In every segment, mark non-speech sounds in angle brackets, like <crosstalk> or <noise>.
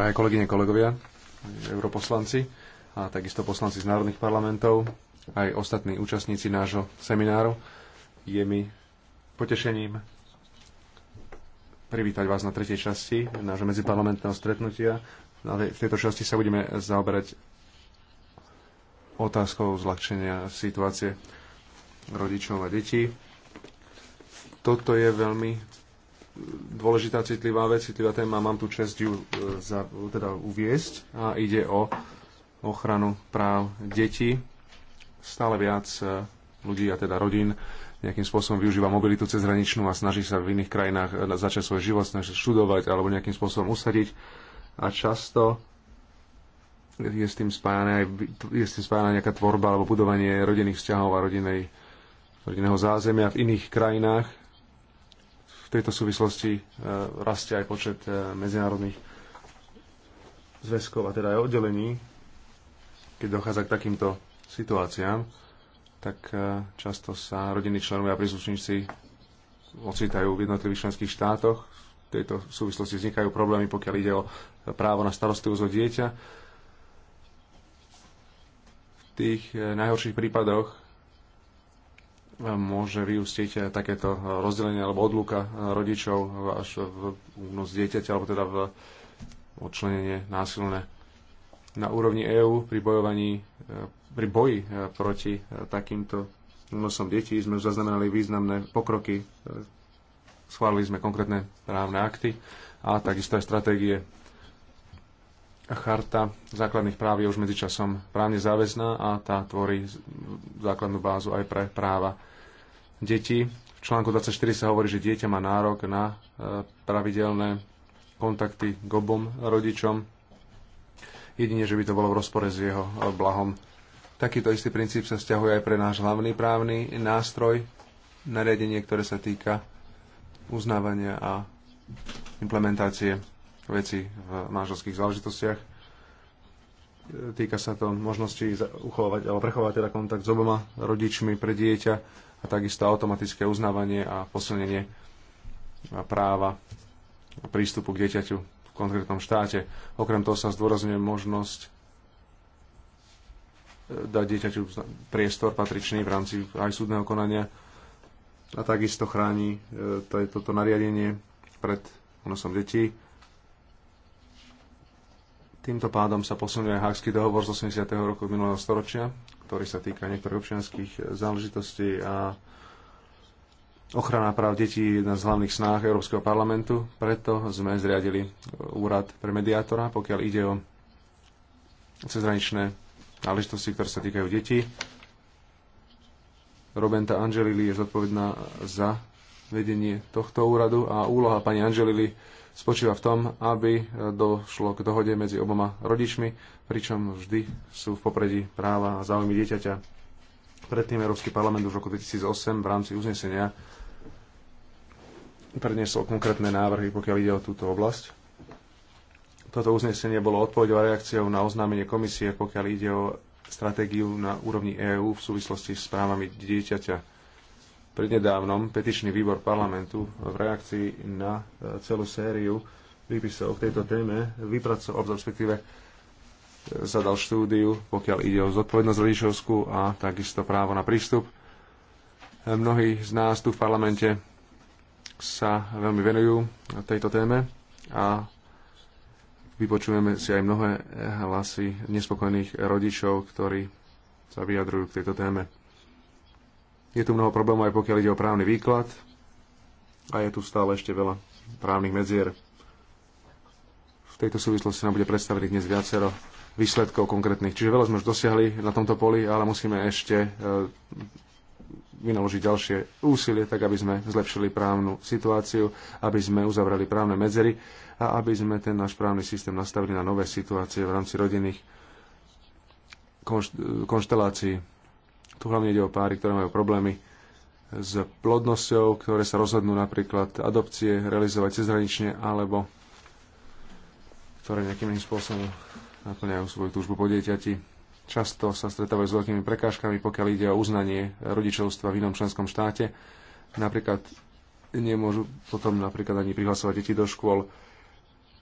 drahé kolegyne, kolegovia, europoslanci a takisto poslanci z národných parlamentov, aj ostatní účastníci nášho semináru. Je mi potešením privítať vás na tretej časti nášho medziparlamentného stretnutia. V tejto časti sa budeme zaoberať otázkou zľahčenia situácie rodičov a detí. Toto je veľmi dôležitá citlivá vec, citlivá téma, mám tu čest ju e, za, teda uviesť a ide o ochranu práv detí. Stále viac e, ľudí a teda rodín nejakým spôsobom využíva mobilitu cezhraničnú a snaží sa v iných krajinách e, začať svoj život, snaží študovať alebo nejakým spôsobom usadiť. A často je s tým spájana, je s tým spájana nejaká tvorba alebo budovanie rodinných vzťahov a rodinej, rodinného zázemia v iných krajinách tejto súvislosti e, rastie aj počet e, medzinárodných zväzkov a teda aj oddelení, keď dochádza k takýmto situáciám, tak e, často sa rodinní členovia a príslušníci ocitajú v jednotlivých členských štátoch. V tejto súvislosti vznikajú problémy, pokiaľ ide o právo na starostlivosť o dieťa. V tých najhorších prípadoch môže vyústiť eh, takéto eh, rozdelenie alebo odluka eh, rodičov až v únos dieťaťa, alebo teda v odčlenenie násilné. Na úrovni EÚ pri bojovaní, pri boji proti takýmto únosom detí sme už zaznamenali významné pokroky. Schválili sme konkrétne právne akty a takisto aj stratégie Charta základných práv je už medzičasom právne záväzná a tá tvorí základnú bázu aj pre práva detí. V článku 24 sa hovorí, že dieťa má nárok na e, pravidelné kontakty k obom rodičom, jedine, že by to bolo v rozpore s jeho e, blahom. Takýto istý princíp sa vzťahuje aj pre náš hlavný právny nástroj, nariadenie, ktoré sa týka uznávania a implementácie veci v manželských záležitostiach. Týka sa to možnosti uchovať alebo prechovať teda kontakt s oboma rodičmi pre dieťa a takisto automatické uznávanie a posilnenie práva prístupu k dieťaťu v konkrétnom štáte. Okrem toho sa zdôrazňuje možnosť e, dať dieťaťu priestor patričný v rámci aj súdneho konania a takisto chráni e, toto nariadenie pred unosom detí Týmto pádom sa posunuje Hákský dohovor z 80. roku minulého storočia, ktorý sa týka niektorých občianských záležitostí a ochrana práv detí je jedna z hlavných snách Európskeho parlamentu. Preto sme zriadili úrad pre mediátora, pokiaľ ide o cezhraničné náležitosti, ktoré sa týkajú detí. Robenta Angelili je zodpovedná za vedenie tohto úradu a úloha pani Angelili spočíva v tom, aby e, došlo k dohode medzi oboma rodičmi, pričom vždy sú v popredí práva a záujmy dieťaťa. Predtým Európsky parlament už v roku 2008 v rámci uznesenia predniesol konkrétne návrhy, pokiaľ ide o túto oblasť. Toto uznesenie bolo odpovedou a reakciou na oznámenie komisie, pokiaľ ide o stratégiu na úrovni EÚ v súvislosti s právami dieťaťa prednedávnom petičný výbor parlamentu v reakcii na e, celú sériu výpisov k tejto téme vypracoval, respektíve e, zadal štúdiu, pokiaľ ide o zodpovednosť rodičovskú a takisto právo na prístup. E, mnohí z nás tu v parlamente sa veľmi venujú tejto téme a vypočujeme si aj mnohé hlasy nespokojných rodičov, ktorí sa vyjadrujú k tejto téme. Je tu mnoho problémov aj pokiaľ ide o právny výklad a je tu stále ešte veľa právnych medzier. V tejto súvislosti nám bude predstavený dnes viacero výsledkov konkrétnych. Čiže veľa sme už dosiahli na tomto poli, ale musíme ešte e, vynaložiť ďalšie úsilie, tak aby sme zlepšili právnu situáciu, aby sme uzavreli právne medzery a aby sme ten náš právny systém nastavili na nové situácie v rámci rodinných konštelácií. Tu hlavne ide o páry, ktoré majú problémy s plodnosťou, ktoré sa rozhodnú napríklad adopcie realizovať cezhranične alebo ktoré nejakým iným spôsobom naplňajú svoju túžbu po dieťati. Často sa stretávajú s veľkými prekážkami, pokiaľ ide o uznanie rodičovstva v inom členskom štáte. Napríklad nemôžu potom napríklad ani prihlasovať deti do škôl.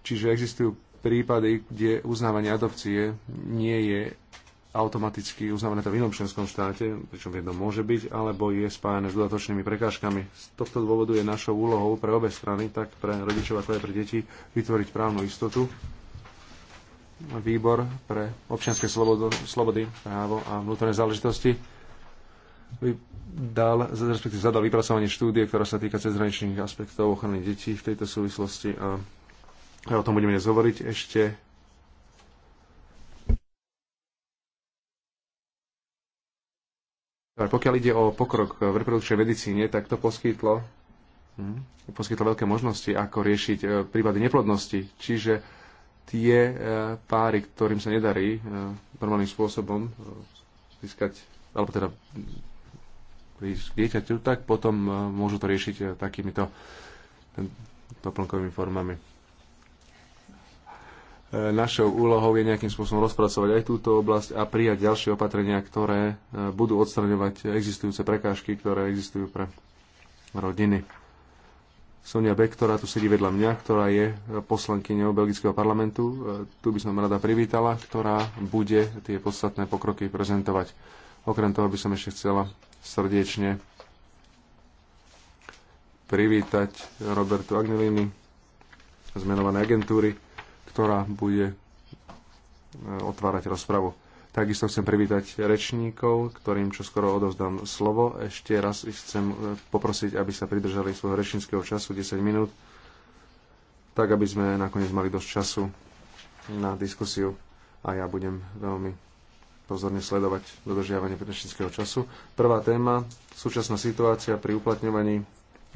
Čiže existujú prípady, kde uznávanie adopcie nie je automaticky uznávané to v inom členskom štáte, pričom v jednom môže byť, alebo je spájane s dodatočnými prekážkami. Z tohto dôvodu je našou úlohou pre obe strany, tak pre rodičov ako aj pre deti, vytvoriť právnu istotu. Výbor pre občianske slobodu, slobody, právo a vnútorné záležitosti dal, respektíve zadal vypracovanie štúdie, ktorá sa týka cezhraničných aspektov ochrany detí v tejto súvislosti a o tom budeme dnes hovoriť. Ešte Pokiaľ ide o pokrok v reprodukčnej medicíne, tak to poskytlo, hm, poskytlo veľké možnosti, ako riešiť e, prípady neplodnosti. Čiže tie e, páry, ktorým sa nedarí e, normálnym spôsobom získať, alebo teda hm, prísť k dieťaťu, tak potom môžu to riešiť takýmito doplnkovými formami. E, našou úlohou je nejakým spôsobom rozpracovať aj túto oblasť a prijať ďalšie opatrenia, ktoré e, budú odstraňovať existujúce prekážky, ktoré existujú pre rodiny. Sonia Beck, ktorá tu sedí vedľa mňa, ktorá je poslankyňou Belgického parlamentu, e, tu by som rada privítala, ktorá bude tie podstatné pokroky prezentovať. Okrem toho by som ešte chcela srdečne privítať Robertu Agnelini z menovanej agentúry, ktorá bude e, otvárať rozpravu. Takisto chcem privítať rečníkov, ktorým čo skoro odovzdám slovo. Ešte raz ich chcem e, poprosiť, aby sa pridržali svojho rečníckého času 10 minút, tak aby sme nakoniec mali dosť času na diskusiu a ja budem veľmi pozorne sledovať dodržiavanie rečníckého času. Prvá téma, súčasná situácia pri uplatňovaní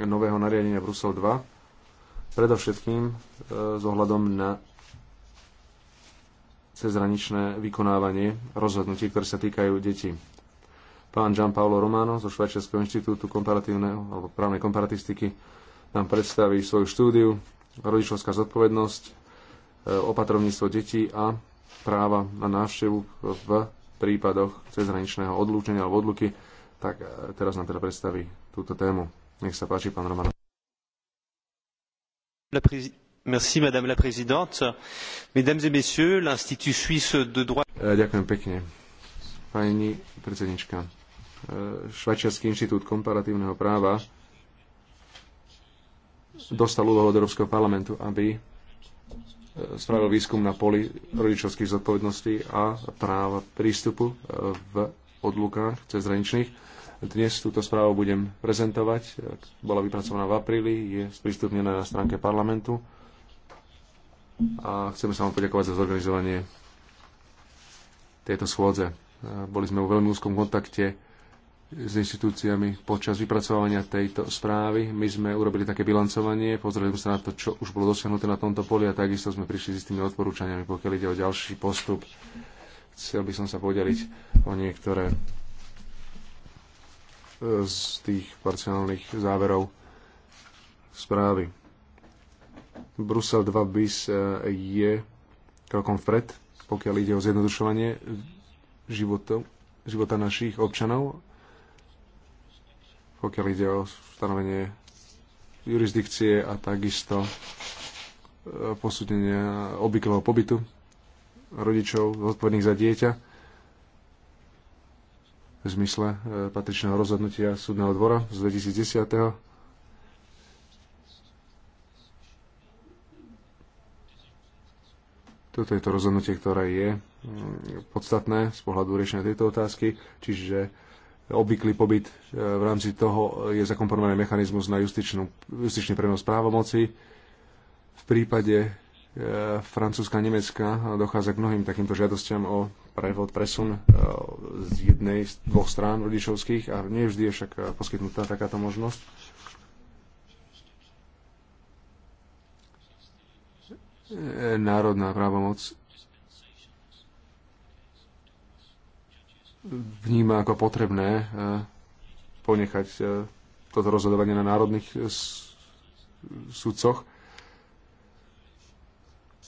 nového nariadenia Brusel 2, predovšetkým e, s ohľadom na cezhraničné vykonávanie rozhodnutí, ktoré sa týkajú detí. Pán Paolo Romano zo Švajčiarského inštitútu komparatívneho alebo právnej komparatistiky nám predstaví svoju štúdiu Rodičovská zodpovednosť, e, opatrovníctvo detí a práva na návštevu v prípadoch cezhraničného odlúčenia alebo odluky. Tak e, teraz nám teda predstaví túto tému. Nech sa páči, pán romano madame la présidente. Mesdames et messieurs, l'Institut suisse de droit... E, ďakujem pekne. Pani predsednička, e, Švajčiarsky inštitút komparatívneho práva dostal úlohu od Európskeho parlamentu, aby e, spravil výskum na poli rodičovských zodpovedností a práva prístupu v odlukách cezhraničných. Dnes túto správu budem prezentovať. Bola vypracovaná v apríli, je sprístupnená na stránke parlamentu a chceme sa vám poďakovať za zorganizovanie tejto schôdze. Boli sme vo veľmi úzkom kontakte s inštitúciami počas vypracovania tejto správy. My sme urobili také bilancovanie, pozreli sme sa na to, čo už bolo dosiahnuté na tomto poli a takisto sme prišli s tými odporúčaniami, pokiaľ ide o ďalší postup. Chcel by som sa podeliť o niektoré e, z tých parciálnych záverov správy. Brusel 2 bis e, je krokom vpred, pokiaľ ide o zjednodušovanie života, života našich občanov, pokiaľ ide o stanovenie jurisdikcie a takisto e, posúdenia obvyklého pobytu rodičov zodpovedných za dieťa v zmysle e, patričného rozhodnutia súdneho dvora z 2010 Toto je to rozhodnutie, ktoré je mm, podstatné z pohľadu riešenia tejto otázky, čiže obvyklý pobyt e, v rámci toho je zakomponovaný mechanizmus na justičnú, justičný prenos právomoci. V prípade e, Francúzska a Nemecka dochádza k mnohým takýmto žiadostiam o prevod, presun e, z jednej z dvoch strán rodičovských a nie vždy je však poskytnutá takáto možnosť. E, národná právomoc vníma ako potrebné e, ponechať e, toto rozhodovanie na národných sudcoch.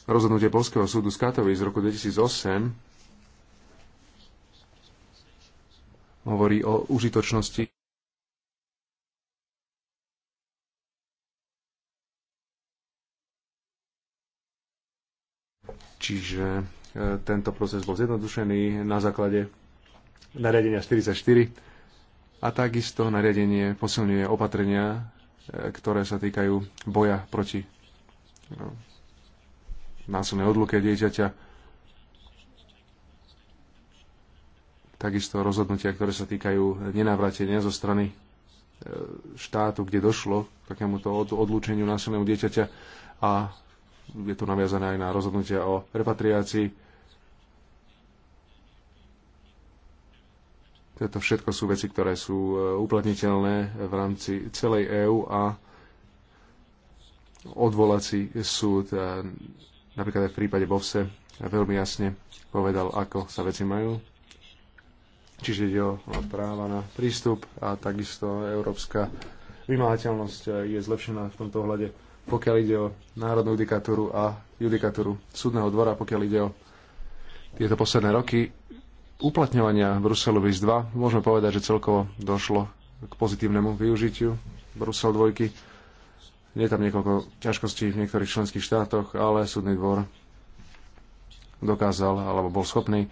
Rozhodnutie Polského súdu z Katovi z roku 2008 hovorí o užitočnosti Čiže e, tento proces bol zjednodušený na základe nariadenia 44 a takisto nariadenie posilňuje opatrenia, e, ktoré sa týkajú boja proti no, násilnej odluke dieťaťa, takisto rozhodnutia, ktoré sa týkajú nenávratenia zo strany e, štátu, kde došlo k takémuto odlúčeniu násilného dieťaťa a je tu naviazané aj na rozhodnutia o repatriácii. Toto všetko sú veci, ktoré sú e, uplatniteľné v rámci celej EÚ a odvolací súd e, napríklad aj v prípade Bovse veľmi jasne povedal, ako sa veci majú. Čiže ide o práva na prístup a takisto európska vymáhateľnosť e, je zlepšená v tomto ohľade pokiaľ ide o národnú judikatúru a judikatúru súdneho dvora, pokiaľ ide o tieto posledné roky uplatňovania Bruselu VIS 2, môžeme povedať, že celkovo došlo k pozitívnemu využitiu Brusel 2. Je tam niekoľko ťažkostí v niektorých členských štátoch, ale súdny dvor dokázal alebo bol schopný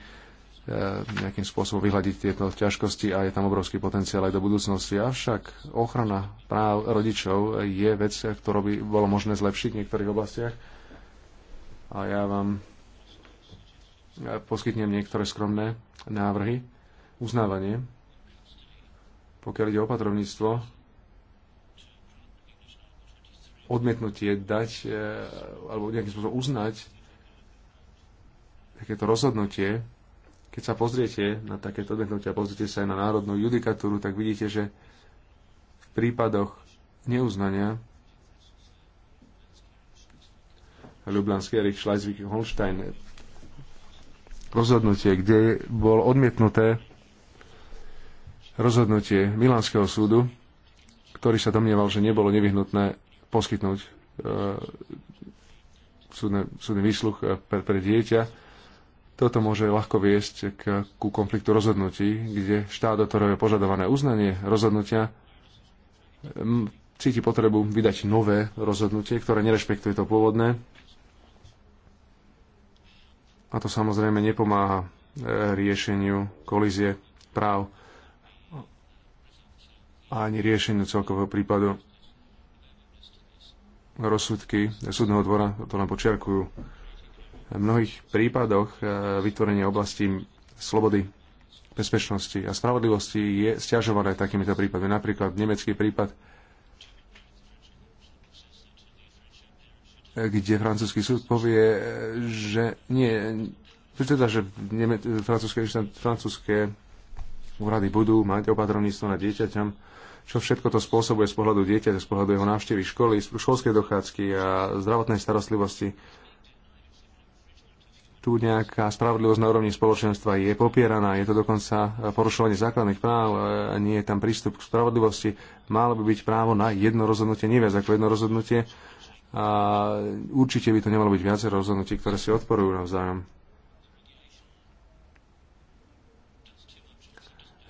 E, nejakým spôsobom vyhľadiť tieto ťažkosti a je tam obrovský potenciál aj do budúcnosti. Avšak ochrana práv rodičov je vec, ktorú by bolo možné zlepšiť v niektorých oblastiach. A ja vám e, poskytnem niektoré skromné návrhy. Uznávanie, pokiaľ ide o opatrovníctvo, odmietnutie dať e, alebo nejakým spôsobom uznať takéto rozhodnutie keď sa pozriete na takéto odmietnutia, pozriete sa aj na národnú judikatúru, tak vidíte, že v prípadoch neuznania Ljubljanský Erich Schleswig Holstein rozhodnutie, kde bol odmietnuté rozhodnutie Milánskeho súdu, ktorý sa domnieval, že nebolo nevyhnutné poskytnúť e, súdne, súdny výsluch e, pre, pre dieťa toto môže ľahko viesť k, ku konfliktu rozhodnutí, kde štát, do ktorého je požadované uznanie rozhodnutia, cíti potrebu vydať nové rozhodnutie, ktoré nerešpektuje to pôvodné. A to samozrejme nepomáha e, riešeniu kolízie práv a ani riešeniu celkového prípadu. Rozsudky súdneho dvora to nám počiarkujú mnohých prípadoch e, vytvorenie oblasti slobody, bezpečnosti a spravodlivosti je stiažované takýmito prípadmi. Napríklad nemecký prípad, e, kde francúzsky súd povie, e, že nie, teda, že neme, francúzske, francúzske úrady budú mať opatrovníctvo na dieťaťom, čo všetko to spôsobuje z pohľadu dieťaťa, z pohľadu jeho návštevy školy, školskej dochádzky a zdravotnej starostlivosti tu nejaká spravodlivosť na úrovni spoločenstva je popieraná, je to dokonca e, porušovanie základných práv, e, nie je tam prístup k spravodlivosti, malo by byť právo na jedno rozhodnutie, nie viac ako jedno rozhodnutie a určite by to nemalo byť viacero rozhodnutí, ktoré si odporujú navzájom.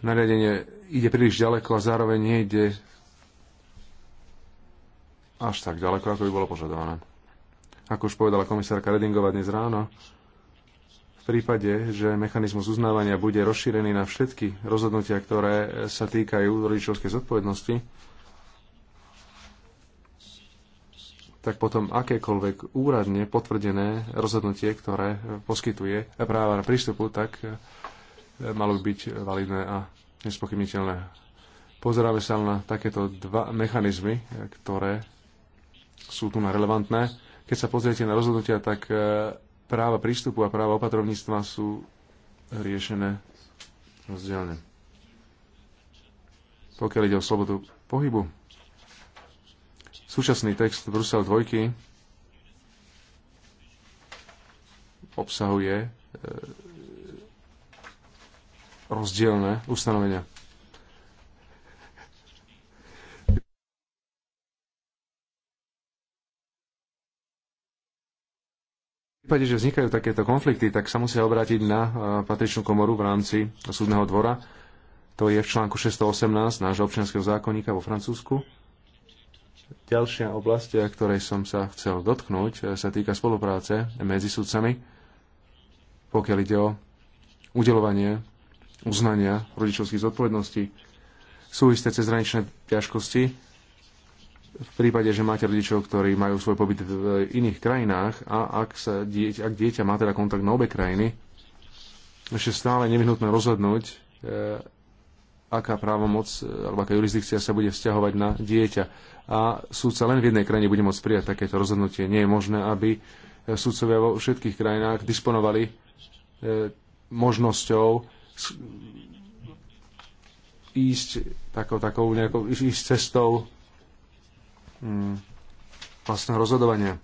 Nariadenie ide príliš ďaleko a zároveň nejde až tak ďaleko, ako by bolo požadované. Ako už povedala komisárka Redingová dnes ráno, v prípade, že mechanizmus uznávania bude rozšírený na všetky rozhodnutia, ktoré sa týkajú rodičovskej zodpovednosti, tak potom akékoľvek úradne potvrdené rozhodnutie, ktoré poskytuje práva na prístupu, tak e, malo byť validné a nespochybniteľné. Pozeráme sa na takéto dva mechanizmy, ktoré sú tu na relevantné. Keď sa pozriete na rozhodnutia, tak e, práva prístupu a práva opatrovníctva sú riešené rozdielne. Pokiaľ ide o slobodu pohybu, súčasný text Brusel 2 obsahuje e, rozdielne ustanovenia. prípade, že vznikajú takéto konflikty, tak sa musia obrátiť na patričnú komoru v rámci súdneho dvora. To je v článku 618 nášho občianského zákonníka vo Francúzsku. Ďalšia oblasť, ktorej som sa chcel dotknúť, sa týka spolupráce medzi sudcami, pokiaľ ide o udelovanie uznania rodičovských zodpovedností. Sú isté cezhraničné ťažkosti, v prípade, že máte rodičov, ktorí majú svoj pobyt v iných krajinách a ak, sa dieťa, ak dieťa má teda kontakt na obe krajiny, ešte stále nevyhnutné rozhodnúť, e, aká právomoc e, alebo aká jurisdikcia sa bude vzťahovať na dieťa. A súdca len v jednej krajine bude môcť prijať takéto rozhodnutie. Nie je možné, aby e, súdcovia vo všetkých krajinách disponovali e, možnosťou ísť takou, takou nejakou, ísť cestou Mm, vlastného rozhodovania.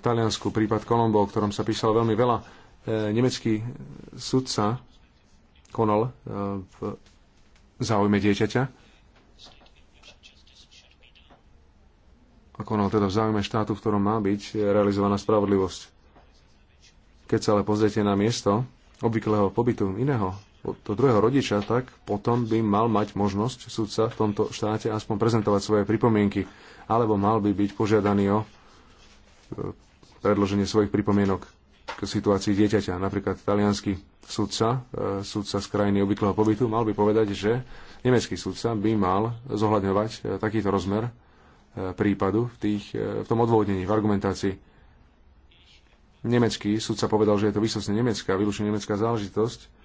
V Taliansku prípad Kolombo, o ktorom sa písalo veľmi veľa, e, nemecký sudca konal e, v záujme dieťaťa a konal teda v záujme štátu, v ktorom má byť realizovaná spravodlivosť. Keď sa ale pozriete na miesto obvyklého pobytu iného to druhého rodiča, tak potom by mal mať možnosť súdca v tomto štáte aspoň prezentovať svoje pripomienky, alebo mal by byť požiadaný o e, predloženie svojich pripomienok k situácii dieťaťa. Napríklad talianský sudca, e, sudca z krajiny obvyklého pobytu, mal by povedať, že nemecký sudca by mal zohľadňovať e, takýto rozmer prípadu v, tých, v tom odvodnení, v argumentácii nemecký sudca povedal, že je to vysosne nemecká, vylúčne nemecká záležitosť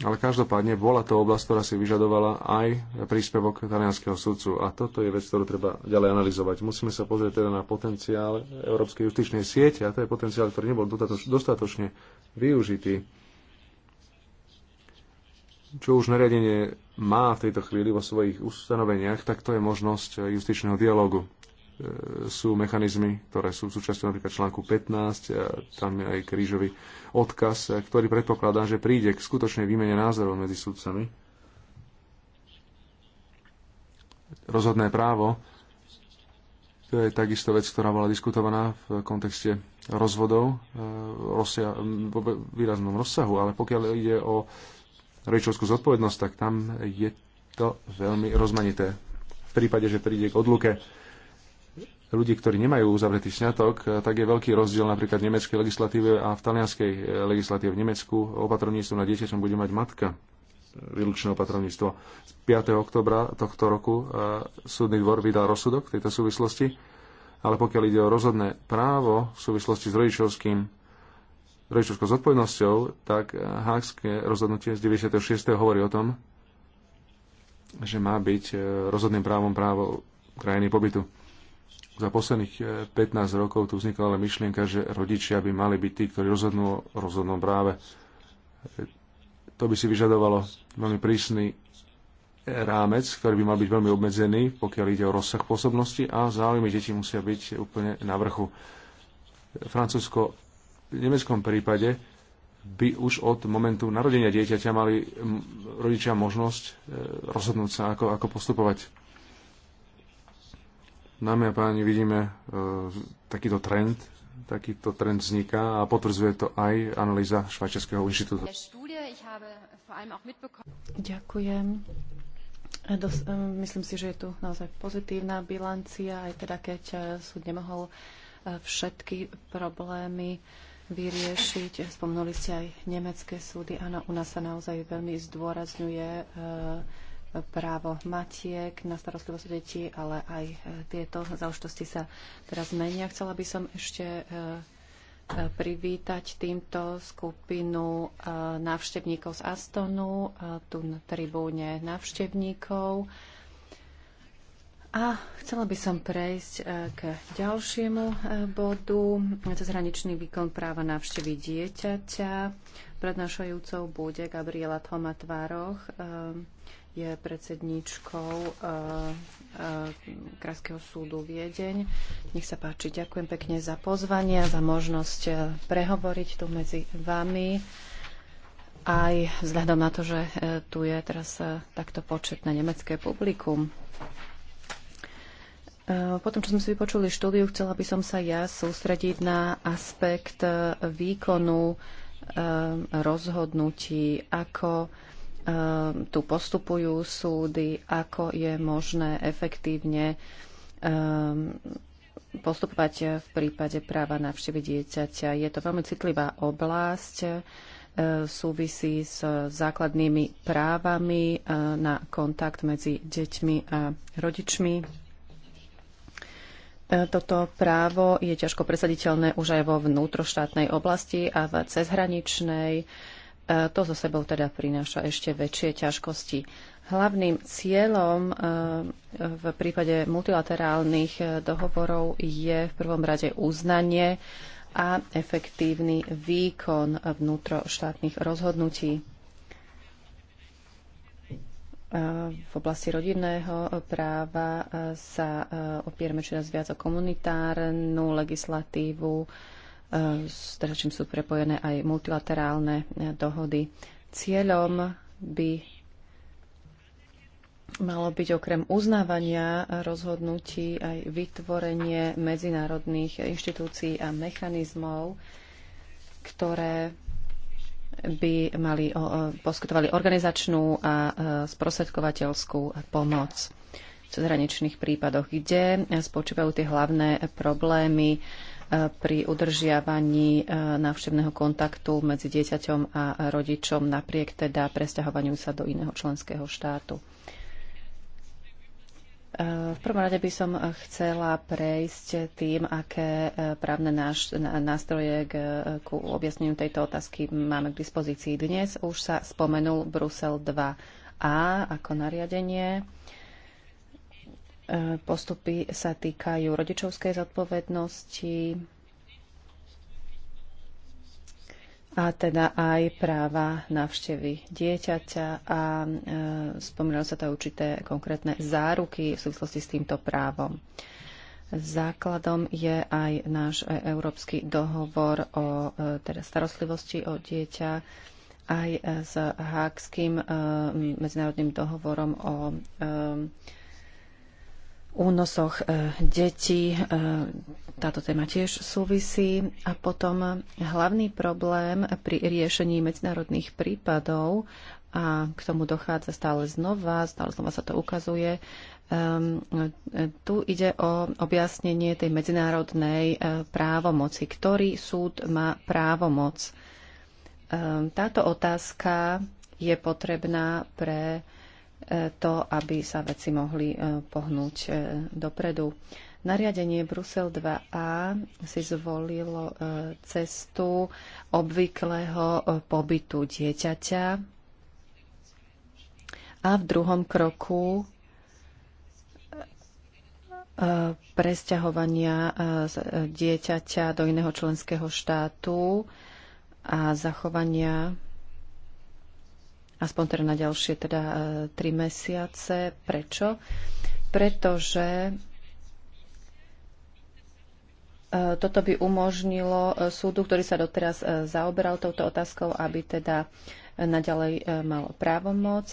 ale každopádne bola to oblasť, ktorá si vyžadovala aj príspevok talianského sudcu. A toto je vec, ktorú treba ďalej analyzovať. Musíme sa pozrieť teda na potenciál Európskej justičnej siete a to je potenciál, ktorý nebol dostatočne využitý. Čo už nariadenie má v tejto chvíli vo svojich ustanoveniach, tak to je možnosť justičného dialogu sú mechanizmy, ktoré sú súčasťou napríklad článku 15, tam je aj krížový odkaz, ktorý predpokladá, že príde k skutočnej výmene názorov medzi súdcami. Rozhodné právo, to je takisto vec, ktorá bola diskutovaná v kontexte rozvodov e, rozsia, v výraznom rozsahu, ale pokiaľ ide o rodičovskú zodpovednosť, tak tam je to veľmi rozmanité. V prípade, že príde k odluke, ľudí, ktorí nemajú uzavretý sňatok, e, tak je veľký rozdiel napríklad v nemeckej legislatíve a v talianskej e, legislatíve. V Nemecku opatrovníctvo na dieťaťom bude mať matka výlučné opatrovníctvo. 5. oktobra tohto roku e, súdny dvor vydal rozsudok v tejto súvislosti, ale pokiaľ ide o rozhodné právo v súvislosti s rodičovským rodičovskou zodpovednosťou, tak hákské rozhodnutie z 96. hovorí o tom, že má byť rozhodným právom právo krajiny pobytu za posledných 15 eh, rokov tu vznikla ale myšlienka, že rodičia by mali byť tí, ktorí rozhodnú o rozhodnom práve. Eh, to by si vyžadovalo veľmi prísny eh, rámec, ktorý by mal byť veľmi obmedzený, pokiaľ ide o rozsah pôsobnosti a záujmy detí musia byť úplne na vrchu. Francúzsko v nemeckom prípade by už od momentu narodenia dieťaťa mali mm, rodičia možnosť rozhodnúť sa, ako, ako postupovať Dámy a páni, vidíme e, takýto trend, takýto trend vzniká a potvrdzuje to aj analýza Švajčiarského inštitútu. Ďakujem. E, dos, e, myslím si, že je tu naozaj pozitívna bilancia, aj teda keď súd nemohol všetky problémy vyriešiť. Spomnuli ste aj nemecké súdy. Áno, u nás sa naozaj veľmi zdôrazňuje právo matiek na starostlivosť o deti, ale aj e, tieto záležitosti sa teraz menia. Chcela by som ešte e, e, privítať týmto skupinu návštevníkov z Astonu, tu na tribúne návštevníkov. A chcela by som prejsť k ďalšiemu bodu. Cezhraničný výkon práva návštevy dieťaťa. Prednášajúcou bude Gabriela Tomatvároch. Tvároch, je predsedníčkou eh, eh, Krajského súdu Viedeň. Nech sa páči, ďakujem pekne za pozvanie, za možnosť eh, prehovoriť tu medzi vami. Aj vzhľadom na to, že tu je teraz takto početné nemecké publikum. Potom, čo sme si vypočuli štúdiu, chcela by som sa ja sústrediť na aspekt výkonu rozhodnutí, ako Ehm, tu postupujú súdy, ako je možné efektívne ehm, postupovať v prípade práva navštíviť dieťaťa. Je to veľmi citlivá oblasť, ehm, súvisí s základnými právami na kontakt medzi deťmi a rodičmi. Toto právo je ťažko presaditeľné už aj vo vnútroštátnej oblasti a v cezhraničnej E, to so sebou teda prináša ešte väčšie ťažkosti. Hlavným cieľom e, v prípade multilaterálnych e, dohovorov je v prvom rade uznanie a efektívny výkon vnútroštátnych rozhodnutí. V oblasti rodinného práva sa opierame čoraz viac o komunitárnu legislatívu, teda čím sú prepojené aj multilaterálne eh, dohody. Cieľom by malo byť okrem uznávania rozhodnutí aj vytvorenie medzinárodných inštitúcií a mechanizmov, ktoré by mali, poskytovali organizačnú a e, sprostredkovateľskú pomoc v zahraničných prípadoch, kde spočívajú tie hlavné problémy pri udržiavaní e, návštevného kontaktu medzi dieťaťom a rodičom napriek teda presťahovaniu sa do iného členského štátu. E, v prvom rade by som chcela prejsť tým, aké e, právne nástroje k, ku objasneniu tejto otázky máme k dispozícii dnes. Už sa spomenul Brusel 2a ako nariadenie Postupy sa týkajú rodičovskej zodpovednosti a teda aj práva návštevy dieťaťa a e, spomínalo sa to určité konkrétne záruky v súvislosti s týmto právom. Základom je aj náš e, európsky dohovor o e, teda starostlivosti o dieťa aj e, s hákským e, medzinárodným dohovorom o e, únosoch e, detí. E, táto téma tiež súvisí. A potom hlavný problém pri riešení medzinárodných prípadov, a k tomu dochádza stále znova, stále znova sa to ukazuje, Um, tu ide o objasnenie tej medzinárodnej e, právomoci. Ktorý súd má právomoc? Um, táto otázka je potrebná pre E, to, aby sa veci mohli e, pohnúť e, dopredu. Nariadenie Brusel 2a si zvolilo cestu obvyklého pobytu dieťaťa a v druhom kroku presťahovania dieťaťa do iného členského štátu a zachovania aspoň teda na ďalšie teda e, tri mesiace. Prečo? Pretože e, toto by umožnilo e, súdu, ktorý sa doteraz zaoberal touto otázkou, aby teda naďalej mal právomoc.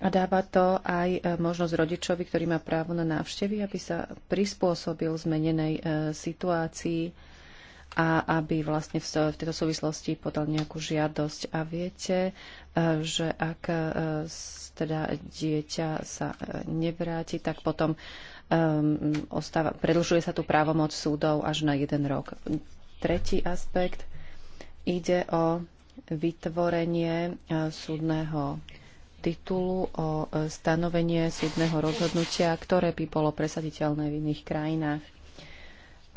A dáva to aj možnosť rodičovi, ktorý má právo na návštevy, aby sa prispôsobil zmenenej situácii a aby vlastne v tejto súvislosti podal nejakú žiadosť. A viete, e, že ak e, teda dieťa sa e, nevráti, tak potom ostáva, predlžuje sa tu právomoc súdov až na jeden rok. Tretí aspekt ide o vytvorenie súdneho titulu o stanovenie súdneho rozhodnutia, ktoré by bolo presaditeľné v iných krajinách.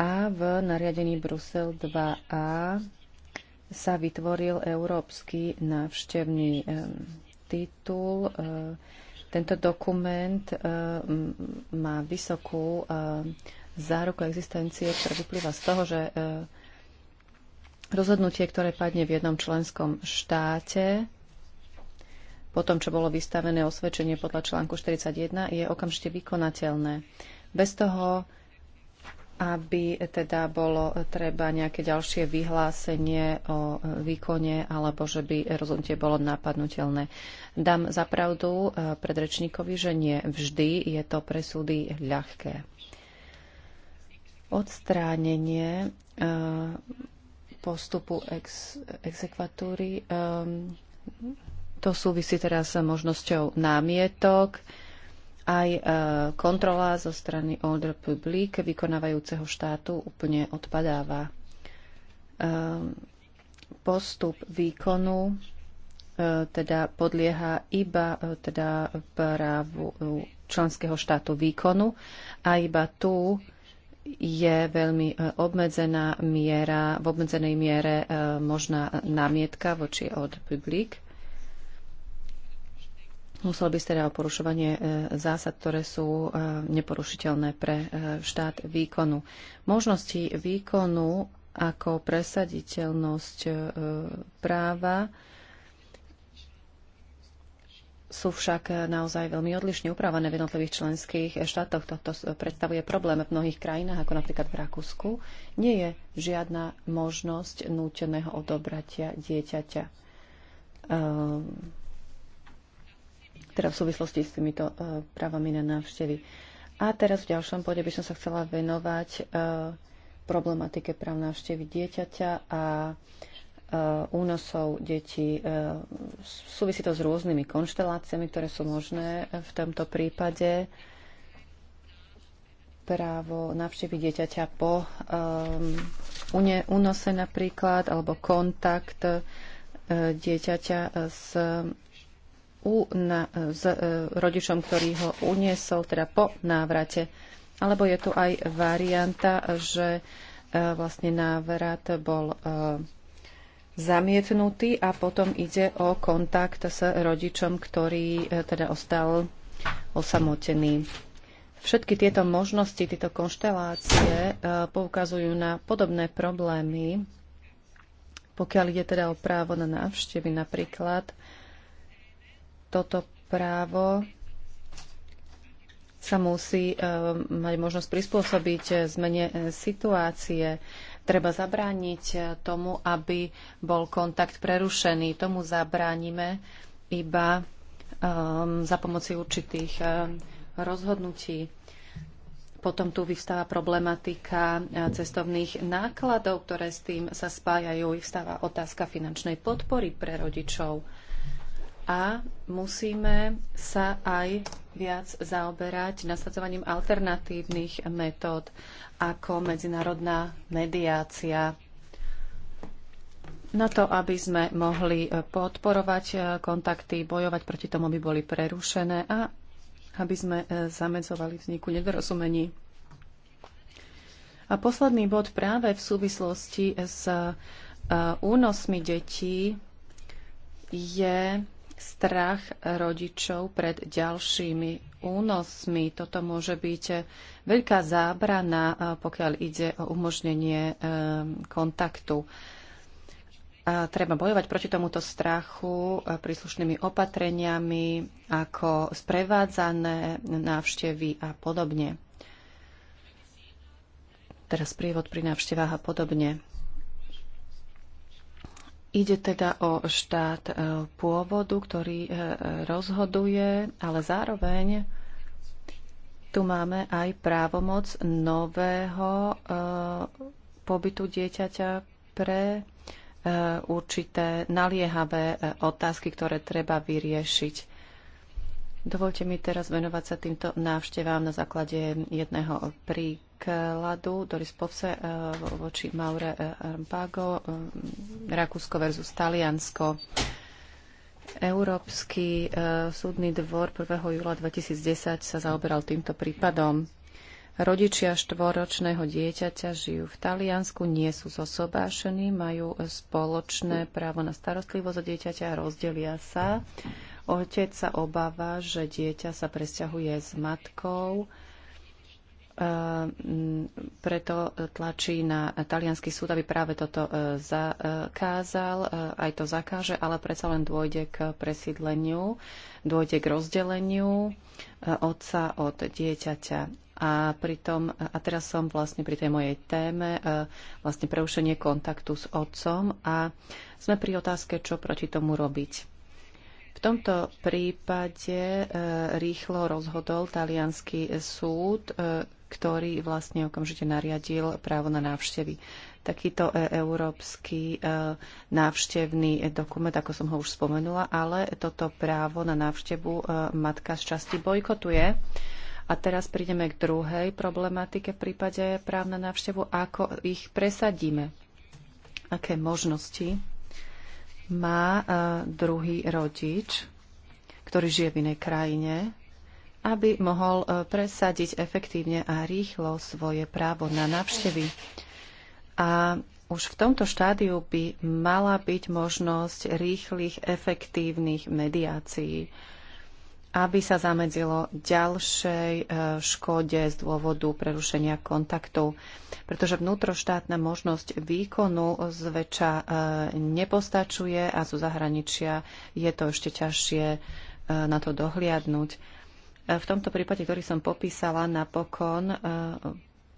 A v nariadení Brusel 2a sa vytvoril Európsky návštevný titul. E, tento dokument e, má vysokú e, záruku existencie, ktorá vyplýva z toho, že rozhodnutie, ktoré padne v jednom členskom štáte, po tom, čo bolo vystavené osvedčenie podľa článku 41, je okamžite vykonateľné. Bez toho aby teda bolo treba nejaké ďalšie vyhlásenie o výkone alebo že by rozhodnutie bolo napadnutelné. Dám zapravdu eh, predrečníkovi, že nie vždy je to pre súdy ľahké. Odstránenie eh, postupu ex, exekvatúry eh, to súvisí teraz s možnosťou námietok aj e, kontrola zo strany Older Public vykonávajúceho štátu úplne odpadáva. E, postup výkonu e, teda podlieha iba teda právu členského štátu výkonu a iba tu je veľmi obmedzená miera, v obmedzenej miere možná námietka voči od publik. Muselo by teda o porušovanie e, zásad, ktoré sú e, neporušiteľné pre e, štát výkonu. Možnosti výkonu ako presaditeľnosť práva sú však naozaj veľmi odlišne upravené v jednotlivých členských štátoch. Toto predstavuje problém v mnohých krajinách, ako napríklad v Rakúsku. Nie je žiadna možnosť núteného odobratia dieťaťa ehm, teda v súvislosti s týmito e, právami na návštevy. A teraz v ďalšom bode by som sa chcela venovať e, problematike práv návštevy dieťaťa a e, únosov detí. Súvisí to s rôznymi konšteláciami, ktoré sú možné v tomto prípade. Právo navštíviť dieťaťa po um, únose napríklad, alebo kontakt dieťaťa s u, na, s e, rodičom, ktorý ho uniesol, teda po návrate. Alebo je tu aj varianta, že e, vlastne návrat bol e, zamietnutý a potom ide o kontakt s rodičom, ktorý e, teda ostal osamotený. Všetky tieto možnosti, tieto konštelácie e, poukazujú na podobné problémy, pokiaľ ide teda o právo na návštevy napríklad, toto právo sa musí eh, mať možnosť prispôsobiť eh, zmene eh, situácie. Treba zabrániť tomu, aby bol kontakt prerušený. Tomu zabránime iba ehm, za pomoci určitých rozhodnutí. Potom tu vyvstáva problematika cestovných nákladov, ktoré s tým sa spájajú. Vyvstáva otázka finančnej podpory pre rodičov a musíme sa aj viac zaoberať nasadzovaním alternatívnych metód ako medzinárodná mediácia na to, aby sme mohli podporovať kontakty, bojovať proti tomu, aby boli prerušené a aby sme zamedzovali vzniku nedorozumení. A posledný bod práve v súvislosti s eh, únosmi detí je strach rodičov pred ďalšími únosmi. Toto môže byť veľká zábrana, pokiaľ ide o umožnenie e, kontaktu. A treba bojovať proti tomuto strachu e, príslušnými opatreniami, ako sprevádzané návštevy a podobne. Teraz prívod pri návštevách a podobne. Ide teda o štát e, pôvodu, ktorý e, rozhoduje, ale zároveň tu máme aj právomoc nového e, pobytu dieťaťa pre určité naliehavé otázky, ktoré treba vyriešiť. Dovolte mi teraz venovať sa týmto návštevám na základe jedného príkladu k ladu Doris Povse e, voči Maure e, Armpago, e, Rakúsko versus Taliansko. Európsky súdny dvor 1. júla 2010 sa zaoberal týmto prípadom. Rodičia štvoročného dieťaťa žijú v Taliansku, nie sú zosobášení, majú spoločné právo na starostlivosť o dieťaťa a rozdelia sa. Otec sa obáva, že dieťa sa presťahuje s matkou Ehm, preto tlačí na talianský súd, aby práve toto e, zakázal, e, aj to zakáže, ale predsa len dôjde k presídleniu, dôjde k rozdeleniu e, otca od dieťaťa. A, pritom, a teraz som vlastne pri tej mojej téme, vlastne preušenie kontaktu s otcom a sme pri otázke, čo proti tomu robiť. V tomto prípade rýchlo rozhodol talianský súd, ktorý vlastne okamžite nariadil právo na návštevy. Takýto e, európsky e, návštevný dokument, ako som ho už spomenula, ale toto právo na návštevu e, matka z časti bojkotuje. A teraz prídeme k druhej problematike v prípade práv na návštevu, ako ich presadíme. Aké možnosti má druhý rodič, ktorý žije v inej krajine, aby mohol e, presadiť efektívne a rýchlo svoje právo na návštevy. A už v tomto štádiu by mala byť možnosť rýchlych, efektívnych mediácií, aby sa zamedzilo ďalšej e, škode z dôvodu prerušenia kontaktov. Pretože vnútroštátna možnosť výkonu zväčša e, nepostačuje a zo zahraničia je to ešte ťažšie na to dohliadnúť. V tomto prípade, ktorý som popísala napokon, e,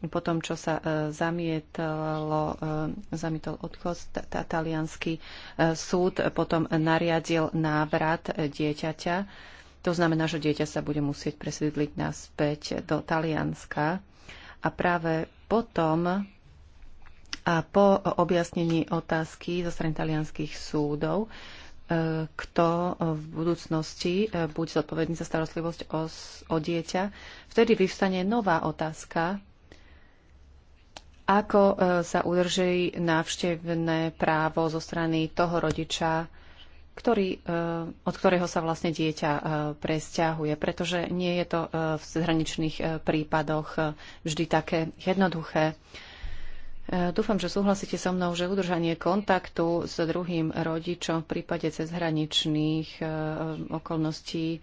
po tom, čo sa e, zamietlo, e, zamietol odchod, talianský súd potom nariadil návrat dieťaťa. To znamená, že dieťa sa bude musieť presiedliť naspäť do Talianska. A práve potom a po objasnení otázky zo strany talianských súdov E, kto e, v budúcnosti e, bude zodpovedný za starostlivosť o, o dieťa, vtedy vyvstane nová otázka, ako sa udrží návštevné právo zo strany toho rodiča, ktorý, od ktorého sa vlastne dieťa presťahuje, pretože nie je to v zahraničných prípadoch vždy také jednoduché. E, dúfam, že súhlasíte so mnou, že udržanie kontaktu s druhým rodičom v prípade cezhraničných e, okolností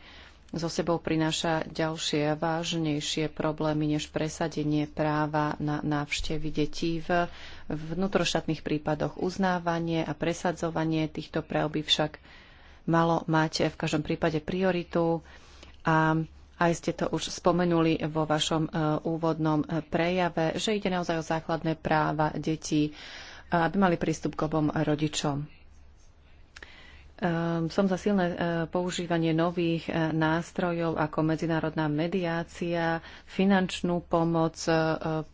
so sebou prináša ďalšie vážnejšie problémy než presadenie práva na návštevy detí. V vnútroštátnych prípadoch uznávanie a presadzovanie týchto práv by však malo mať v každom prípade prioritu a aj ste to už spomenuli vo vašom e, úvodnom e, prejave, že ide naozaj o základné práva detí, e, aby mali prístup k obom rodičom. Som za silné používanie nových nástrojov ako medzinárodná mediácia, finančnú pomoc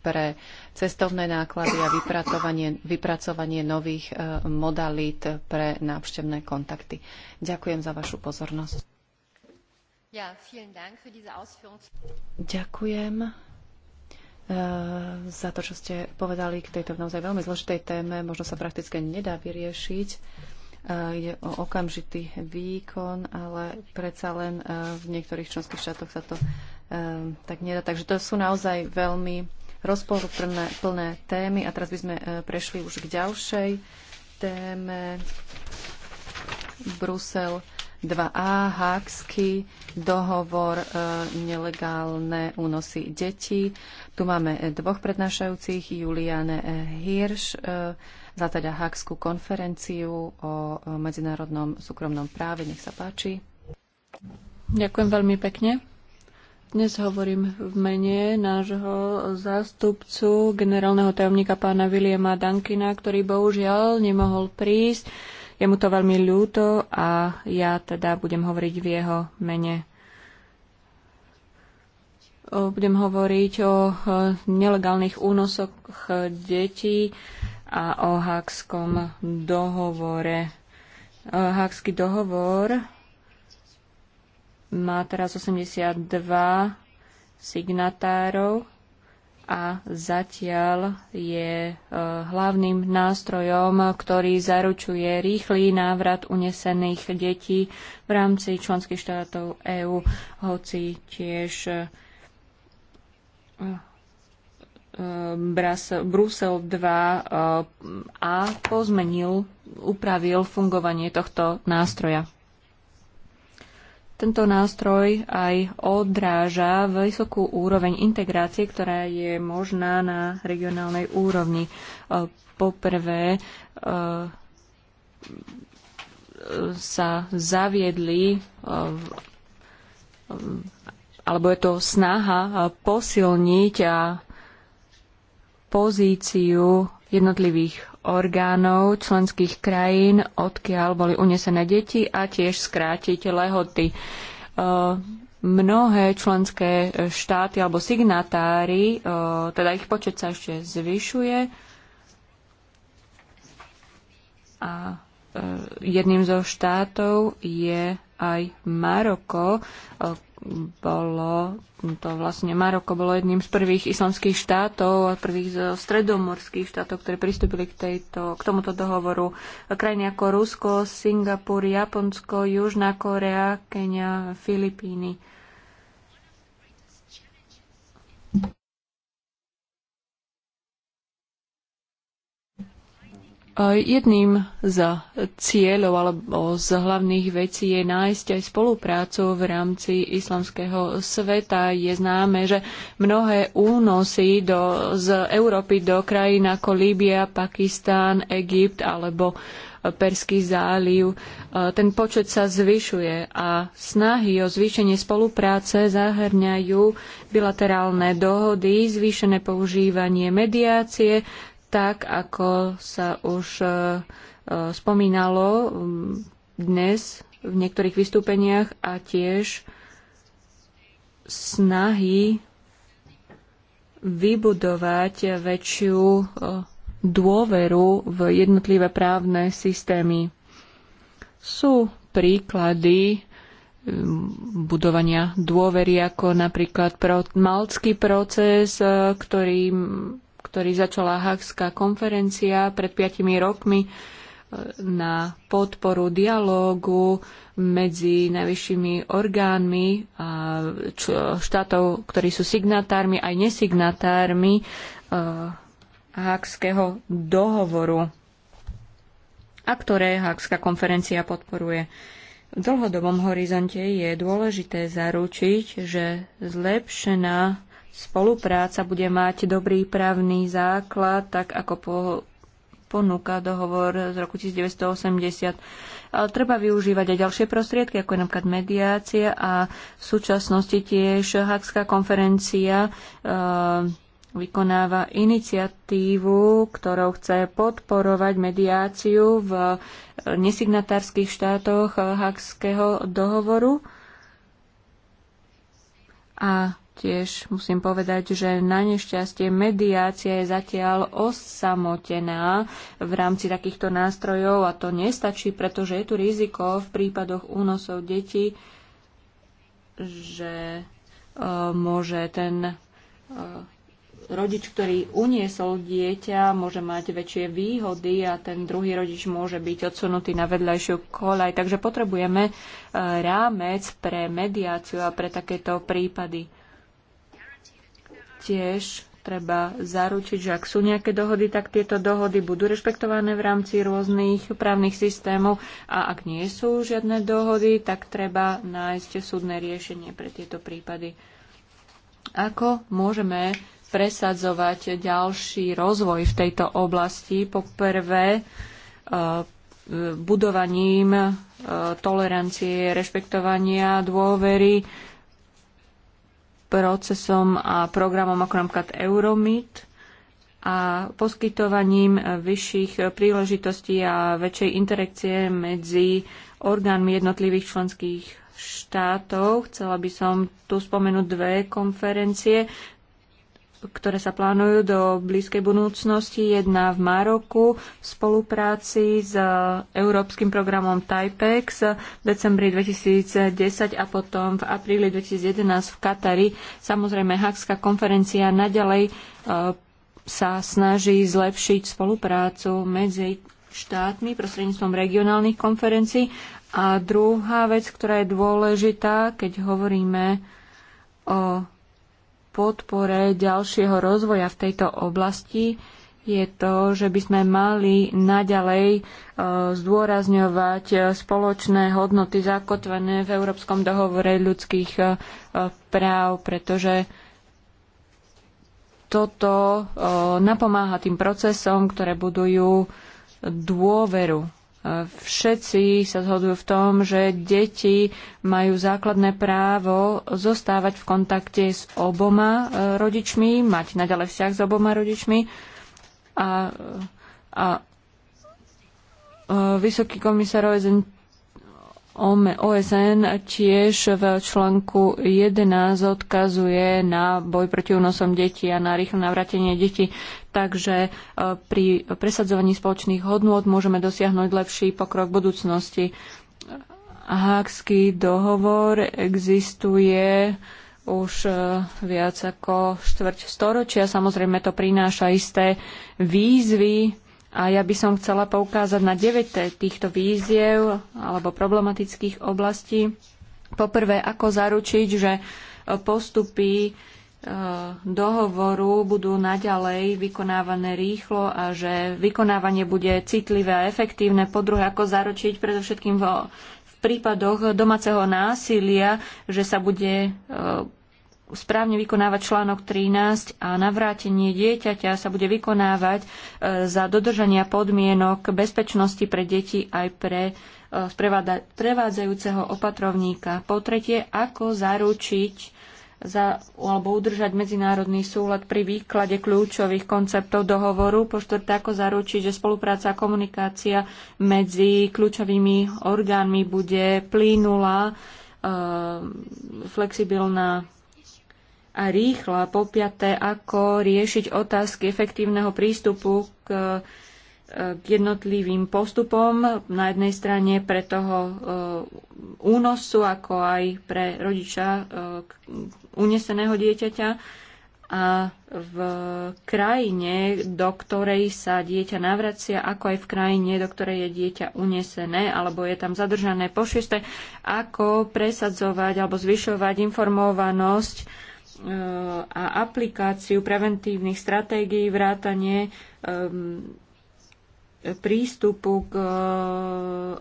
pre cestovné náklady a vypracovanie, vypracovanie nových modalít pre návštevné kontakty. Ďakujem za vašu pozornosť. Ďakujem eh, za to, čo ste povedali k tejto naozaj veľmi zložitej téme. Možno sa prakticky nedá vyriešiť. Eh, ide o okamžitý výkon, ale predsa len eh, v niektorých členských štátoch sa to tak nedá. Takže to sú naozaj veľmi rozporuplné plné témy. A teraz by sme prešli už k ďalšej téme. Brusel 2a, Hákský dohovor, e, nelegálne únosy detí. Tu máme e, dvoch prednášajúcich, Juliane e, Hirš za teda Hákskú konferenciu o medzinárodnom súkromnom práve. Nech sa páči. Ďakujem veľmi pekne. Dnes hovorím v mene nášho zástupcu, generálneho tajomníka pána Williama Dankina, ktorý bohužiaľ nemohol prísť je mu to veľmi ľúto a ja teda budem hovoriť v jeho mene. Budem hovoriť o nelegálnych únosoch detí a o Hákskom dohovore. Hákský dohovor má teraz 82 signatárov a zatiaľ je e, hlavným nástrojom, ktorý zaručuje rýchly návrat unesených detí v rámci členských štátov EÚ, hoci tiež e, e, Brusel 2 a pozmenil, upravil fungovanie tohto nástroja. Tento nástroj aj odráža vysokú úroveň integrácie, ktorá je možná na regionálnej úrovni. E, poprvé e, sa zaviedli e, alebo je to snaha posilniť a pozíciu jednotlivých orgánov členských krajín, odkiaľ boli unesené deti a tiež skrátiť lehoty. E, mnohé členské štáty alebo signatári, e, teda ich počet sa ešte zvyšuje a e, jedným zo štátov je aj Maroko, bolo, to vlastne Maroko bolo jedným z prvých islamských štátov a prvých z stredomorských štátov, ktoré pristúpili k, tejto, k tomuto dohovoru. Krajiny ako Rusko, Singapur, Japonsko, Južná Korea, Kenia, Filipíny. Jedným z cieľov alebo z hlavných vecí je nájsť aj spoluprácu v rámci islamského sveta. Je známe, že mnohé únosy do, z Európy do krajín ako Líbia, Pakistán, Egypt alebo Perský záliv. E, ten počet sa zvyšuje a snahy o zvýšenie spolupráce zahrňajú bilaterálne dohody, zvýšené používanie mediácie, tak ako sa už e, e, spomínalo dnes v niektorých vystúpeniach a tiež snahy vybudovať väčšiu e, dôveru v jednotlivé právne systémy. Sú príklady budovania dôvery, ako napríklad malcký proces, ktorým ktorý začala Hagská konferencia pred piatimi rokmi e, na podporu dialógu medzi najvyššími orgánmi štátov, ktorí sú signatármi aj nesignatármi e, Hákského dohovoru a ktoré Hákská konferencia podporuje. V dlhodobom horizonte je dôležité zaručiť, že zlepšená spolupráca bude mať dobrý právny základ, tak ako po, ponúka dohovor z roku 1980. Ale treba využívať aj ďalšie prostriedky, ako je napríklad mediácia a v súčasnosti tiež Hakská konferencia e, vykonáva iniciatívu, ktorou chce podporovať mediáciu v nesignatárskych štátoch Hakského dohovoru. A tiež musím povedať, že na nešťastie mediácia je zatiaľ osamotená v rámci takýchto nástrojov a to nestačí, pretože je tu riziko v prípadoch únosov detí, že uh, môže ten uh, rodič, ktorý uniesol dieťa, môže mať väčšie výhody a ten druhý rodič môže byť odsunutý na vedľajšiu kolaj. Takže potrebujeme e, rámec pre mediáciu a pre takéto prípady tiež treba zaručiť, že ak sú nejaké dohody, tak tieto dohody budú rešpektované v rámci rôznych právnych systémov a ak nie sú žiadne dohody, tak treba nájsť súdne riešenie pre tieto prípady. Ako môžeme presadzovať ďalší rozvoj v tejto oblasti? Poprvé, e, budovaním e, tolerancie, rešpektovania dôvery procesom a programom ako napríklad Euromit a poskytovaním vyšších príležitostí a väčšej interakcie medzi orgánmi jednotlivých členských štátov. Chcela by som tu spomenúť dve konferencie ktoré sa plánujú do blízkej budúcnosti. Jedna v Maroku v spolupráci s e, európskym programom TAIPEX v decembri 2010 a potom v apríli 2011 v Katari. Samozrejme, Hakská konferencia naďalej e, sa snaží zlepšiť spoluprácu medzi štátmi prostredníctvom regionálnych konferencií. A druhá vec, ktorá je dôležitá, keď hovoríme o podpore ďalšieho rozvoja v tejto oblasti je to, že by sme mali naďalej e, zdôrazňovať spoločné hodnoty zakotvené v Európskom dohovore ľudských e, práv, pretože toto e, napomáha tým procesom, ktoré budujú dôveru Všetci sa zhodujú v tom, že deti majú základné právo zostávať v kontakte s oboma e, rodičmi, mať naďalej vzťah s oboma rodičmi a, a e, Vysoký komisár OSN OSN tiež v článku 11 odkazuje na boj proti únosom detí a na rýchle navratenie detí. Takže e, pri presadzovaní spoločných hodnôt môžeme dosiahnuť lepší pokrok v budúcnosti. Hákský dohovor existuje už e, viac ako štvrť storočia. Samozrejme to prináša isté výzvy a ja by som chcela poukázať na 9 týchto víziev alebo problematických oblastí. Poprvé, ako zaručiť, že postupy e, dohovoru budú naďalej vykonávané rýchlo a že vykonávanie bude citlivé a efektívne. Po druhé, ako zaručiť predovšetkým v, v prípadoch domáceho násilia, že sa bude e, správne vykonávať článok 13 a navrátenie dieťaťa sa bude vykonávať e, za dodržania podmienok bezpečnosti pre deti aj pre e, prevádzajúceho opatrovníka. Po tretie, ako zaručiť za, alebo udržať medzinárodný súlad pri výklade kľúčových konceptov dohovoru. Po štvrté, ako zaručiť, že spolupráca a komunikácia medzi kľúčovými orgánmi bude plínula, e, flexibilná a rýchla. Po piaté, ako riešiť otázky efektívneho prístupu k, e, k jednotlivým postupom. Na jednej strane pre toho e, únosu, ako aj pre rodiča e, uneseného dieťaťa. A v krajine, do ktorej sa dieťa navracia, ako aj v krajine, do ktorej je dieťa unesené alebo je tam zadržané po šieste, ako presadzovať alebo zvyšovať informovanosť a aplikáciu preventívnych stratégií, vrátanie um, prístupu k uh,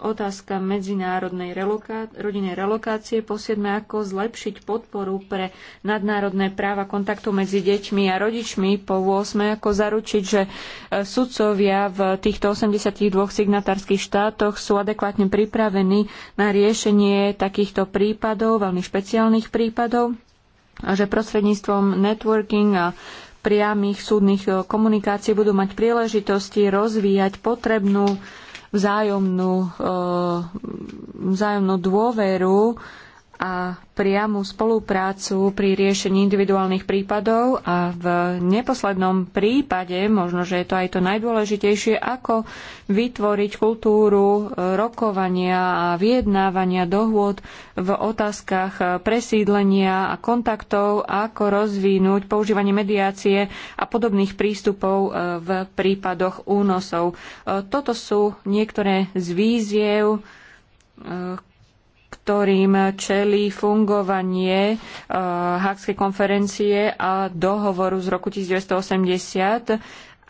otázkam medzinárodnej reloká- rodinnej relokácie, posiedme, ako zlepšiť podporu pre nadnárodné práva kontaktu medzi deťmi a rodičmi, po 8 ako zaručiť, že uh, sudcovia v týchto 82 signatárskych štátoch sú adekvátne pripravení na riešenie takýchto prípadov, veľmi špeciálnych prípadov že prostredníctvom networking a priamých súdnych e, komunikácií budú mať príležitosti rozvíjať potrebnú vzájomnú, e, vzájomnú dôveru a priamu spoluprácu pri riešení individuálnych prípadov a v neposlednom prípade, možno, že je to aj to najdôležitejšie, ako vytvoriť kultúru rokovania a vyjednávania dohôd v otázkach presídlenia a kontaktov, ako rozvinúť používanie mediácie a podobných prístupov e, v prípadoch únosov. E, toto sú niektoré z víziev, e, ktorým čelí fungovanie uh, Hákskej konferencie a dohovoru z roku 1980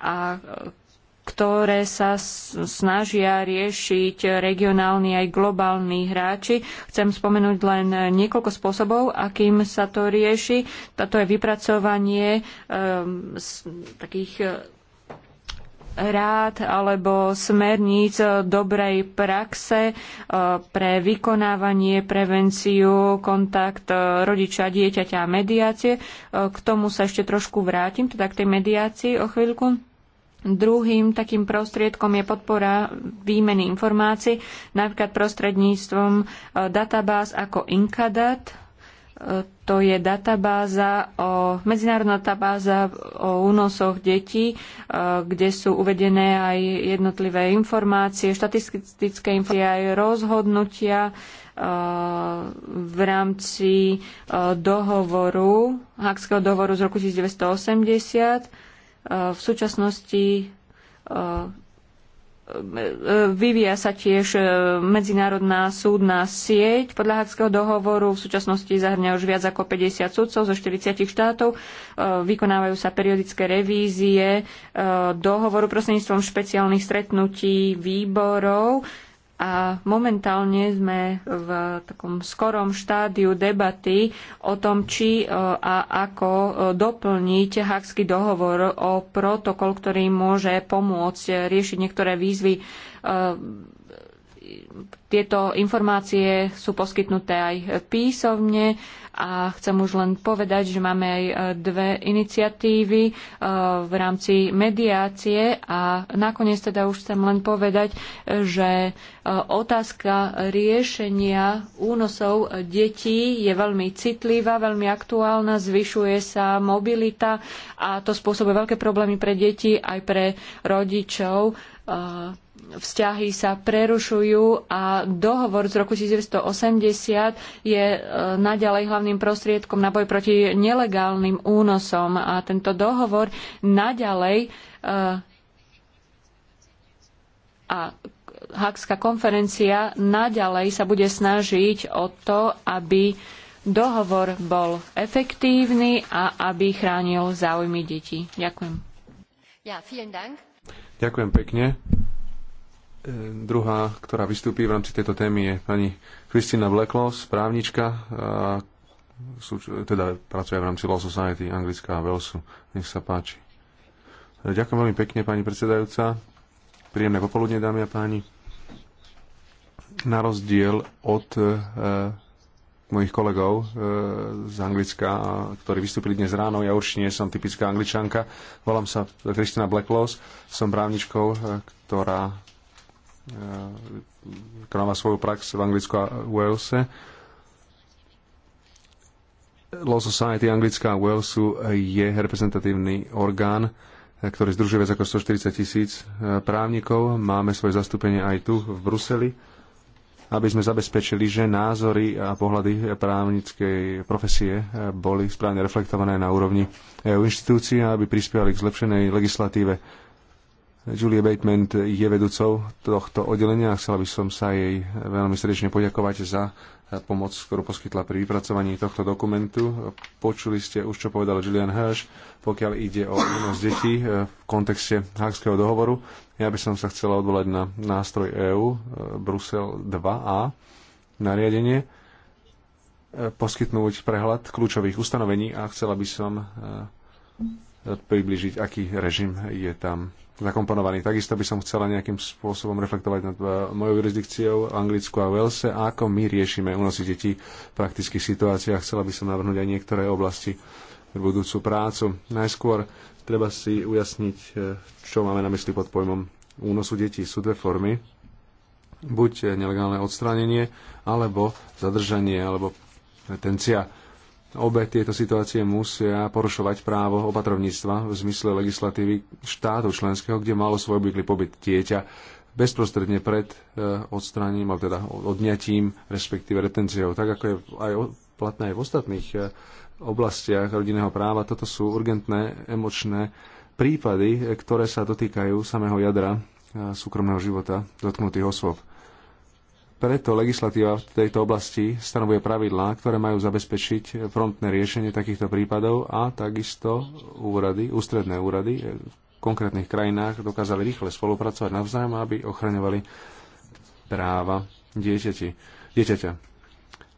a eh, ktoré sa snažia riešiť regionálni aj globálni hráči. Chcem spomenúť len niekoľko spôsobov, akým sa to rieši. Toto je vypracovanie um, eh, z takých rád alebo smerníc dobrej praxe e, pre vykonávanie, prevenciu, kontakt e, rodiča, dieťaťa a mediácie. E, k tomu sa ešte trošku vrátim, teda k tej mediácii o chvíľku. Druhým takým prostriedkom je podpora výmeny informácií, napríklad prostredníctvom databáz ako Inkadat, to je databáza o, medzinárodná databáza o únosoch detí, e, kde sú uvedené aj jednotlivé informácie, štatistické informácie, aj rozhodnutia e, v rámci e, dohovoru, Hakského dohovoru z roku 1980. V súčasnosti Vyvíja sa tiež e, medzinárodná súdna sieť. Podľa Hadského dohovoru v súčasnosti zahrňa už viac ako 50 súdcov zo 40 štátov. E, vykonávajú sa periodické revízie e, dohovoru prostredníctvom špeciálnych stretnutí výborov a momentálne sme v takom skorom štádiu debaty o tom, či e, a ako e, doplniť Hakský dohovor o protokol, ktorý môže pomôcť riešiť niektoré výzvy e, tieto informácie sú poskytnuté aj písovne a chcem už len povedať, že máme aj e, dve iniciatívy e, v rámci mediácie a nakoniec teda už chcem len povedať, e, že otázka riešenia únosov detí je veľmi citlivá, veľmi aktuálna, zvyšuje sa mobilita a to spôsobuje veľké problémy pre deti aj pre rodičov vzťahy sa prerušujú a dohovor z roku 1980 je e, naďalej hlavným prostriedkom na boj proti nelegálnym únosom a tento dohovor naďalej e, a Hakská konferencia naďalej sa bude snažiť o to, aby dohovor bol efektívny a aby chránil záujmy detí. Ďakujem. Ja, Ďakujem pekne. Druhá, ktorá vystúpi v rámci tejto témy, je pani Kristina Blacklos, právnička, teda pracuje v rámci Law Society Anglická a Walesu. Nech sa páči. Ďakujem veľmi pekne, pani predsedajúca. Príjemné popoludne, dámy a páni. Na rozdiel od e, mojich kolegov e, z Anglicka, ktorí vystúpili dnes ráno, ja určite nie som typická angličanka. Volám sa Kristina Blacklose. som právničkou, e, ktorá E, ktorá má svoju prax v Anglicku a Walese. Law Society Anglická a Walesu je reprezentatívny orgán, e, ktorý združuje viac ako 140 tisíc e, právnikov. Máme svoje zastúpenie aj tu v Bruseli, aby sme zabezpečili, že názory a pohľady právnickej profesie boli správne reflektované na úrovni EU inštitúcií a aby prispievali k zlepšenej legislatíve Julie Bateman je vedúcou tohto oddelenia a chcela by som sa jej veľmi srdečne poďakovať za pomoc, ktorú poskytla pri vypracovaní tohto dokumentu. Počuli ste už, čo povedal Julian Hirsch, pokiaľ ide o únos detí v kontexte Hagského dohovoru. Ja by som sa chcela odvolať na nástroj EÚ, Brusel 2a, nariadenie, poskytnúť prehľad kľúčových ustanovení a chcela by som eh, približiť, aký režim je tam zakomponovaný. Takisto by som chcela nejakým spôsobom reflektovať nad e, mojou jurisdikciou Anglicku a Velse a ako my riešime únosy detí v praktických situáciách. Chcela by som navrhnúť aj niektoré oblasti v budúcu prácu. Najskôr treba si ujasniť, e, čo máme na mysli pod pojmom únosu detí. Sú dve formy. Buď nelegálne odstránenie, alebo zadržanie, alebo retencia Obe tieto situácie musia porušovať právo opatrovníctva v zmysle legislatívy štátu členského, kde malo svoj obvyklý pobyt dieťa bezprostredne pred eh, odstraním, alebo teda odňatím, respektíve retenciou. Tak ako je aj platné aj v ostatných eh, oblastiach rodinného práva, toto sú urgentné emočné prípady, eh, ktoré sa dotýkajú samého jadra súkromného života dotknutých osôb. Preto legislatíva v tejto oblasti stanovuje pravidlá, ktoré majú zabezpečiť frontné riešenie takýchto prípadov a takisto úrady, ústredné úrady v konkrétnych krajinách dokázali rýchle spolupracovať navzájom, aby ochraňovali práva dieťati, dieťaťa.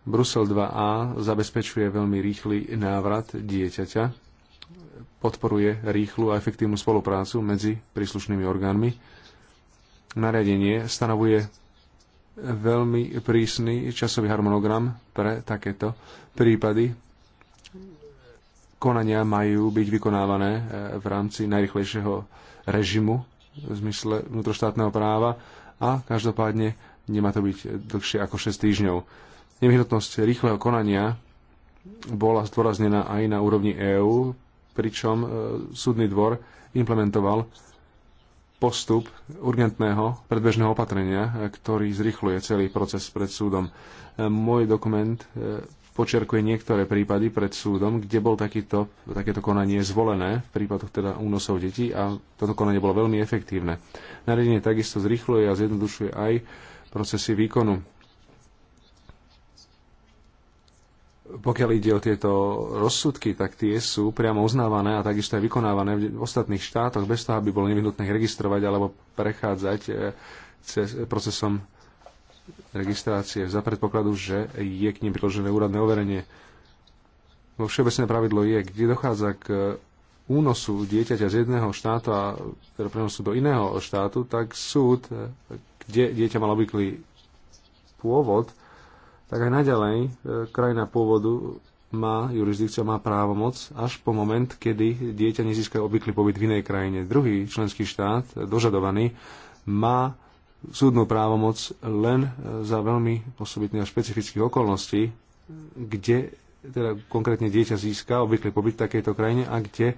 Brusel 2a zabezpečuje veľmi rýchly návrat dieťaťa, podporuje rýchlu a efektívnu spoluprácu medzi príslušnými orgánmi. Nariadenie stanovuje veľmi prísny časový harmonogram pre takéto prípady. Konania majú byť vykonávané eh, v rámci najrychlejšieho režimu v zmysle vnútroštátneho práva a každopádne nemá to byť dlhšie ako 6 týždňov. Nevyhnutnosť rýchleho konania bola zdôraznená aj na úrovni EÚ, pričom eh, súdny dvor implementoval postup urgentného predbežného opatrenia, e, ktorý zrychluje celý proces pred súdom. E, môj dokument e, počerkuje niektoré prípady pred súdom, kde bol takýto, takéto konanie zvolené v prípadoch teda únosov detí a toto konanie bolo veľmi efektívne. Nariadenie takisto zrychluje a zjednodušuje aj procesy výkonu pokiaľ ide o tieto rozsudky, tak tie sú priamo uznávané a takisto aj vykonávané v ostatných štátoch bez toho, aby bolo nevyhnutné ich registrovať alebo prechádzať e, cez procesom registrácie za predpokladu, že je k nim priložené úradné overenie. Vo všeobecné pravidlo je, kde dochádza k únosu dieťaťa z jedného štátu a teda prenosu do iného štátu, tak súd, e, kde dieťa mal obvyklý pôvod, tak aj naďalej e, krajina pôvodu má jurisdikcia, má právomoc až po moment, kedy dieťa nezíska obvyklý pobyt v inej krajine. Druhý členský štát, e, dožadovaný, má súdnu právomoc len e, za veľmi osobitných a špecifických okolností, kde teda konkrétne dieťa získa obvyklý pobyt v takejto krajine a kde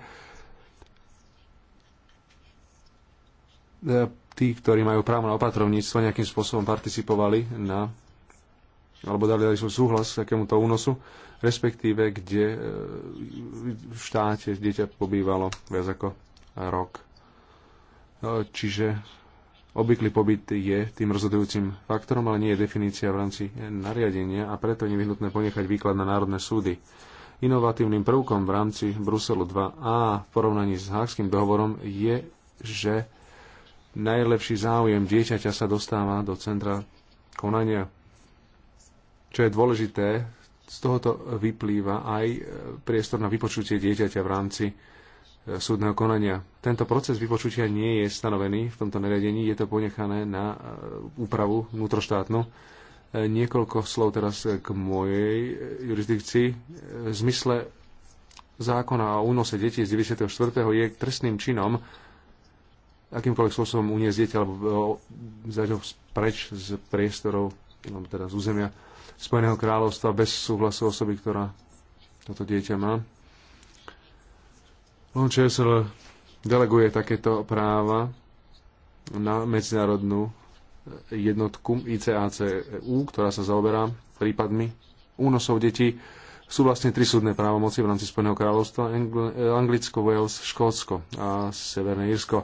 tí, ktorí majú právo na opatrovníctvo, nejakým spôsobom participovali na alebo dali, aj svoj súhlas k takémuto únosu, respektíve kde e, v štáte dieťa pobývalo viac ako rok. E, čiže obvyklý pobyt je tým rozhodujúcim faktorom, ale nie je definícia v rámci nariadenia a preto je nevyhnutné ponechať výklad na národné súdy. Inovatívnym prvkom v rámci Bruselu 2a v porovnaní s Hákským dohovorom je, že najlepší záujem dieťaťa sa dostáva do centra konania čo je dôležité, z tohoto vyplýva aj e, priestor na vypočutie dieťaťa v rámci e, súdneho konania. Tento proces vypočutia nie je stanovený v tomto nariadení, je to ponechané na e, úpravu vnútroštátnu. Niekoľko slov teraz k mojej jurisdikcii. V zmysle zákona o únose detí z 94. je trestným činom akýmkoľvek spôsobom uniesť dieťa alebo zať ho preč z priestorov, no, teda z územia Spojeného kráľovstva bez súhlasu osoby, ktorá toto dieťa má. On ČSL deleguje takéto práva na medzinárodnú jednotku ICACU, ktorá sa zaoberá prípadmi únosov detí. Sú vlastne tri súdne právomoci v rámci Spojeného kráľovstva, Anglicko, Wales, Škótsko a Severné Írsko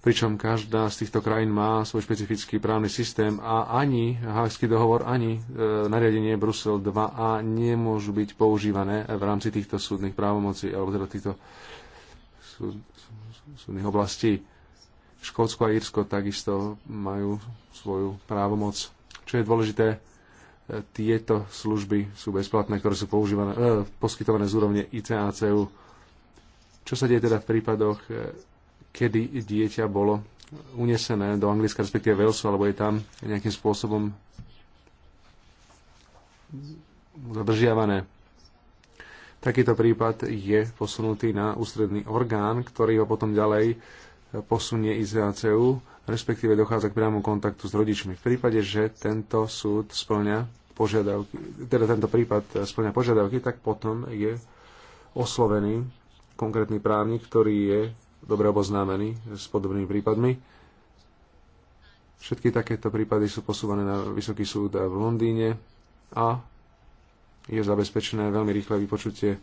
pričom každá z týchto krajín má svoj špecifický právny systém a ani Hákský dohovor, ani e, nariadenie Brusel 2a nemôžu byť používané v rámci týchto súdnych právomocí alebo teda týchto súd, súdnych oblastí. Škótsko a Írsko takisto majú svoju právomoc. Čo je dôležité, e, tieto služby sú bezplatné, ktoré sú používané, e, poskytované z úrovne ICACU. Čo sa deje teda v prípadoch e, kedy dieťa bolo unesené do Anglicka, respektíve Walesu, alebo je tam nejakým spôsobom zadržiavané. Takýto prípad je posunutý na ústredný orgán, ktorý ho potom ďalej posunie IZACU, respektíve dochádza k priamu kontaktu s rodičmi. V prípade, že tento súd splňa požiadavky, teda tento prípad splňa požiadavky, tak potom je oslovený konkrétny právnik, ktorý je dobre oboznámení s podobnými prípadmi. Všetky takéto prípady sú posúvané na Vysoký súd v Londýne a je zabezpečené veľmi rýchle vypočutie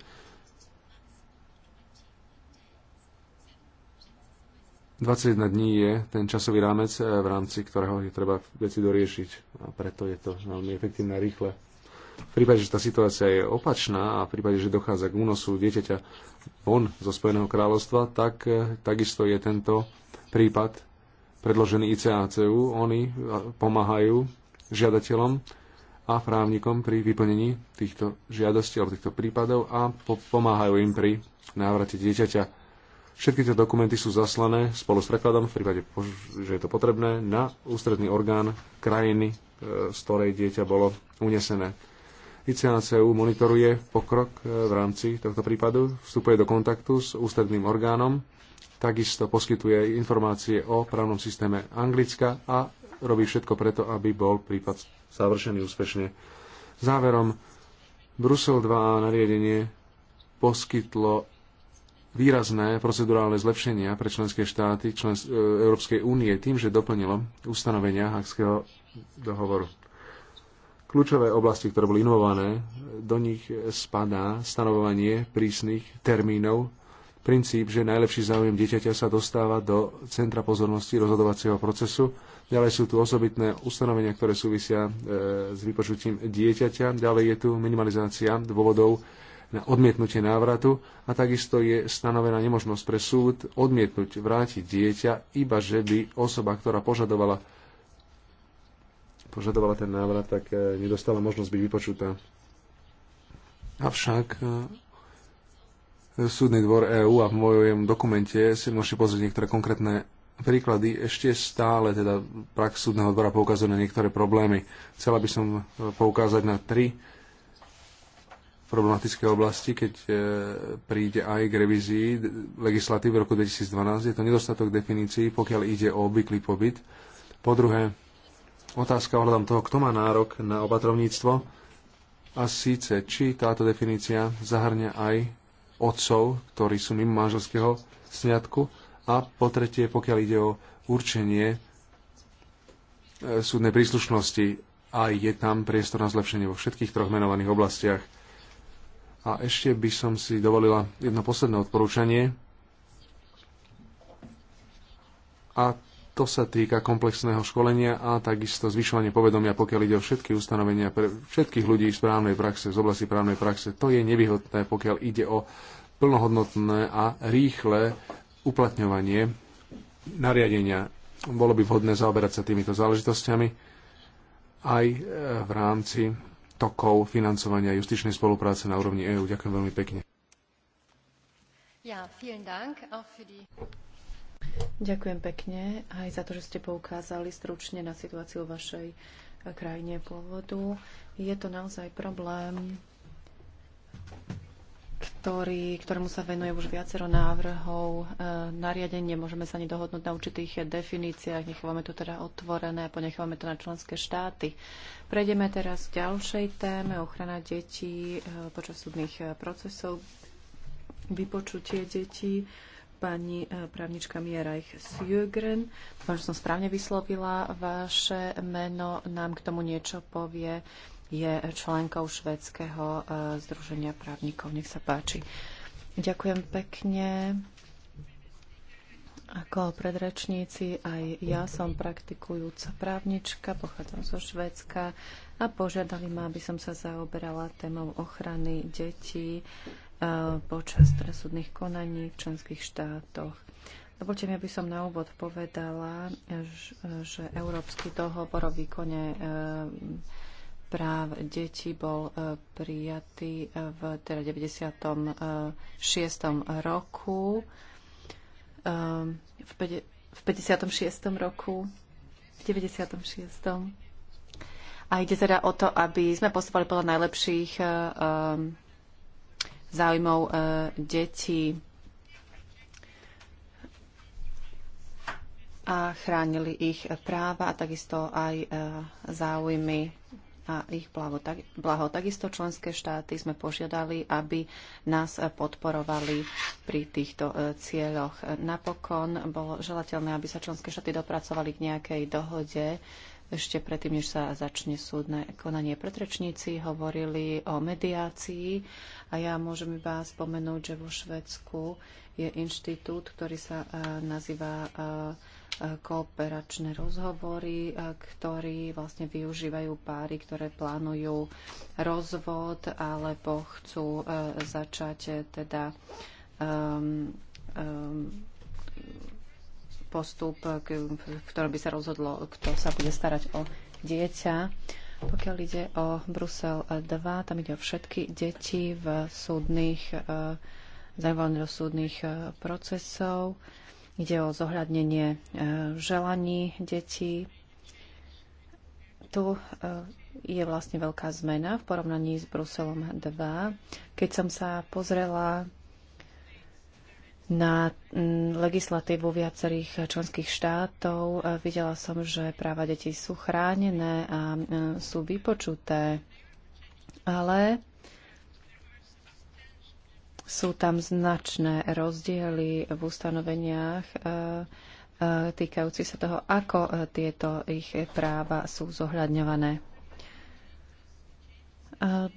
...21 dní je ten časový rámec, eh, v rámci ktorého je treba veci doriešiť. A preto je to veľmi efektívne a rýchle. V prípade, že tá situácia je opačná a v prípade, že dochádza k únosu dieťaťa von zo Spojeného kráľovstva, tak eh, takisto je tento prípad predložený ICACU. Oni eh, pomáhajú žiadateľom a právnikom pri vyplnení týchto žiadostí alebo týchto prípadov a po- pomáhajú im pri návrate dieťaťa. Všetky tie dokumenty sú zaslané spolu s prekladom, v prípade, že je to potrebné, na ústredný orgán krajiny, eh, z ktorej dieťa bolo unesené ICNCU e monitoruje pokrok e, v rámci tohto prípadu, vstupuje do kontaktu s ústredným orgánom, takisto poskytuje informácie o právnom systéme Anglicka a robí všetko preto, aby bol prípad završený úspešne. Záverom, Brusel 2 nariadenie poskytlo výrazné procedurálne zlepšenia pre členské štáty člen, e, Európskej únie tým, že doplnilo ustanovenia Hakského dohovoru. Kľúčové oblasti, ktoré boli inovované, do nich spadá stanovovanie prísnych termínov, princíp, že najlepší záujem dieťaťa sa dostáva do centra pozornosti rozhodovacieho procesu. Ďalej sú tu osobitné ustanovenia, ktoré súvisia e, s vypočutím dieťaťa. Ďalej je tu minimalizácia dôvodov na odmietnutie návratu a takisto je stanovená nemožnosť pre súd odmietnúť vrátiť dieťa, iba že by osoba, ktorá požadovala požadovala ten návrat, tak e, nedostala možnosť byť vypočutá. Avšak e, Súdny dvor EÚ a v mojom dokumente si môžete pozrieť niektoré konkrétne príklady. Ešte stále teda prax súdneho dvora poukazuje na niektoré problémy. Chcela by som e, poukázať na tri problematické oblasti, keď príde aj k revízii legislatívy v roku 2012. Je to nedostatok definícií, pokiaľ ide o obvyklý pobyt. Po druhé, otázka ohľadom toho, kto má nárok na opatrovníctvo a síce, či táto definícia zahrňa aj otcov, ktorí sú mimo manželského sňatku a po tretie, pokiaľ ide o určenie e, súdnej príslušnosti a je tam priestor na zlepšenie vo všetkých troch menovaných oblastiach. A ešte by som si dovolila jedno posledné odporúčanie. A to sa týka komplexného školenia a takisto zvyšovanie povedomia, pokiaľ ide o všetky ustanovenia pre všetkých ľudí z právnej praxe, z oblasti právnej praxe. To je nevyhodné, pokiaľ ide o plnohodnotné a rýchle uplatňovanie nariadenia. Bolo by vhodné zaoberať sa týmito záležitosťami aj e, v rámci tokov financovania justičnej spolupráce na úrovni EÚ. Ďakujem veľmi pekne. Ja, vielen Dank auch für die... Ďakujem pekne aj za to, že ste poukázali stručne na situáciu v vašej eh, krajine pôvodu. Je to naozaj problém, ktorý, ktorému sa venuje už viacero návrhov e, eh, nariadenie. Môžeme sa nedohodnúť dohodnúť na určitých definíciách. Nechávame to teda otvorené, ponechávame to na členské štáty. Prejdeme teraz k ďalšej téme, ochrana detí e, počas súdnych procesov, vypočutie detí. E, pani e, právnička Reich Sjugren. Dúfam, že som správne vyslovila vaše meno. Nám k tomu niečo povie. Je členkou Švedského e, združenia právnikov. Nech sa páči. Ďakujem pekne. Ako predrečníci aj ja som praktikujúca právnička, pochádzam zo Švedska a požiadali ma, aby som sa zaoberala témou ochrany detí E, počas súdnych konaní v členských štátoch. Dovolte mi, aby som na úvod povedala, že Európsky dohovor o výkone e, práv detí bol e, prijatý v teda 96. roku. V 56. roku, v 96. A ide teda o to, aby sme postupovali podľa najlepších záujmov e, detí a chránili ich práva a takisto aj e, záujmy a ich blaho. Tak, blaho. Takisto členské štáty sme požiadali, aby nás podporovali pri týchto e, cieľoch. Napokon bolo želateľné, aby sa členské štáty dopracovali k nejakej dohode ešte predtým, než sa začne súdne konanie. Pretrečníci hovorili o mediácii a ja môžem iba spomenúť, že vo Švedsku je inštitút, ktorý sa e, nazýva e, e, kooperačné rozhovory, ktorí vlastne využívajú páry, ktoré plánujú rozvod alebo chcú začať teda um, um, postup, v ktorom by sa rozhodlo, kto sa bude starať o dieťa pokiaľ ide o Brusel 2, tam ide o všetky deti v súdnych, e, zajvované do súdnych e, procesov. Ide o zohľadnenie e, želaní detí. Tu je vlastne veľká zmena v porovnaní s Bruselom 2. Keď som sa pozrela na mm, legislatívu viacerých členských štátov. E, videla som, že práva detí sú chránené a e, sú vypočuté, ale sú tam značné rozdiely v ustanoveniach e, týkajúci sa toho, ako tieto ich práva sú zohľadňované.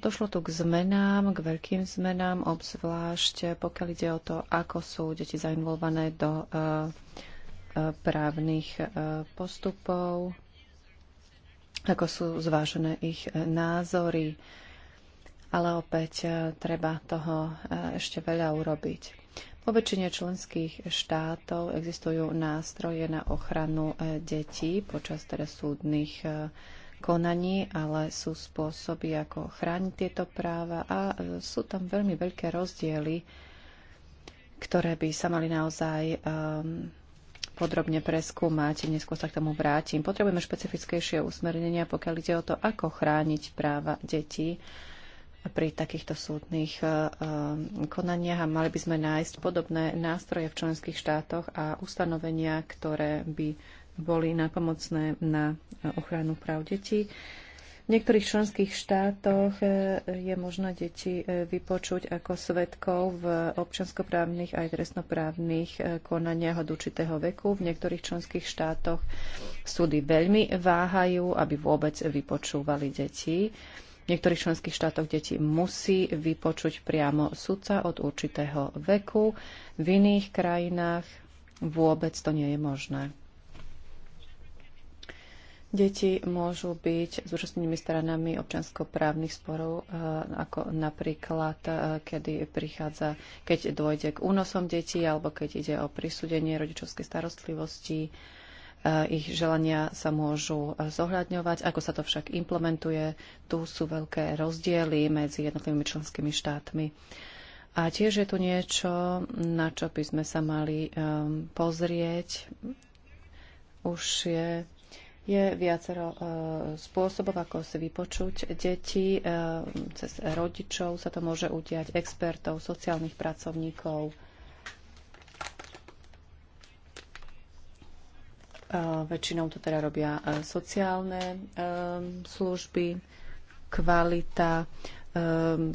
Došlo tu k zmenám, k veľkým zmenám, obzvlášť pokiaľ ide o to, ako sú deti zainvolvané do e, e, právnych e, postupov, ako sú zvážené ich názory. Ale opäť treba toho ešte veľa urobiť. Po väčšine členských štátov existujú nástroje na ochranu detí počas teda súdnych konaní, ale sú spôsoby, ako chrániť tieto práva a e, sú tam veľmi veľké rozdiely, ktoré by sa mali naozaj um, podrobne preskúmať. Neskôr sa k tomu vrátim. Potrebujeme špecifickejšie usmernenia, pokiaľ ide o to, ako chrániť práva detí pri takýchto súdnych um, konaniach a mali by sme nájsť podobné nástroje v členských štátoch a ustanovenia, ktoré by boli napomocné na ochranu práv detí. V niektorých členských štátoch e, je možné deti e, vypočuť ako svetkov v občanskoprávnych aj trestnoprávnych e, konaniach od určitého veku. V niektorých členských štátoch súdy veľmi váhajú, aby vôbec vypočúvali deti. V niektorých členských štátoch deti musí vypočuť priamo sudca od určitého veku. V iných krajinách vôbec to nie je možné. Deti môžu byť zúčastnenými stranami občanskoprávnych sporov, eh, ako napríklad, eh, kedy prichádza, keď dôjde k únosom detí, alebo keď ide o prisúdenie rodičovskej starostlivosti. Eh, ich želania sa môžu zohľadňovať. Ako sa to však implementuje, tu sú veľké rozdiely medzi jednotlivými členskými štátmi. A tiež je tu niečo, na čo by sme sa mali pozrieť. Už je je viacero e, spôsobov, ako si vypočuť deti. E, cez rodičov sa to môže udiať, expertov, sociálnych pracovníkov. E, väčšinou to teda robia sociálne služby. Kvalita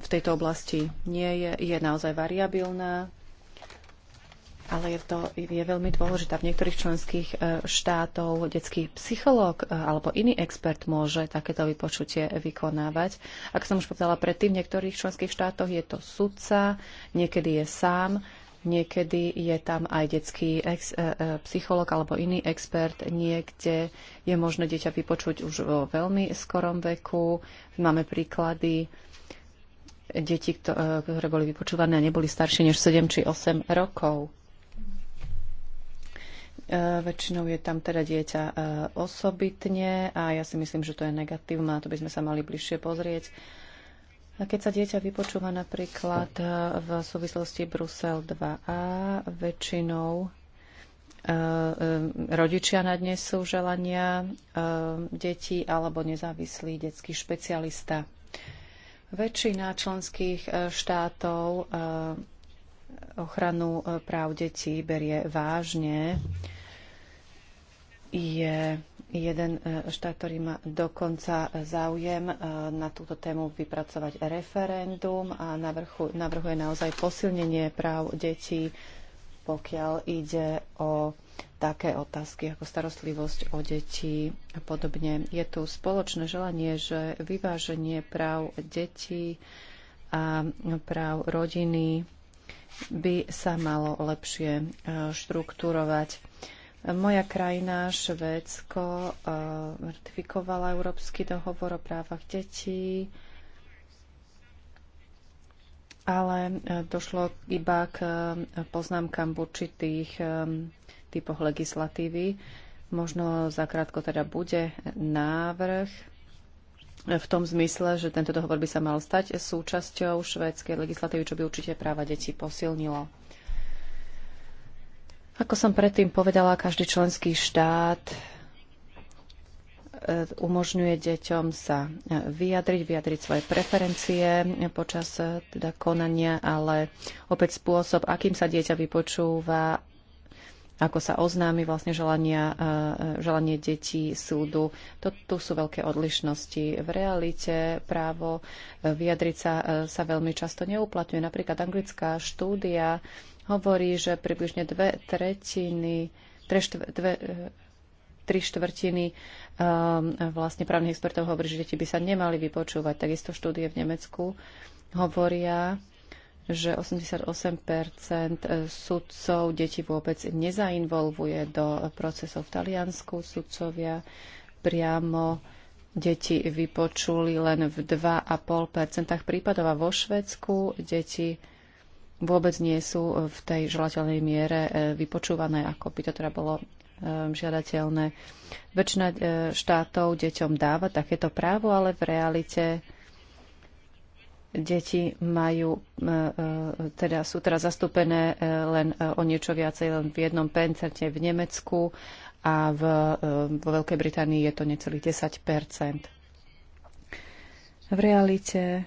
v tejto oblasti nie je, je naozaj variabilná ale je to je veľmi dôležitá. V niektorých členských e, štátov detský psychológ e, alebo iný expert môže takéto vypočutie vykonávať. Ak som už povedala predtým, v niektorých členských štátoch je to sudca, niekedy je sám, niekedy je tam aj detský ex, e, psychológ alebo iný expert, niekde je možné dieťa vypočuť už vo veľmi skorom veku. Máme príklady deti, ktoré boli vypočúvané a neboli staršie než 7 či 8 rokov. E, väčšinou je tam teda dieťa e, osobitne a ja si myslím, že to je negatívne a to by sme sa mali bližšie pozrieť. A keď sa dieťa vypočúva napríklad e, v súvislosti Brusel 2a, väčšinou rodičia nadnesú želania detí alebo nezávislý detský špecialista. Väčšina členských štátov ochranu práv detí berie vážne je jeden e, štát, ktorý má dokonca záujem e, na túto tému vypracovať referendum a navrchu, navrhuje naozaj posilnenie práv detí, pokiaľ ide o také otázky ako starostlivosť o deti a podobne. Je tu spoločné želanie, že vyváženie práv detí a práv rodiny by sa malo lepšie e, štruktúrovať. Moja krajina, Švédsko, eh, ratifikovala Európsky dohovor o právach detí, ale eh, došlo iba k eh, poznámkam v určitých typoch legislatívy. Možno zakrátko teda bude návrh v tom zmysle, že tento dohovor by sa mal stať súčasťou švédskej legislatívy, čo by určite práva detí posilnilo. Ako som predtým povedala, každý členský štát e, umožňuje deťom sa e, vyjadriť, vyjadriť svoje preferencie e, počas teda konania, ale opäť spôsob, akým sa dieťa vypočúva, ako sa oznámi vlastne želania, želanie detí súdu. To, tu sú veľké odlišnosti. V realite právo vyjadriť sa sa veľmi často neuplatňuje. Napríklad anglická štúdia hovorí, že približne dve tretiny, tre, štv, dve, eh, tri štvrtiny um, vlastne právnych expertov hovorí, že deti by sa nemali vypočúvať. Takisto štúdie v Nemecku hovoria, že 88 eh, sudcov deti vôbec nezainvolvuje do procesov v Taliansku. Sudcovia priamo deti vypočuli len v 2,5 prípadov a vo Švedsku deti vôbec nie sú e, v tej želateľnej miere e, vypočúvané, ako by to teda bolo e, žiadateľné. Väčšina štátov deťom dáva takéto právo, ale v realite deti majú, teda sú teraz zastúpené len o niečo viacej, len v jednom pencerte v Nemecku a v, vo Veľkej Británii je to necelých 10 V realite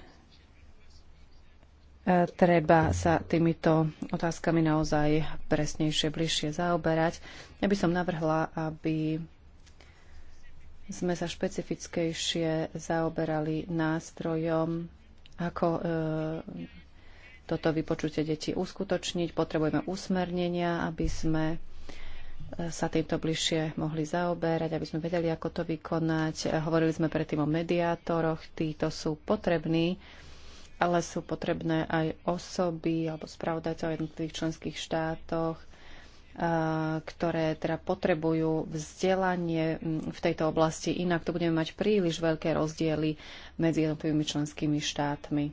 E, treba sa týmito otázkami naozaj presnejšie, bližšie zaoberať. Ja by som navrhla, aby sme sa špecifickejšie zaoberali nástrojom, ako e, toto vypočutie detí uskutočniť. Potrebujeme usmernenia, aby sme e, sa týmto bližšie mohli zaoberať, aby sme vedeli, ako to vykonať. E, hovorili sme predtým o mediátoroch, títo sú potrební ale sú potrebné aj osoby alebo spravodajcov v jednotlivých členských štátoch, ktoré teda potrebujú vzdelanie mm, v tejto oblasti. Inak tu budeme mať príliš veľké rozdiely medzi jednotlivými členskými štátmi.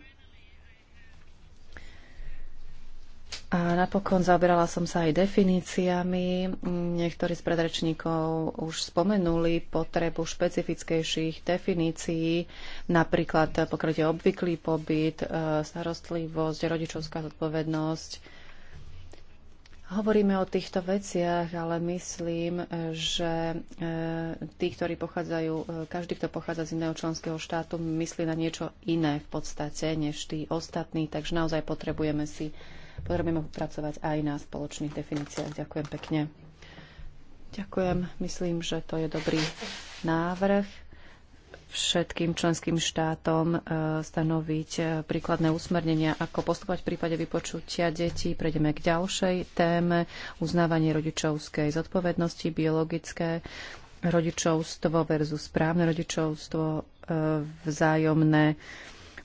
A napokon zaoberala som sa aj definíciami. Niektorí z predrečníkov už spomenuli potrebu špecifickejších definícií, napríklad pokrytie obvyklý pobyt, e, starostlivosť, rodičovská zodpovednosť. Hovoríme o týchto veciach, ale myslím, že e, tí, ktorí pochádzajú, e, každý, kto pochádza z iného členského štátu, myslí na niečo iné v podstate než tí ostatní, takže naozaj potrebujeme si potrebujeme popracovať aj na spoločných definíciách. Ďakujem pekne. Ďakujem. Myslím, že to je dobrý návrh všetkým členským štátom e, stanoviť e, príkladné usmernenia, ako postupovať v prípade vypočutia detí. Prejdeme k ďalšej téme. Uznávanie rodičovskej zodpovednosti, biologické rodičovstvo versus správne rodičovstvo, e, vzájomné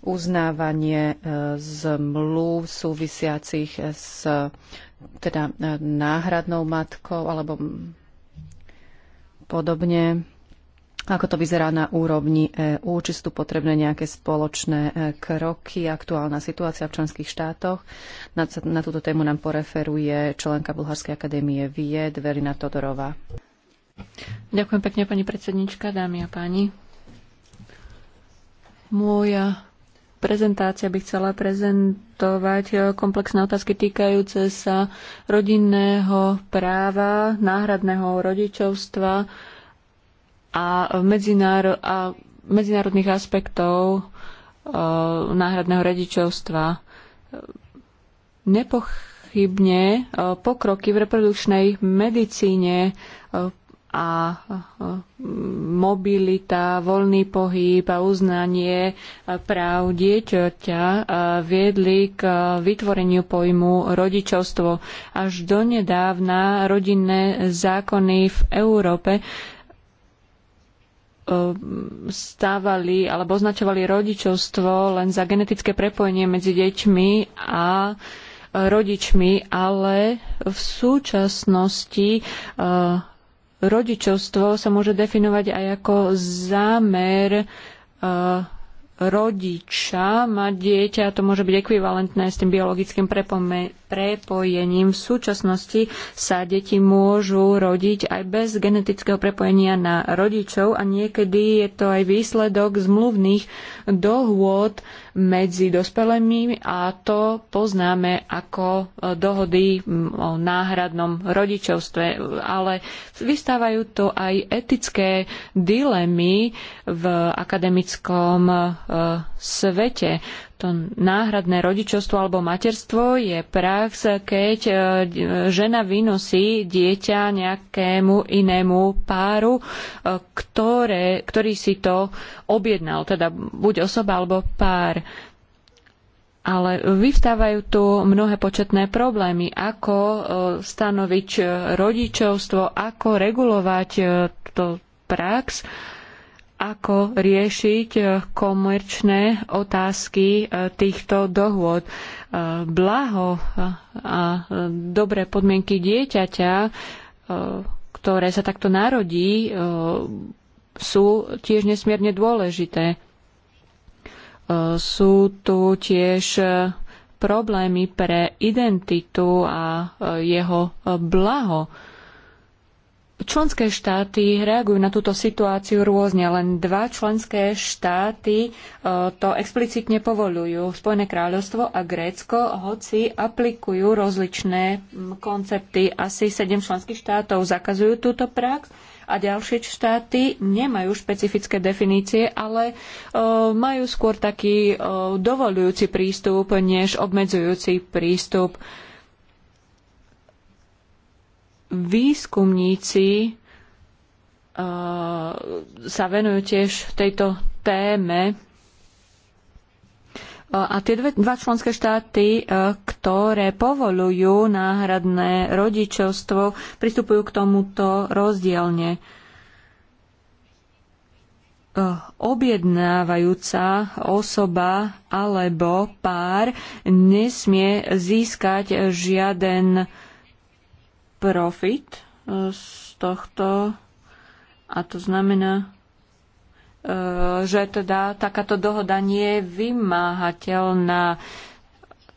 uznávanie e, zmluv súvisiacich s teda e, náhradnou matkou alebo podobne. Ako to vyzerá na úrovni EÚ, či sú tu potrebné nejaké spoločné e, kroky, aktuálna situácia v členských štátoch. Na, na túto tému nám poreferuje členka Bulharskej akadémie vied Verina Todorová. Ďakujem pekne, pani predsednička, dámy a páni. Moja prezentácia by chcela prezentovať e, komplexné otázky týkajúce sa rodinného práva, náhradného rodičovstva a, medzináro- a medzinárodných aspektov e, náhradného rodičovstva. Nepochybne e, pokroky v reprodukčnej medicíne a mobilita, voľný pohyb a uznanie práv dieťaťa viedli k vytvoreniu pojmu rodičovstvo. Až donedávna rodinné zákony v Európe e, stávali alebo označovali rodičovstvo len za genetické prepojenie medzi deťmi a rodičmi, ale v súčasnosti e, rodičovstvo sa môže definovať aj ako zámer e, rodiča mať dieťa, a to môže byť ekvivalentné s tým biologickým prepojením. V súčasnosti sa deti môžu rodiť aj bez genetického prepojenia na rodičov a niekedy je to aj výsledok zmluvných dohôd medzi dospelými a to poznáme ako e, dohody o náhradnom rodičovstve, ale vystávajú to aj etické dilemy v akademickom e, svete to náhradné rodičovstvo alebo materstvo je prax, keď e, žena vynosí dieťa nejakému inému páru, e, ktoré, ktorý si to objednal, teda buď osoba alebo pár. Ale vyvstávajú tu mnohé početné problémy, ako e, stanoviť rodičovstvo, ako regulovať to prax ako riešiť eh, komerčné otázky eh, týchto dohôd. Eh, blaho a dobré podmienky dieťaťa, ktoré sa takto narodí, sú tiež nesmierne dôležité. Sú tu tiež problémy pre identitu a jeho blaho Členské štáty reagujú na túto situáciu rôzne, len dva členské štáty e, to explicitne povolujú, Spojené kráľovstvo a Grécko, hoci aplikujú rozličné koncepty. Asi sedem členských štátov zakazujú túto prax a ďalšie štáty nemajú špecifické definície, ale e, majú skôr taký e, dovolujúci prístup než obmedzujúci prístup výskumníci e, sa venujú tiež tejto téme. E, a tie dve, dva členské štáty, e, ktoré povolujú náhradné rodičovstvo, pristupujú k tomuto rozdielne. Objednávajúca osoba alebo pár nesmie získať žiaden uh, profit e, z tohto a to znamená, e, že teda takáto dohoda nie je vymáhateľná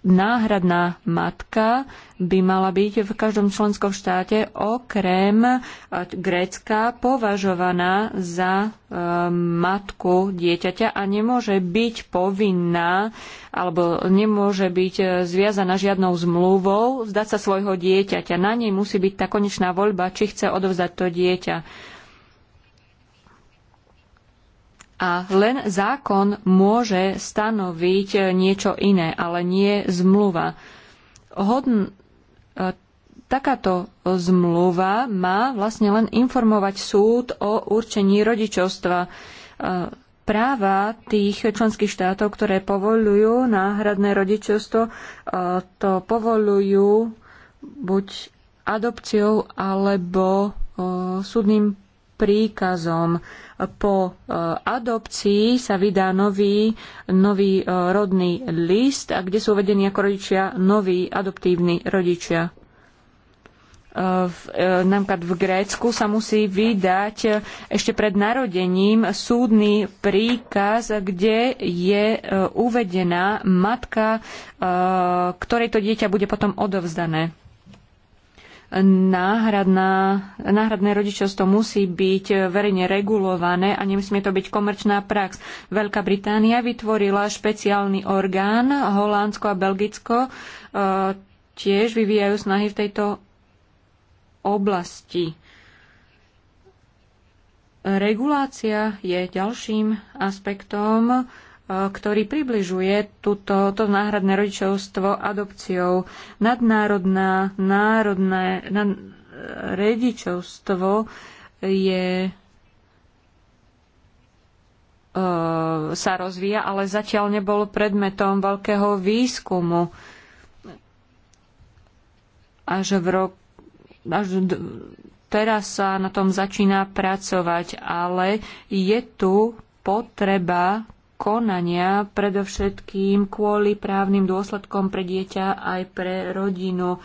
náhradná matka by mala byť v každom členskom štáte okrem e, Grécka považovaná za e, matku dieťaťa a nemôže byť povinná alebo nemôže byť e, zviazaná žiadnou zmluvou vzdať sa svojho dieťaťa. Na nej musí byť tá konečná voľba, či chce odovzdať to dieťa A len zákon môže stanoviť eh, niečo iné, ale nie zmluva. Hodn... Eh, takáto zmluva má vlastne len informovať súd o určení rodičovstva. Eh, práva tých členských štátov, ktoré povolujú náhradné rodičovstvo, to povolujú buď adopciou alebo súdnym príkazom. Po e, adopcii sa vydá nový, nový e, rodný list, a kde sú uvedení ako rodičia noví adoptívni rodičia e, v, napríklad v Grécku sa musí vydať ešte pred narodením súdny príkaz, kde je uvedená matka, ktorej to dieťa bude potom odovzdané náhradná, náhradné rodičovstvo musí byť verejne regulované a nemusí to byť komerčná prax. Veľká Británia vytvorila špeciálny orgán, Holandsko a Belgicko e, tiež vyvíjajú snahy v tejto oblasti. Regulácia je ďalším aspektom, ktorý približuje túto, to náhradné rodičovstvo adopciou. Nadnárodná, národné nad, rodičovstvo je e, sa rozvíja, ale zatiaľ nebolo predmetom veľkého výskumu. Až v rok, až teraz sa na tom začína pracovať, ale je tu potreba konania, predovšetkým kvôli právnym dôsledkom pre dieťa aj pre rodinu.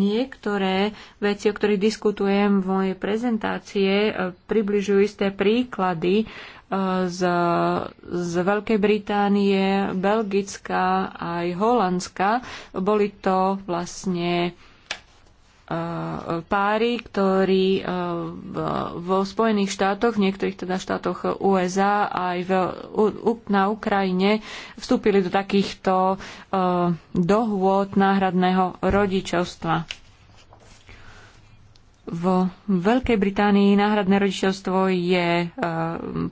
Niektoré veci, o ktorých diskutujem v mojej prezentácie, e, približujú isté príklady e, z, z Veľkej Británie, Belgická aj Holandska. Boli to vlastne Eh, páry, ktorí eh, vo Spojených štátoch, v niektorých teda štátoch USA aj v, na Ukrajine vstúpili do takýchto eh, dohôd náhradného rodičovstva. V Veľkej Británii náhradné rodičovstvo je e,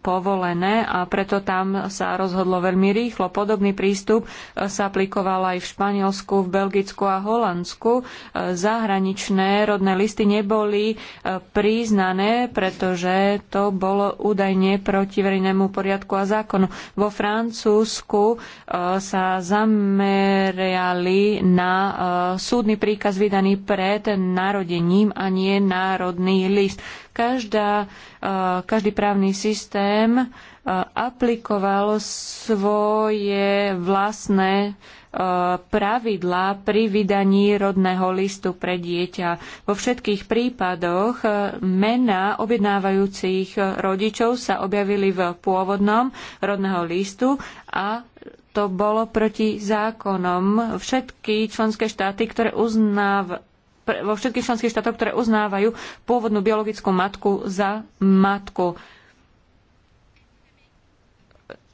povolené a preto tam sa rozhodlo veľmi rýchlo. Podobný prístup e, sa aplikoval aj v Španielsku, v Belgicku a Holandsku. E, zahraničné rodné listy neboli e, priznané, pretože to bolo údajne proti verejnému poriadku a zákonu. Vo Francúzsku e, sa zameriali na e, súdny príkaz vydaný pred narodením a nie národný list. Každá, eh, každý právny systém eh, aplikoval svoje vlastné eh, pravidlá pri vydaní rodného listu pre dieťa. Vo všetkých prípadoch mena objednávajúcich rodičov sa objavili v pôvodnom rodného listu a to bolo proti zákonom. Všetky členské štáty, ktoré uznáv, vo všetkých členských štátoch, ktoré uznávajú pôvodnú biologickú matku za matku.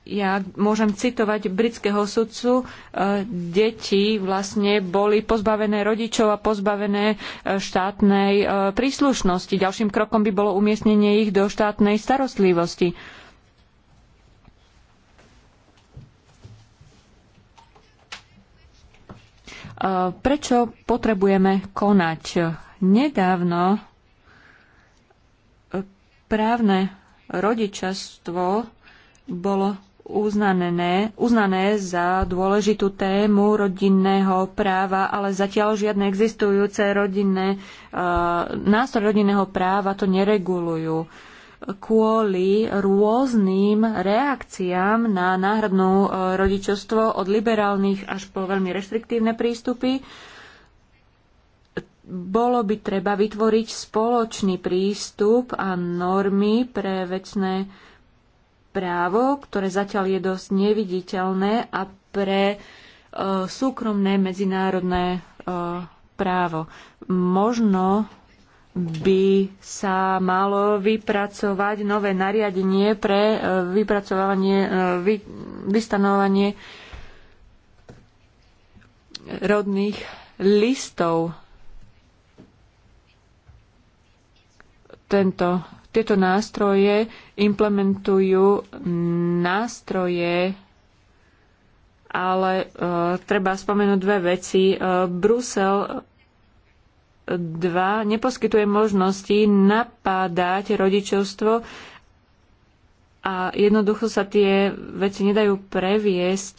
Ja môžem citovať britského sudcu. E, deti vlastne boli pozbavené rodičov a pozbavené e, štátnej e, príslušnosti. Ďalším krokom by bolo umiestnenie ich do štátnej starostlivosti Prečo potrebujeme konať? Nedávno eh, právne rodičastvo bolo uznané, uznané za dôležitú tému rodinného práva, ale zatiaľ žiadne existujúce rodinné, eh, nástroje nástroj rodinného práva to neregulujú kvôli rôznym reakciám na náhradnú e, rodičovstvo od liberálnych až po veľmi reštriktívne prístupy. Bolo by treba vytvoriť spoločný prístup a normy pre vecné právo, ktoré zatiaľ je dosť neviditeľné a pre e, súkromné medzinárodné e, právo. Možno by sa malo vypracovať nové nariadenie pre e, vypracovanie, e, vy, vystanovanie rodných listov. Tento, tieto nástroje implementujú nástroje, ale e, treba spomenúť dve veci. E, Brusel 2 neposkytuje možnosti napádať rodičovstvo a jednoducho sa tie veci nedajú previesť.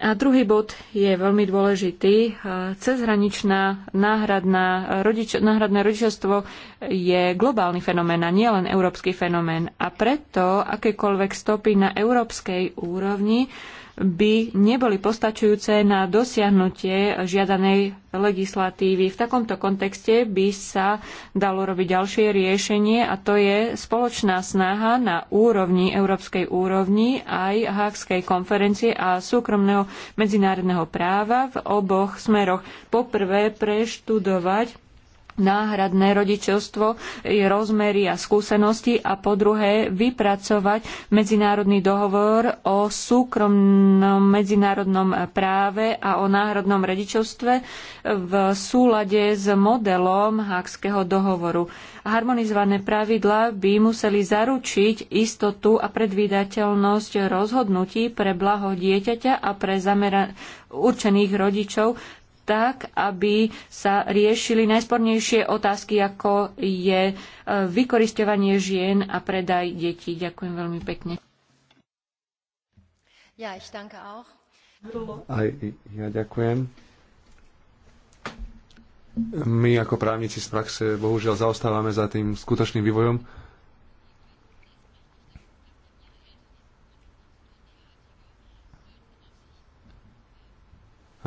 A druhý bod je veľmi dôležitý. Cezhraničná náhradná rodič- náhradné rodičovstvo je globálny fenomén a nielen európsky fenomén. A preto akékoľvek stopy na európskej úrovni by neboli postačujúce na dosiahnutie žiadanej legislatívy. V takomto kontexte by sa dalo robiť ďalšie riešenie a to je spoločná snaha na úrovni, európskej úrovni aj Hákskej konferencie a súkromného medzinárodného práva v oboch smeroch. Poprvé preštudovať náhradné rodičovstvo, rozmery a skúsenosti a po druhé vypracovať medzinárodný dohovor o súkromnom medzinárodnom práve a o náhradnom rodičovstve v súlade s modelom Hákského dohovoru. Harmonizované pravidlá by museli zaručiť istotu a predvídateľnosť rozhodnutí pre blaho dieťaťa a pre zamera- určených rodičov tak, aby sa riešili najspornejšie otázky, ako je e, vykoristovanie žien a predaj detí. Ďakujem veľmi pekne. Ja, ich danke auch. Aj ja ďakujem. My ako právnici z praxe bohužiaľ zaostávame za tým skutočným vývojom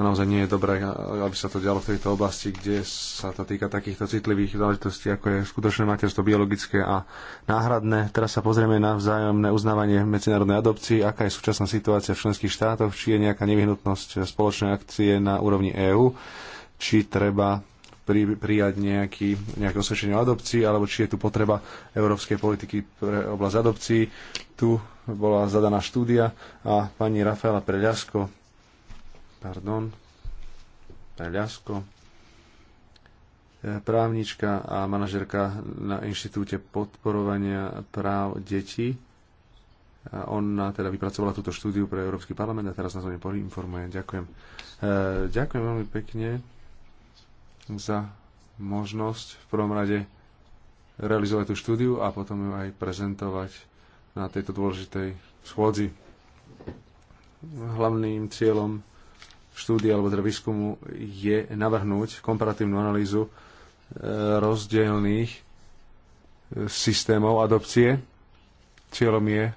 naozaj nie je dobré, aby sa to dialo v tejto oblasti, kde sa to týka takýchto citlivých záležitostí, ako je skutočné materstvo biologické a náhradné. Teraz sa pozrieme na vzájomné uznávanie medzinárodnej adopcii, aká je súčasná situácia v členských štátoch, či je nejaká nevyhnutnosť spoločnej akcie na úrovni EÚ, či treba pri, prijať nejaký, nejaké osvedčenie o adopcii, alebo či je tu potreba európskej politiky pre oblasť adopcií. Tu bola zadaná štúdia a pani Rafaela Preľasko pardon, Ľasko, e, právnička a manažerka na Inštitúte podporovania práv detí. A ona teda vypracovala túto štúdiu pre Európsky parlament a teraz nás o nej poinformuje. Ďakujem. E, ďakujem veľmi pekne za možnosť v prvom rade realizovať tú štúdiu a potom ju aj prezentovať na tejto dôležitej schôdzi. Hlavným cieľom štúdie alebo teda výskumu je navrhnúť komparatívnu analýzu e, rozdielných e, systémov adopcie. Cieľom je e,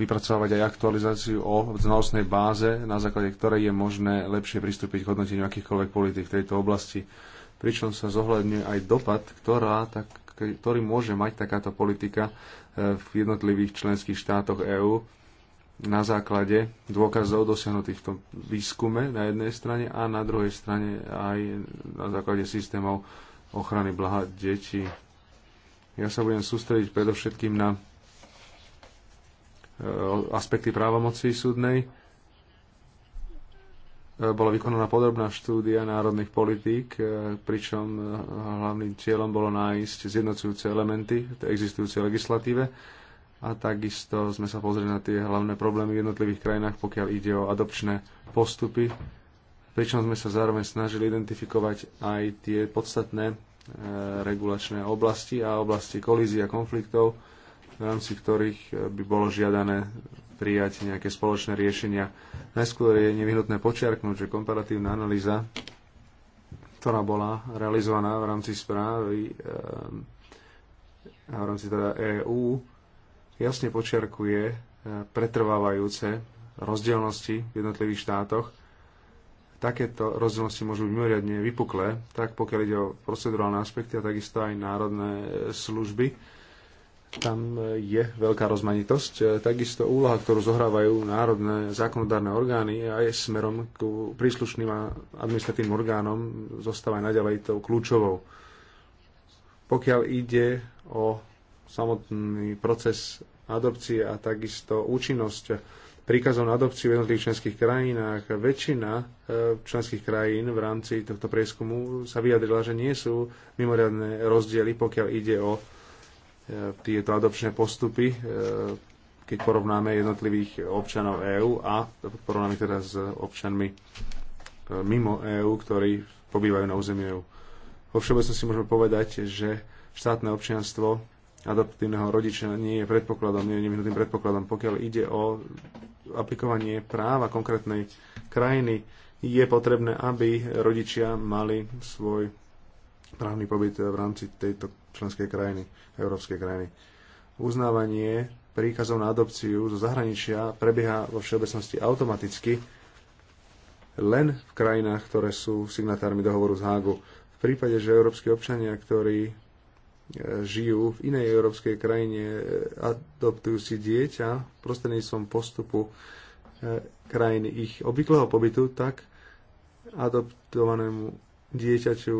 vypracovať aj aktualizáciu o znalostnej báze, na základe ktorej je možné lepšie pristúpiť k hodnoteniu akýchkoľvek politik v tejto oblasti, pričom sa zohľadňuje aj dopad, ktorá, tak, ktorý môže mať takáto politika v jednotlivých členských štátoch EÚ na základe dôkazov dosiahnutých v tom výskume na jednej strane a na druhej strane aj na základe systémov ochrany blaha detí. Ja sa budem sústrediť predovšetkým na e, aspekty právomocí súdnej. E, bola vykonaná podrobná štúdia národných politík, e, pričom hlavným cieľom bolo nájsť zjednocujúce elementy v existujúcej legislatíve a takisto sme sa pozreli na tie hlavné problémy v jednotlivých krajinách, pokiaľ ide o adopčné postupy, pričom sme sa zároveň snažili identifikovať aj tie podstatné e, regulačné oblasti a oblasti kolízií a konfliktov, v rámci ktorých e, by bolo žiadané prijať nejaké spoločné riešenia. Najskôr je nevyhnutné počiarknúť, že komparatívna analýza, ktorá bola realizovaná v rámci správy e, a v rámci teda EÚ, jasne počiarkuje eh, pretrvávajúce rozdielnosti v jednotlivých štátoch. Takéto rozdielnosti môžu byť mimoriadne vypuklé, tak pokiaľ ide o procedurálne aspekty a takisto aj národné eh, služby. Tam eh, je veľká rozmanitosť. Takisto úloha, ktorú zohrávajú národné zákonodárne orgány aj smerom k príslušným administratívnym orgánom zostáva naďalej tou kľúčovou. Pokiaľ ide o samotný proces adopcie a takisto účinnosť príkazov na adopciu v jednotlivých členských krajinách. Väčšina e, členských krajín v rámci tohto prieskumu sa vyjadrila, že nie sú mimoriadne rozdiely, pokiaľ ide o e, tieto adopčné postupy, e, keď porovnáme jednotlivých občanov EÚ a porovnáme teda s občanmi mimo EÚ, ktorí pobývajú na území EÚ. Vo všeobecnosti môžeme povedať, že štátne občianstvo adaptívneho rodiča nie je predpokladom, nie je nevyhnutým predpokladom. Pokiaľ ide o aplikovanie práva konkrétnej krajiny, je potrebné, aby rodičia mali svoj právny pobyt v rámci tejto členskej krajiny, európskej krajiny. Uznávanie príkazov na adopciu zo zahraničia prebieha vo všeobecnosti automaticky len v krajinách, ktoré sú signatármi dohovoru z Hágu. V prípade, že európsky občania, ktorí žijú v inej európskej krajine, adoptujú si dieťa prostredníctvom postupu e, krajiny ich obvyklého pobytu, tak adoptovanému dieťaťu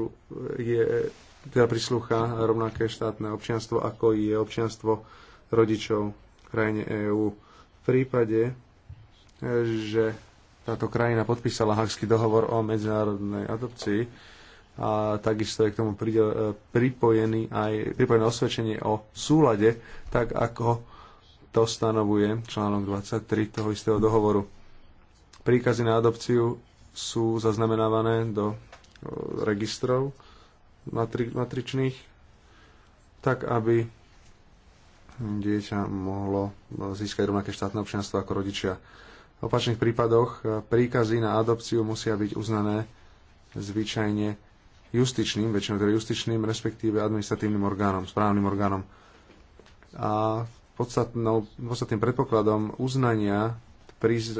je, teda prislúcha rovnaké štátne občianstvo, ako je občianstvo rodičov v krajine EÚ. V prípade, e, že táto krajina podpísala Hagský dohovor o medzinárodnej adopcii, a takisto je k tomu e, pripojený aj, pripojené osvedčenie o súlade, tak ako to stanovuje článok 23 toho istého dohovoru. Príkazy na adopciu sú zaznamenávané do e, registrov matričných, tak aby dieťa mohlo získať rovnaké štátne občianstvo ako rodičia. V opačných prípadoch e, príkazy na adopciu musia byť uznané zvyčajne justičným, väčšinou teda justičným, respektíve administratívnym orgánom, správnym orgánom. A podstatnou, podstatným predpokladom uznania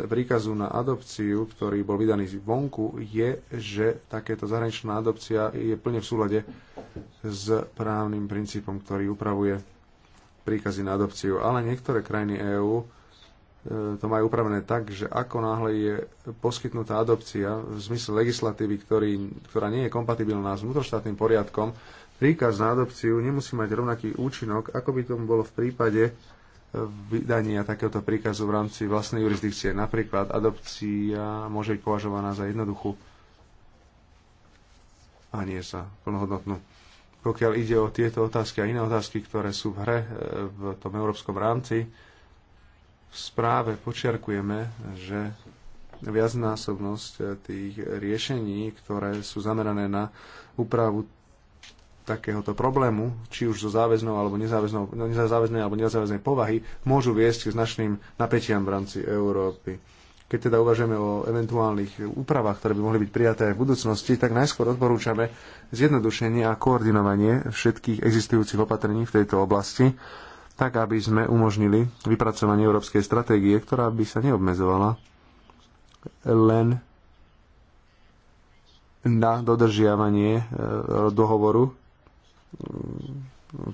príkazu na adopciu, ktorý bol vydaný vonku, je, že takéto zahraničná adopcia je plne v súlade s právnym princípom, ktorý upravuje príkazy na adopciu. Ale niektoré krajiny EÚ E, to majú upravené tak, že ako náhle je poskytnutá adopcia v zmysle legislatívy, ktorý, ktorá nie je kompatibilná s vnútroštátnym poriadkom, príkaz na adopciu nemusí mať rovnaký účinok, ako by tomu bolo v prípade vydania takéhoto príkazu v rámci vlastnej jurisdikcie. Napríklad adopcia môže byť považovaná za jednoduchú a nie za plnohodnotnú. Pokiaľ ide o tieto otázky a iné otázky, ktoré sú v hre e, v tom európskom rámci, v správe počiarkujeme, že viacnásobnosť tých riešení, ktoré sú zamerané na úpravu takéhoto problému, či už zo záväznou alebo no, nezáväznej alebo nezáväznej povahy, môžu viesť k značným napätiam v rámci Európy. Keď teda uvažujeme o eventuálnych úpravách, ktoré by mohli byť prijaté aj v budúcnosti, tak najskôr odporúčame zjednodušenie a koordinovanie všetkých existujúcich opatrení v tejto oblasti tak aby sme umožnili vypracovanie európskej stratégie, ktorá by sa neobmedzovala len na dodržiavanie e, dohovoru, e,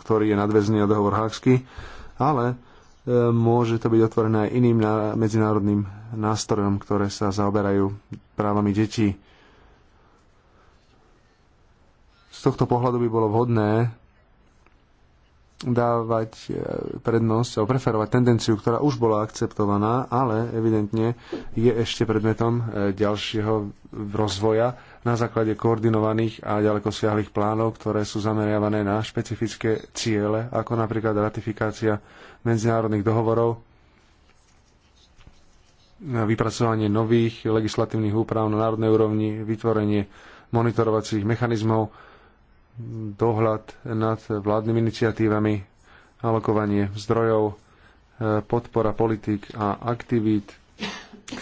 ktorý je nadväzný na dohovor Hagsky, ale e, môže to byť otvorené aj iným medzinárodným nástrojom, ktoré sa zaoberajú právami detí. Z tohto pohľadu by bolo vhodné dávať e, prednosť alebo preferovať tendenciu, ktorá už bola akceptovaná, ale evidentne je ešte predmetom e, ďalšieho rozvoja na základe koordinovaných a ďaleko siahlých plánov, ktoré sú zameriavané na špecifické ciele, ako napríklad ratifikácia medzinárodných dohovorov, vypracovanie nových legislatívnych úprav na národnej úrovni, vytvorenie monitorovacích mechanizmov, dohľad nad vládnymi iniciatívami, alokovanie zdrojov, e, podpora politik a aktivít,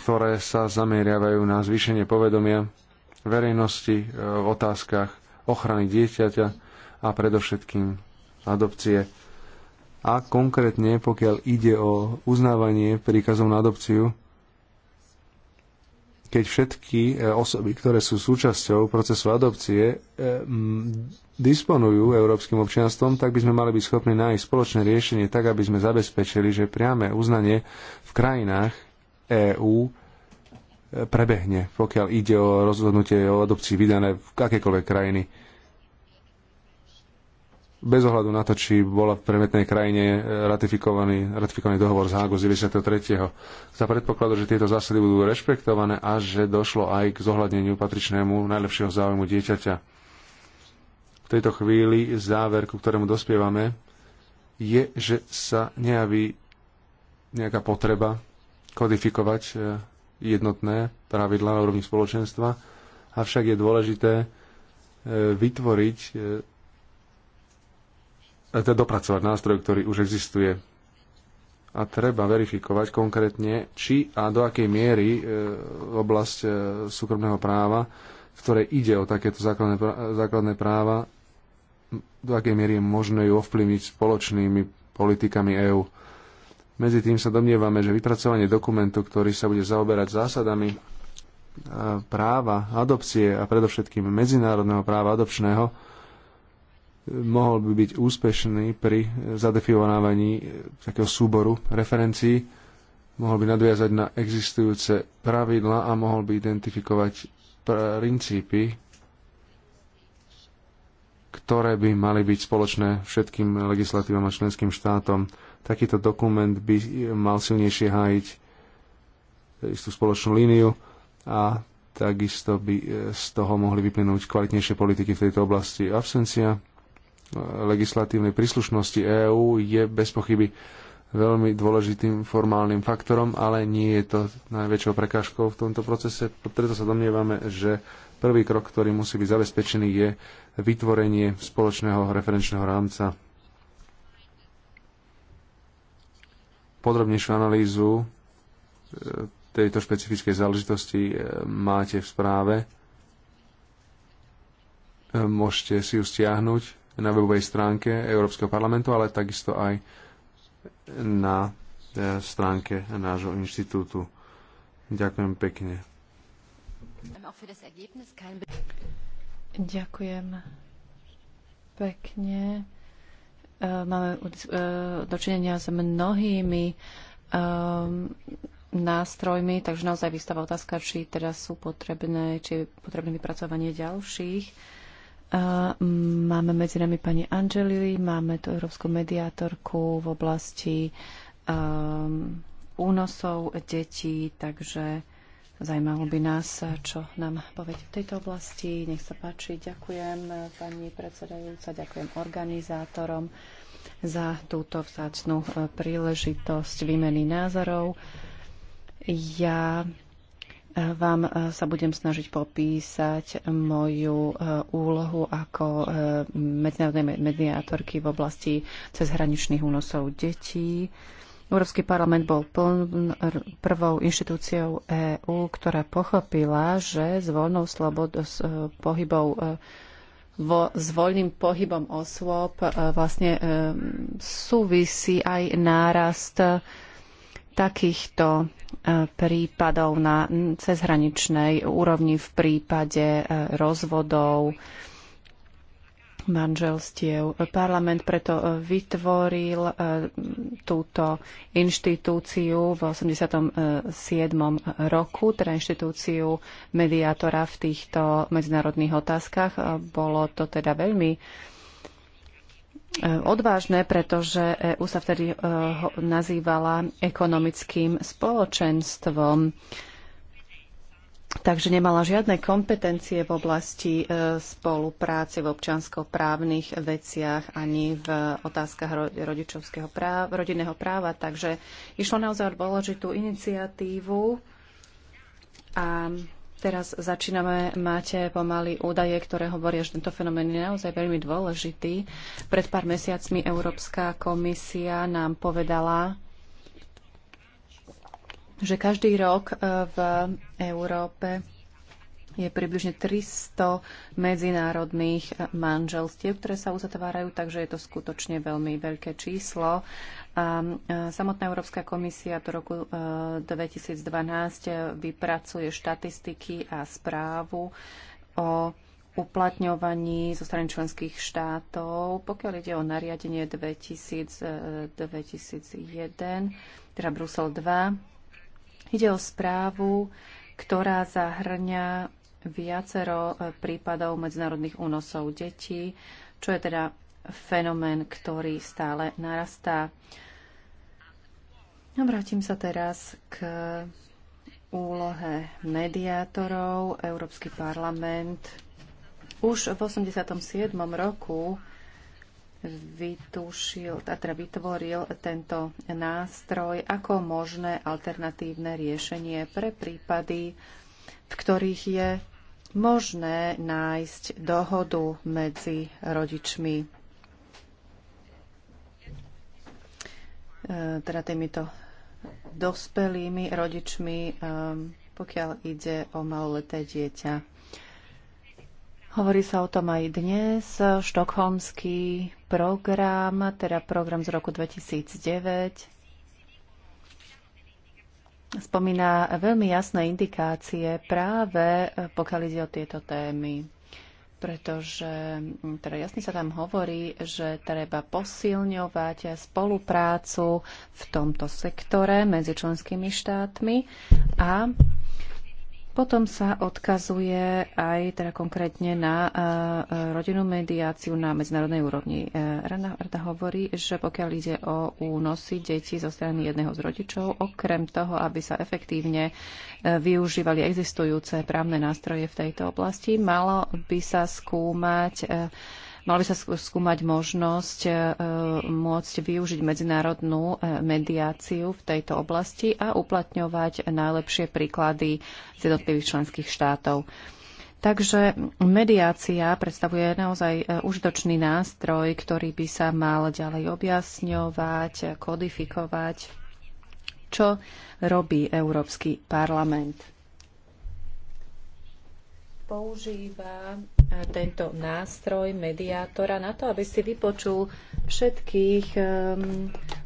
ktoré sa zameriavajú na zvýšenie povedomia verejnosti e, v otázkach ochrany dieťaťa a predovšetkým adopcie. A konkrétne, pokiaľ ide o uznávanie príkazov na adopciu, keď všetky e, osoby, ktoré sú súčasťou procesu adopcie, e, disponujú európskym občianstvom, tak by sme mali byť schopní nájsť spoločné riešenie tak, aby sme zabezpečili, že priame uznanie v krajinách EÚ e, prebehne, pokiaľ ide o rozhodnutie o adopcii vydané v akékoľvek krajiny bez ohľadu na to, či bola v predmetnej krajine eh, ratifikovaný, ratifikovaný dohovor z Hágu z 93. Za predpokladu, že tieto zásady budú rešpektované a že došlo aj k zohľadneniu patričnému najlepšieho záujmu dieťaťa. V tejto chvíli záver, ku ktorému dospievame, je, že sa nejaví nejaká potreba kodifikovať eh, jednotné pravidlá na úrovni spoločenstva, avšak je dôležité eh, vytvoriť E, teda dopracovať nástroj, ktorý už existuje. A treba verifikovať konkrétne, či a do akej miery e, oblasť e, súkromného práva, v ktorej ide o takéto základné, základné práva, do akej miery je možné ju ovplyvniť spoločnými politikami EÚ. Medzi tým sa domnievame, že vypracovanie dokumentu, ktorý sa bude zaoberať zásadami e, práva adopcie a predovšetkým medzinárodného práva adopčného, mohol by byť úspešný pri zadefinovaní takého súboru referencií, mohol by nadviazať na existujúce pravidla a mohol by identifikovať princípy, ktoré by mali byť spoločné všetkým legislatívam a členským štátom. Takýto dokument by mal silnejšie hájiť istú spoločnú líniu a takisto by z toho mohli vyplynúť kvalitnejšie politiky v tejto oblasti. Absencia legislatívnej príslušnosti EÚ je bez pochyby veľmi dôležitým formálnym faktorom, ale nie je to najväčšou prekážkou v tomto procese. Preto sa domnievame, že prvý krok, ktorý musí byť zabezpečený, je vytvorenie spoločného referenčného rámca. Podrobnejšiu analýzu e, tejto špecifickej záležitosti e, máte v správe. E, môžete si ju stiahnuť na webovej stránke Európskeho parlamentu, ale takisto aj na e, stránke nášho inštitútu. Ďakujem pekne. Ďakujem pekne. E, máme e, dočinenia s mnohými ehm, nástrojmi, takže naozaj vystáva otázka, či teda sú potrebné, či je potrebné vypracovanie ďalších Máme medzi nami pani Angelili, máme tu európsku mediátorku v oblasti um, únosov detí, takže Zajímalo by nás, čo nám povedie v tejto oblasti. Nech sa páči. Ďakujem pani predsedajúca, ďakujem organizátorom za túto vzácnú e, príležitosť výmeny názorov. Ja vám e, sa budem snažiť popísať moju e, úlohu ako e, medzinárodnej mediátorky v oblasti cezhraničných únosov detí. Európsky parlament bol pln, prvou inštitúciou EÚ, ktorá pochopila, že s voľnou slobodou s pohybou vo, s voľným pohybom osôb vlastne súvisí aj nárast takýchto prípadov na cezhraničnej úrovni v prípade e, rozvodov manželstiev. Parlament preto e, vytvoril e, túto inštitúciu v 87. roku, teda inštitúciu mediátora v týchto medzinárodných otázkach. Bolo to teda veľmi E, odvážne, pretože EU sa vtedy e, nazývala ekonomickým spoločenstvom. Takže nemala žiadne kompetencie v oblasti e, spolupráce v občanskoprávnych veciach ani v otázkach rodičovského práva, rodinného práva. Takže išlo naozaj o dôležitú iniciatívu a Teraz začíname, máte pomaly údaje, ktoré hovoria, že tento fenomén je naozaj veľmi dôležitý. Pred pár mesiacmi Európska komisia nám povedala, že každý rok eh, v Európe je približne 300 medzinárodných manželstiev, ktoré sa uzatvárajú, takže je to skutočne veľmi veľké číslo a e, samotná Európska komisia do roku 2012 e, vypracuje štatistiky a správu o uplatňovaní zo strany členských štátov, pokiaľ ide o nariadenie 2000, 2001, teda Brusel 2. Ide o správu, ktorá zahrňa viacero e, prípadov medzinárodných únosov detí, čo je teda fenomén, ktorý stále narastá. No, vrátim sa teraz k úlohe mediátorov. Európsky parlament už v 87. roku vytúšil, teda vytvoril tento nástroj ako možné alternatívne riešenie pre prípady, v ktorých je možné nájsť dohodu medzi rodičmi, e, teda týmito dospelými rodičmi, ehm, pokiaľ ide o maloleté dieťa. Hovorí sa o tom aj dnes. Štokholmský program, teda program z roku 2009, spomína veľmi jasné indikácie práve eh, pokiaľ ide o tieto témy pretože mm, teda jasne sa tam hovorí, že treba posilňovať spoluprácu v tomto sektore medzi členskými štátmi a potom sa odkazuje aj teda konkrétne na e, rodinnú mediáciu na medzinárodnej úrovni. E, rada, rada hovorí, že pokiaľ ide o únosy detí zo strany jedného z rodičov, okrem toho, aby sa efektívne e, využívali existujúce právne nástroje v tejto oblasti, malo by sa skúmať Mala by sa skúmať možnosť e, môcť využiť medzinárodnú e, mediáciu v tejto oblasti a uplatňovať najlepšie príklady z jednotlivých členských štátov. Takže mediácia predstavuje naozaj e, užitočný nástroj, ktorý by sa mal ďalej objasňovať, kodifikovať, čo robí Európsky parlament používa e, tento nástroj mediátora na to, aby si vypočul všetkých e,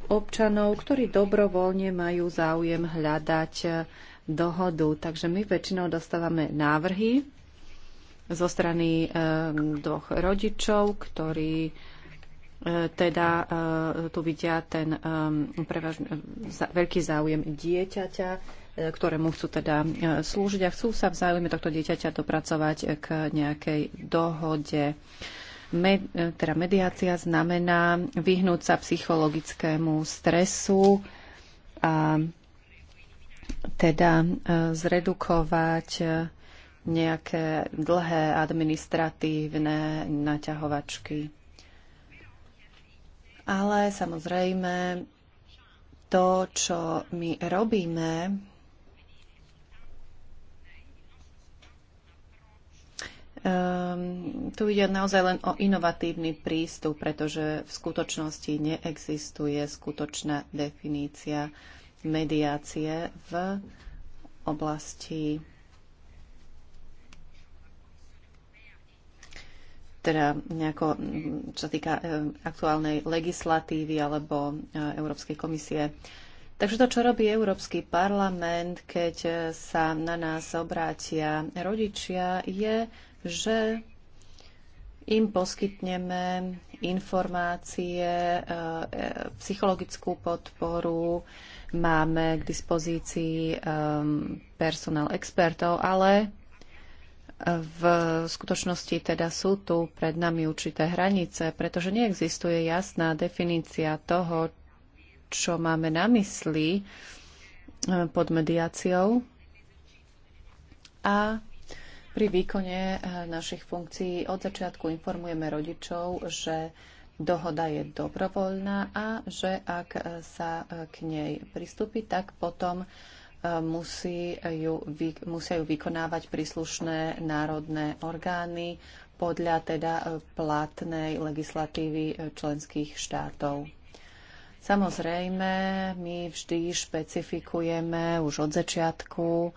občanov, ktorí dobrovoľne majú záujem hľadať e, dohodu. Takže my väčšinou dostávame návrhy zo strany dvoch rodičov, ktorí teda tu vidia ten prevažný, veľký záujem dieťaťa E, ktorému chcú teda e, slúžiť a chcú sa v záujme tohto dieťaťa dopracovať k nejakej dohode. Med, e, teda mediácia znamená vyhnúť sa psychologickému stresu a teda zredukovať nejaké dlhé administratívne naťahovačky. Ale samozrejme, to, čo my robíme, Um, tu ide naozaj len o inovatívny prístup, pretože v skutočnosti neexistuje skutočná definícia mediácie v oblasti teda nejako, čo sa týka e, aktuálnej legislatívy alebo e, Európskej komisie. Takže to, čo robí Európsky parlament, keď e, sa na nás obrátia rodičia, je že im poskytneme informácie, eh, psychologickú podporu, máme k dispozícii ehm, personál expertov, ale v skutočnosti teda sú tu pred nami určité hranice, pretože neexistuje jasná definícia toho, čo máme na mysli eh, pod mediáciou. A pri výkone eh, našich funkcií od začiatku informujeme rodičov, že dohoda je dobrovoľná a že ak eh, sa eh, k nej pristúpi, tak potom musí ju, musia ju vykonávať príslušné národné orgány podľa teda platnej legislatívy členských štátov. Samozrejme, my vždy špecifikujeme už od začiatku,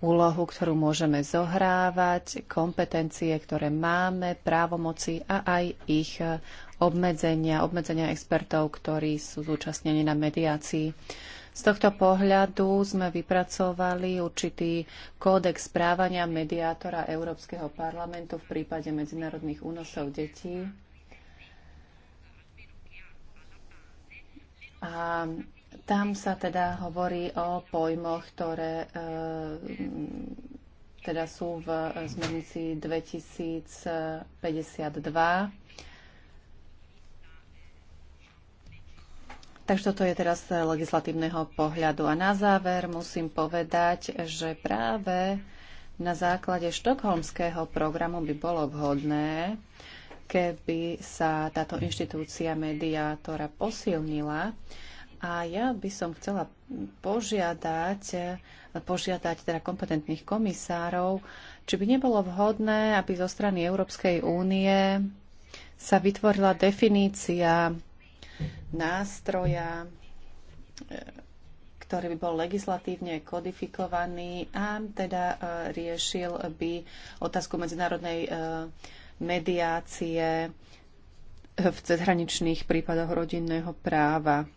úlohu, ktorú môžeme zohrávať, kompetencie, ktoré máme, právomoci a aj ich eh, obmedzenia, obmedzenia expertov, ktorí sú zúčastnení na mediácii. Z tohto pohľadu sme vypracovali určitý kódex správania mediátora Európskeho parlamentu v prípade medzinárodných únosov detí. A tam sa teda hovorí o pojmoch, ktoré e, teda sú v zmenici 2052. Takže toto je teraz z legislatívneho pohľadu. A na záver musím povedať, že práve na základe štokholmského programu by bolo vhodné, keby sa táto inštitúcia mediátora posilnila, a ja by som chcela požiadať, požiadať teda kompetentných komisárov, či by nebolo vhodné, aby zo strany Európskej únie sa vytvorila definícia nástroja, e, ktorý by bol legislatívne kodifikovaný a teda e, riešil by otázku medzinárodnej e, mediácie v cezhraničných prípadoch rodinného práva.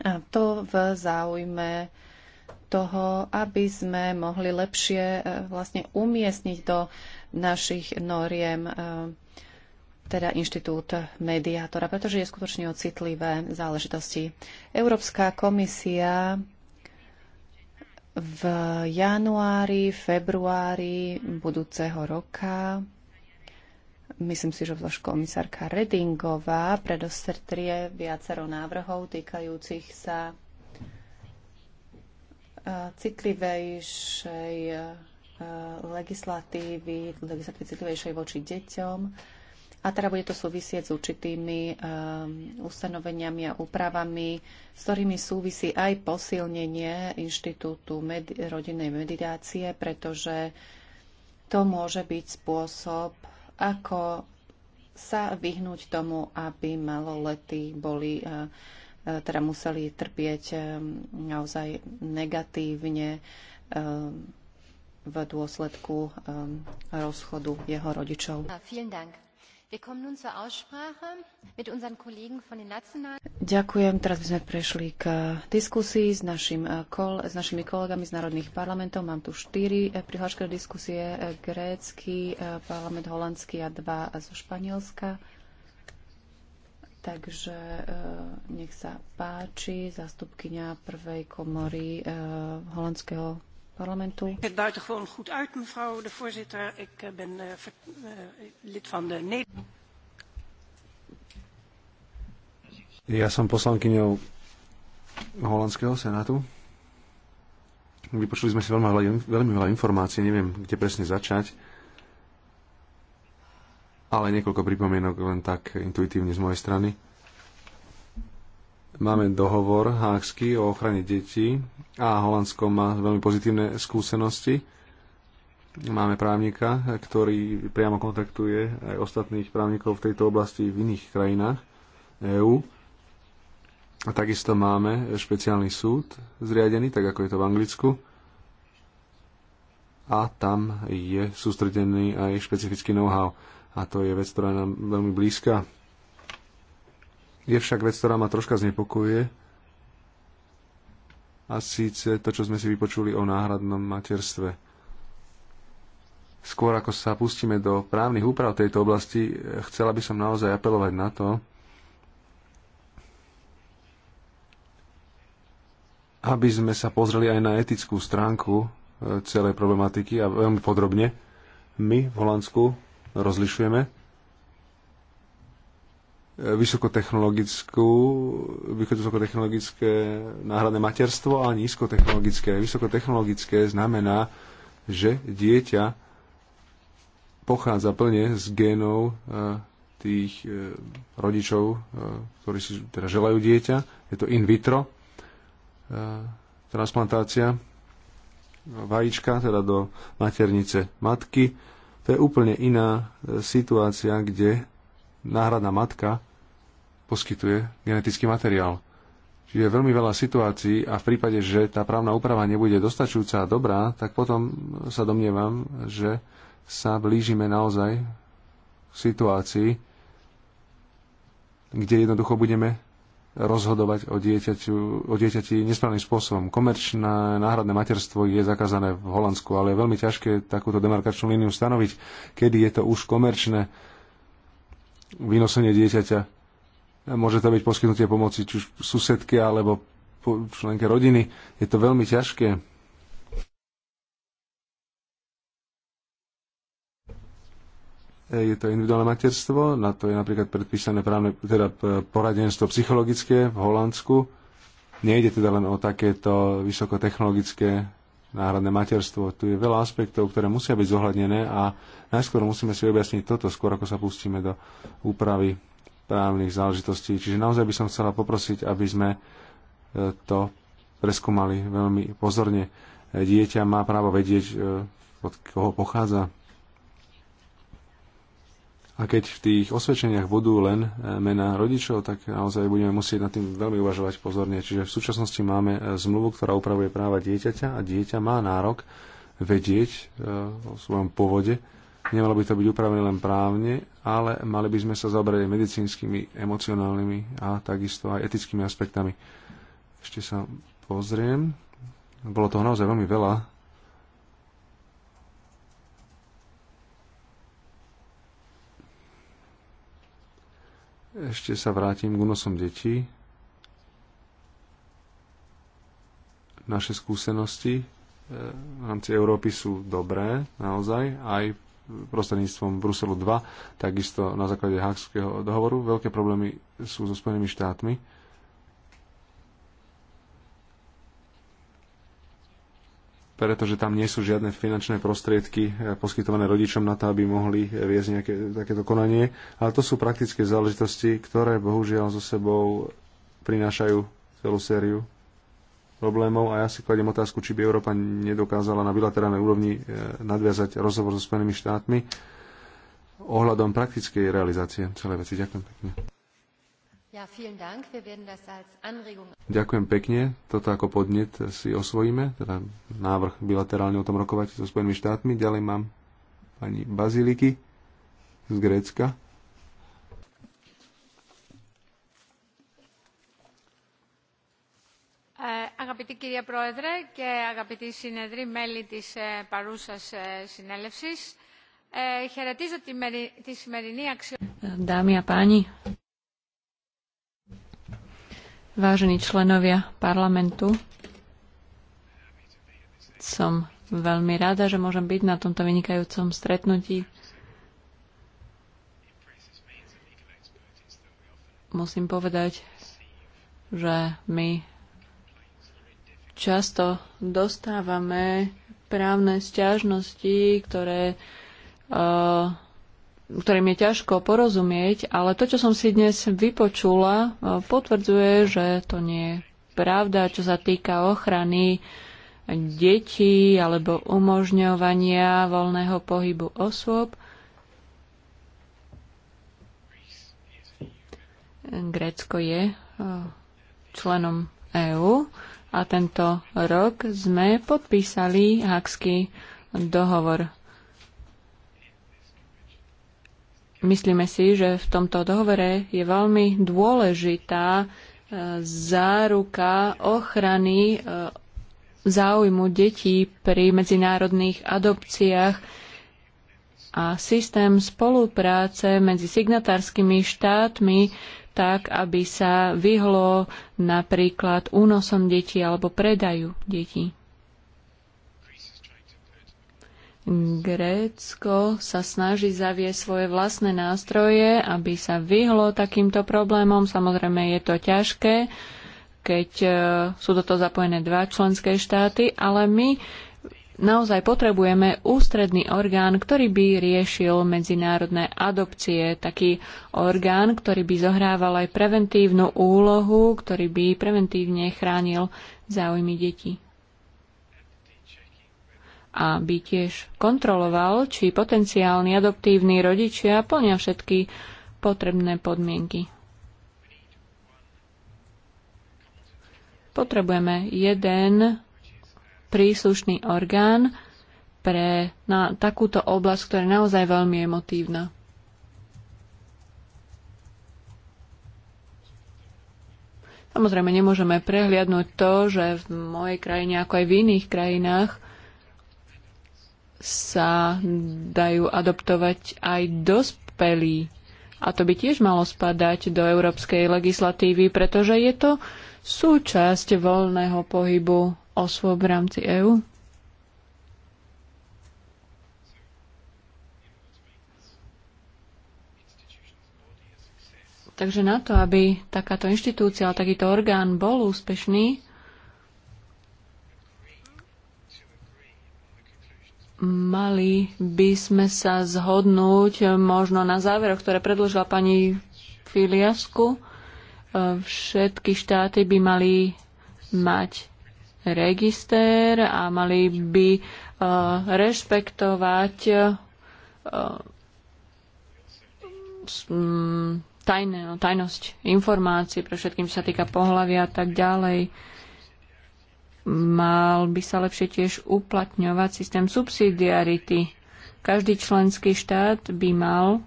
A to v záujme toho, aby sme mohli lepšie e, vlastne umiestniť do našich noriem e, teda inštitút mediátora, pretože je skutočne o citlivé záležitosti. Európska komisia v januári, februári budúceho roka Myslím si, že vlož komisárka Redingová predostrtrie viacero návrhov týkajúcich sa e, citlivejšej e, legislatívy, legislatívy citlivejšej voči deťom. A teda bude to súvisieť s určitými um, ustanoveniami a úpravami, s ktorými súvisí aj posilnenie Inštitútu rodinnej meditácie, pretože to môže byť spôsob, ako sa vyhnúť tomu, aby malolety boli, e, e, teda museli trpieť e, naozaj negatívne v dôsledku rozchodu jeho rodičov. Vielen Dank. Ďakujem. Teraz by sme prešli k eh, diskusii s, našim, eh, s našimi kolegami z národných parlamentov. Mám tu štyri eh, prihlášky do diskusie. Grécky, parlament holandský a dva zo Španielska. Takže nech sa páči, zástupkynia prvej komory holandského parlamentu. Eh, eh, eh, ja som poslankyňou holandského senátu. Vypočuli sme si veľmi veľa, veľmi veľa informácií, neviem, kde presne začať. Ale niekoľko pripomienok len tak intuitívne z mojej strany. Máme dohovor hákský o ochrane detí a Holandsko má veľmi pozitívne skúsenosti. Máme právnika, ktorý priamo kontaktuje aj ostatných právnikov v tejto oblasti v iných krajinách EÚ. A takisto máme špeciálny súd zriadený, tak ako je to v Anglicku. A tam je sústredený aj špecifický know-how. A to je vec, ktorá nám veľmi blízka je však vec, ktorá ma troška znepokojuje. A síce to, čo sme si vypočuli o náhradnom materstve. Skôr ako sa pustíme do právnych úprav tejto oblasti, chcela by som naozaj apelovať na to, aby sme sa pozreli aj na etickú stránku e, celej problematiky a veľmi podrobne. My v Holandsku rozlišujeme vysokotechnologickú, vysokotechnologické náhradné materstvo a nízkotechnologické. Vysokotechnologické znamená, že dieťa pochádza plne z génov e, tých e, rodičov, e, ktorí si teda želajú dieťa. Je to in vitro transplantácia vajíčka, teda do maternice matky. To je úplne iná situácia, kde náhradná matka poskytuje genetický materiál. Čiže je veľmi veľa situácií a v prípade, že tá právna úprava nebude dostačujúca a dobrá, tak potom sa domnievam, že sa blížime naozaj k situácii, kde jednoducho budeme rozhodovať o, dieťaťu, o dieťati nesprávnym spôsobom. Komerčné náhradné materstvo je zakázané v Holandsku, ale je veľmi ťažké takúto demarkačnú líniu stanoviť, kedy je to už komerčné vynosenie dieťaťa Môže to byť poskytnutie pomoci či už susedke alebo členke rodiny. Je to veľmi ťažké. Je to individuálne materstvo, na to je napríklad predpísané právne, teda poradenstvo psychologické v Holandsku. Nejde teda len o takéto vysokotechnologické náhradné materstvo. Tu je veľa aspektov, ktoré musia byť zohľadnené a najskôr musíme si objasniť toto, skôr ako sa pustíme do úpravy právnych záležitostí. Čiže naozaj by som chcela poprosiť, aby sme e, to preskúmali veľmi pozorne. E, dieťa má právo vedieť, e, od koho pochádza. A keď v tých osvedčeniach budú len mená rodičov, tak naozaj budeme musieť nad tým veľmi uvažovať pozorne. Čiže v súčasnosti máme zmluvu, ktorá upravuje práva dieťaťa a dieťa má nárok vedieť o svojom povode, Nemalo by to byť upravené len právne, ale mali by sme sa zaoberať aj medicínskymi, emocionálnymi a takisto aj etickými aspektami. Ešte sa pozriem. Bolo toho naozaj veľmi veľa. Ešte sa vrátim k únosom detí. Naše skúsenosti eh, v rámci Európy sú dobré, naozaj, aj prostredníctvom Bruselu 2, takisto na základe Hákského dohovoru. Veľké problémy sú so Spojenými štátmi. pretože tam nie sú žiadne finančné prostriedky eh, poskytované rodičom na to, aby mohli eh, viesť nejaké takéto konanie. Ale to sú praktické záležitosti, ktoré bohužiaľ so sebou prinášajú celú sériu problémov a ja si kladiem otázku, či by Európa nedokázala na bilaterálnej úrovni e, nadviazať rozhovor so Spojenými štátmi ohľadom praktickej realizácie celej veci. Ďakujem pekne. Ja, Dank. Wir das als Anregung... Ďakujem pekne. Toto ako podnet si osvojíme, teda návrh bilaterálne o tom rokovať so Spojenými štátmi. Ďalej mám pani Baziliky z Grécka. Αγαπητή κυρία Πρόεδρε και αγαπητοί συνεδροί μέλη της παρούσας συνέλευσης, χαιρετίζω τη σημερινή αξιοποίηση. Dámy a páni, vážení členovia parlamentu, som veľmi rada, že môžem byť na tomto vynikajúcom stretnutí. Musím povedať, že my často dostávame právne stiažnosti, ktoré, uh, ktorým je ťažko porozumieť, ale to, čo som si dnes vypočula, eh, potvrdzuje, že to nie je pravda, čo sa týka ochrany detí alebo umožňovania voľného pohybu osôb. Grécko je eh, členom EÚ a tento rok sme podpísali Hakský dohovor. Myslíme si, že v tomto dohovore je veľmi dôležitá e, záruka ochrany e, záujmu detí pri medzinárodných adopciách a systém spolupráce medzi signatárskymi štátmi tak aby sa vyhlo napríklad únosom detí alebo predaju detí. Grécko sa snaží zaviesť svoje vlastné nástroje, aby sa vyhlo takýmto problémom. Samozrejme je to ťažké, keď e, sú do toho zapojené dva členské štáty, ale my naozaj potrebujeme ústredný orgán, ktorý by riešil medzinárodné adopcie, taký orgán, ktorý by zohrával aj preventívnu úlohu, ktorý by preventívne chránil záujmy detí. A by tiež kontroloval, či potenciálni adoptívni rodičia plnia všetky potrebné podmienky. Potrebujeme jeden príslušný orgán pre na takúto oblasť, ktorá je naozaj veľmi emotívna. Samozrejme, nemôžeme prehliadnúť to, že v mojej krajine, ako aj v iných krajinách, sa dajú adoptovať aj dospelí. A to by tiež malo spadať do európskej legislatívy, pretože je to súčasť voľného pohybu osôb v rámci EÚ? Takže na to, aby takáto inštitúcia, ale takýto orgán bol úspešný, mali by sme sa zhodnúť možno na záveroch, ktoré predložila pani Filiasku. Všetky štáty by mali mať register a mali by uh, rešpektovať uh, mm, tajné, tajnosť informácií, pre všetkým sa týka pohľavia a tak ďalej. Mal by sa lepšie tiež uplatňovať systém subsidiarity. Každý členský štát by mal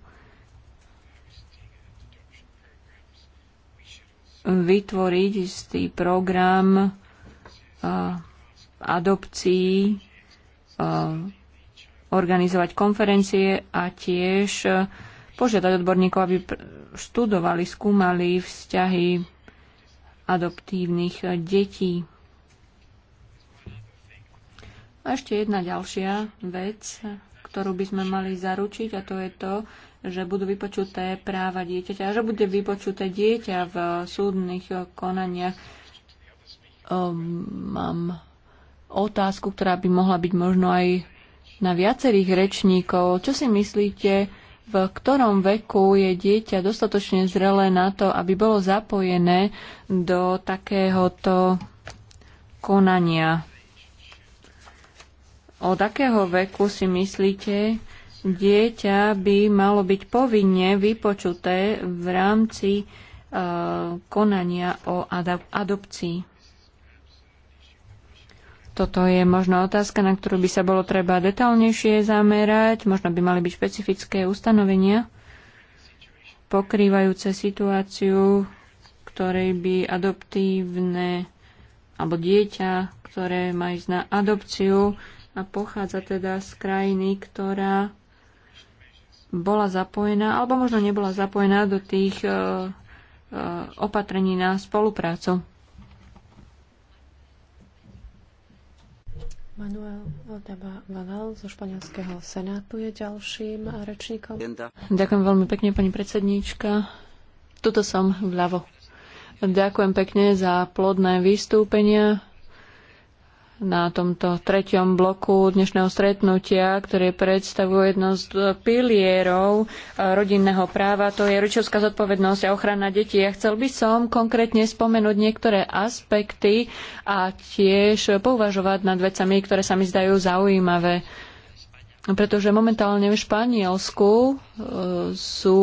vytvoriť istý program adopcií organizovať konferencie a tiež požiadať odborníkov, aby študovali, skúmali vzťahy adoptívnych detí. A ešte jedna ďalšia vec, ktorú by sme mali zaručiť, a to je to, že budú vypočuté práva dieťaťa, a že bude vypočuté dieťa v súdnych konaniach Ehm, mám otázku, ktorá by mohla byť možno aj na viacerých rečníkov. Čo si myslíte, v ktorom veku je dieťa dostatočne zrelé na to, aby bolo zapojené do takéhoto konania? Od akého veku si myslíte, dieťa by malo byť povinne vypočuté v rámci uh, konania o adopcii? Toto je možno otázka, na ktorú by sa bolo treba detálnejšie zamerať. Možno by mali byť špecifické ustanovenia pokrývajúce situáciu, ktorej by adoptívne alebo dieťa, ktoré má ísť na adopciu a pochádza teda z krajiny, ktorá bola zapojená alebo možno nebola zapojená do tých uh, uh, opatrení na spoluprácu. Manuel Valdeba Valal zo Španielského senátu je ďalším rečníkom. Ďakujem veľmi pekne, pani predsedníčka. Tuto som vľavo. Ďakujem pekne za plodné vystúpenia na tomto treťom bloku dnešného stretnutia, ktoré predstavuje jedno z e, pilierov e, rodinného práva. To je rodičovská zodpovednosť a ochrana detí. Ja chcel by som konkrétne spomenúť niektoré aspekty a tiež pouvažovať nad vecami, ktoré sa mi zdajú zaujímavé pretože momentálne v Španielsku e, sú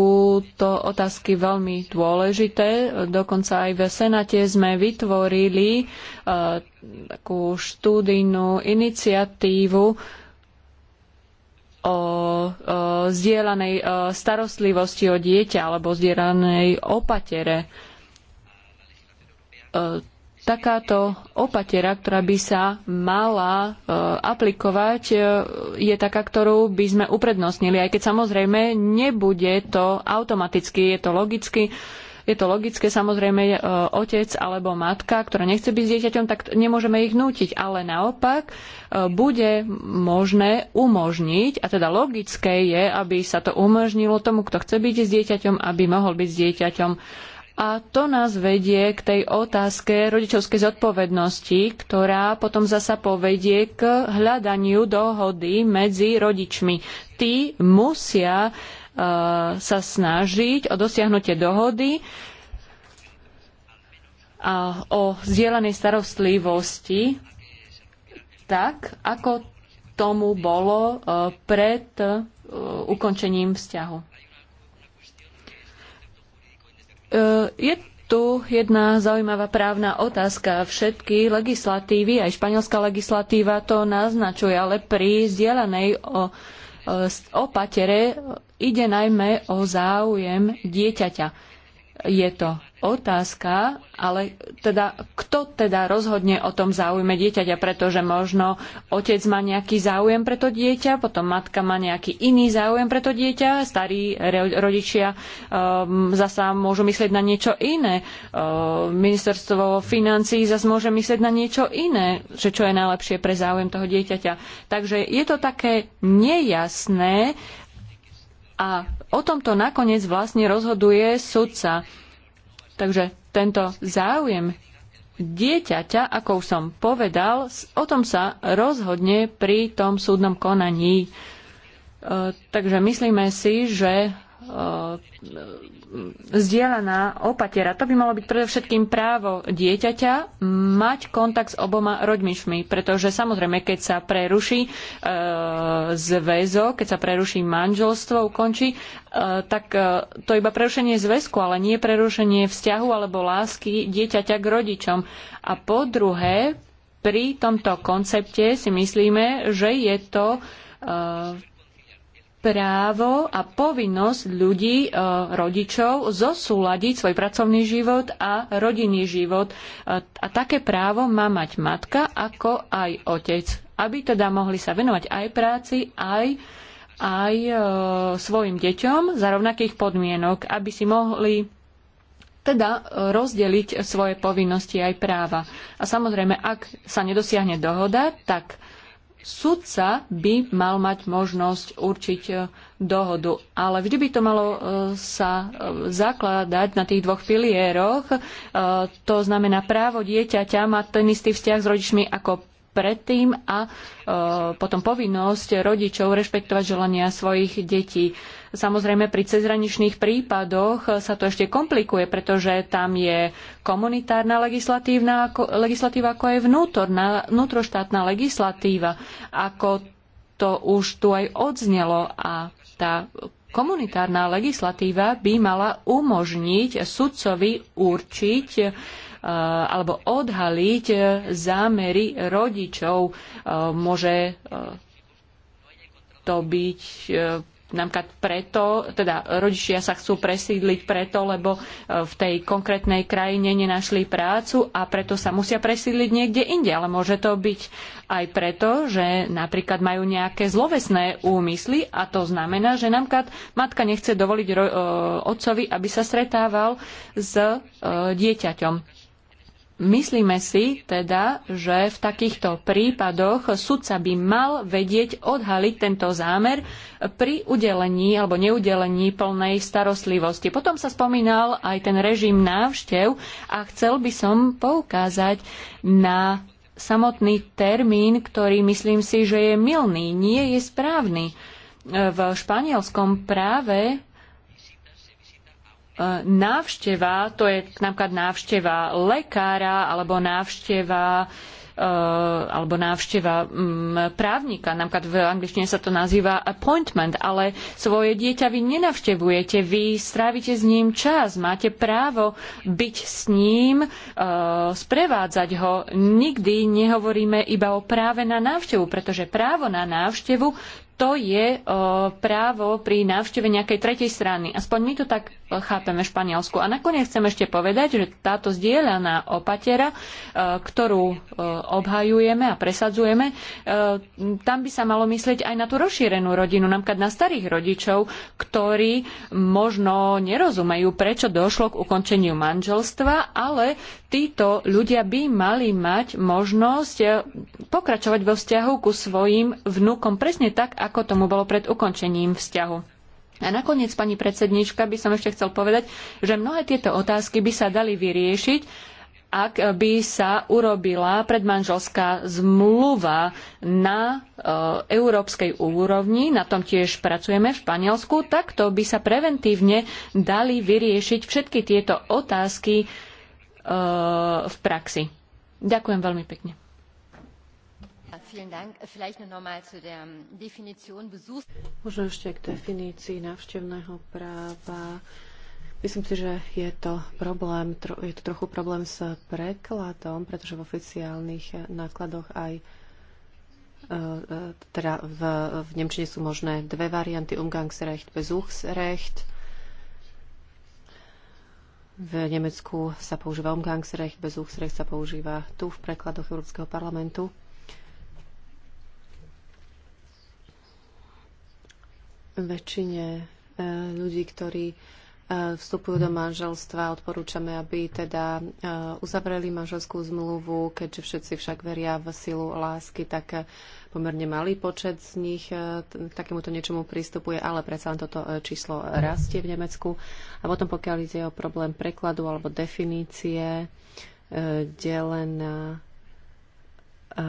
to otázky veľmi dôležité. Dokonca aj v Senate sme vytvorili e, takú štúdijnú iniciatívu o e, zdieľanej starostlivosti o dieťa alebo zdieľanej opatere takáto opatera, ktorá by sa mala e, aplikovať, e, je taká, ktorú by sme uprednostnili, aj keď samozrejme nebude to automaticky, je to logicky. Je to logické, samozrejme, e, otec alebo matka, ktorá nechce byť s dieťaťom, tak nemôžeme ich nútiť. Ale naopak bude možné umožniť, a teda logické je, aby sa to umožnilo tomu, kto chce byť s dieťaťom, aby mohol byť s dieťaťom a to nás vedie k tej otázke rodičovskej zodpovednosti, ktorá potom zasa povedie k hľadaniu dohody medzi rodičmi. Tí musia uh, sa snažiť o dosiahnutie dohody a o zdieľanej starostlivosti tak, ako tomu bolo e, pred e, ukončením vzťahu. E, je tu jedna zaujímavá právna otázka. Všetky legislatívy, aj španielská legislatíva to naznačuje, ale pri zdieľanej o, e, opatere ide najmä o záujem dieťaťa je to otázka, ale teda, kto teda rozhodne o tom záujme dieťaťa, pretože možno otec má nejaký záujem pre to dieťa, potom matka má nejaký iný záujem pre to dieťa, starí rodičia um, zasa môžu myslieť na niečo iné, um, ministerstvo financí zase môže myslieť na niečo iné, že čo je najlepšie pre záujem toho dieťaťa. Takže je to také nejasné a o tomto nakoniec vlastne rozhoduje sudca. Takže tento záujem dieťaťa, ako som povedal, o tom sa rozhodne pri tom súdnom konaní. E, takže myslíme si, že e, zdieľaná opatera. To by malo byť predovšetkým právo dieťaťa mať kontakt s oboma rodičmi, pretože samozrejme, keď sa preruší e, zväzok, keď sa preruší manželstvo, ukončí, e, tak e, to iba prerušenie zväzku, ale nie prerušenie vzťahu alebo lásky dieťaťa k rodičom. A po druhé, pri tomto koncepte si myslíme, že je to e, právo a povinnosť ľudí, e, rodičov, zosúladiť svoj pracovný život a rodinný život. E, a také právo má mať matka ako aj otec, aby teda mohli sa venovať aj práci, aj aj e, svojim deťom za rovnakých podmienok, aby si mohli teda e, rozdeliť svoje povinnosti aj práva. A samozrejme, ak sa nedosiahne dohoda, tak sudca by mal mať možnosť určiť e, dohodu. Ale vždy by to malo e, sa e, zakladať na tých dvoch pilieroch. To znamená, právo dieťaťa má ten istý vzťah s rodičmi ako predtým a potom povinnosť rodičov rešpektovať želania svojich detí. Samozrejme, pri cezhraničných prípadoch sa to ešte komplikuje, pretože tam je komunitárna legislatívna, legislatíva, ako aj vnútorná, vnútroštátna legislatíva, ako to už tu aj odznelo a tá komunitárna legislatíva by mala umožniť sudcovi určiť e, alebo odhaliť zámery rodičov. E, môže e, to byť napríklad preto, teda rodičia sa chcú presídliť preto, lebo e, v tej konkrétnej krajine nenašli prácu a preto sa musia presídliť niekde inde. Ale môže to byť aj preto, že napríklad majú nejaké zlovesné úmysly a to znamená, že napríklad matka nechce dovoliť e, otcovi, aby sa stretával s e, dieťaťom Myslíme si teda, že v takýchto prípadoch sudca by mal vedieť odhaliť tento zámer pri udelení alebo neudelení plnej starostlivosti. Potom sa spomínal aj ten režim návštev a chcel by som poukázať na samotný termín, ktorý myslím si, že je milný, nie je správny. V španielskom práve E, návšteva, to je napríklad návšteva lekára alebo návšteva e, alebo návšteva mm, právnika. Napríklad v angličtine sa to nazýva appointment, ale svoje dieťa vy nenavštevujete, vy strávite s ním čas, máte právo byť s ním, e, sprevádzať ho. Nikdy nehovoríme iba o práve na návštevu, pretože právo na návštevu to je právo pri návšteve nejakej tretej strany. Aspoň my to tak chápeme Španielsku. A nakoniec chcem ešte povedať, že táto zdieľaná opatera, e, ktorú e, obhajujeme a presadzujeme, e, tam by sa malo myslieť aj na tú rozšírenú rodinu, napríklad na starých rodičov, ktorí možno nerozumejú, prečo došlo k ukončeniu manželstva, ale títo ľudia by mali mať možnosť pokračovať vo vzťahu ku svojim vnúkom presne tak, ako tomu bolo pred ukončením vzťahu. A nakoniec, pani predsednička, by som ešte chcel povedať, že mnohé tieto otázky by sa dali vyriešiť, ak by sa urobila predmanželská zmluva na e, európskej úrovni, na tom tiež pracujeme v Španielsku, takto by sa preventívne dali vyriešiť všetky tieto otázky e, v praxi. Ďakujem veľmi pekne. Ähm, Možno ešte k definícii návštevného práva. Myslím si, že je to, problém, je to trochu problém s prekladom, pretože v oficiálnych eh, nákladoch aj eh, eh, teda v, v Nemčine sú možné dve varianty Umgangsrecht, Besuchsrecht. V Nemecku sa používa Umgangsrecht, Besuchsrecht sa používa tu v prekladoch Európskeho parlamentu. väčšine e, ľudí, ktorí e, vstupujú do manželstva, odporúčame, aby teda e, uzavreli manželskú zmluvu, keďže všetci však veria v silu lásky, tak pomerne malý počet z nich k takémuto niečomu pristupuje, ale predsa len toto číslo rastie v Nemecku. A potom pokiaľ ide o problém prekladu alebo definície, delená Eh,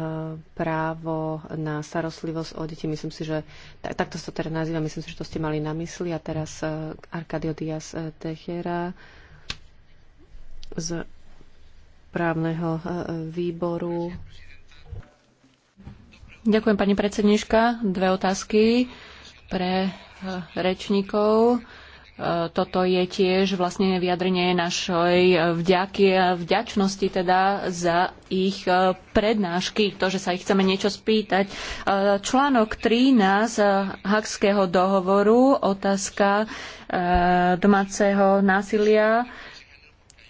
právo na starostlivosť o deti. Myslím si, že tak, takto sa to teda nazýva. Myslím si, že to ste mali na mysli. A teraz eh, Arkadio Díaz eh, Techera z právneho výboru. Ďakujem, pani predsednička. Dve otázky pre rečníkov. Toto je tiež vlastne vyjadrenie našej vďaky a vďačnosti teda za ich e, prednášky, to, že sa ich chceme niečo spýtať. E, článok 13 e, Hakského dohovoru, otázka domáceho násilia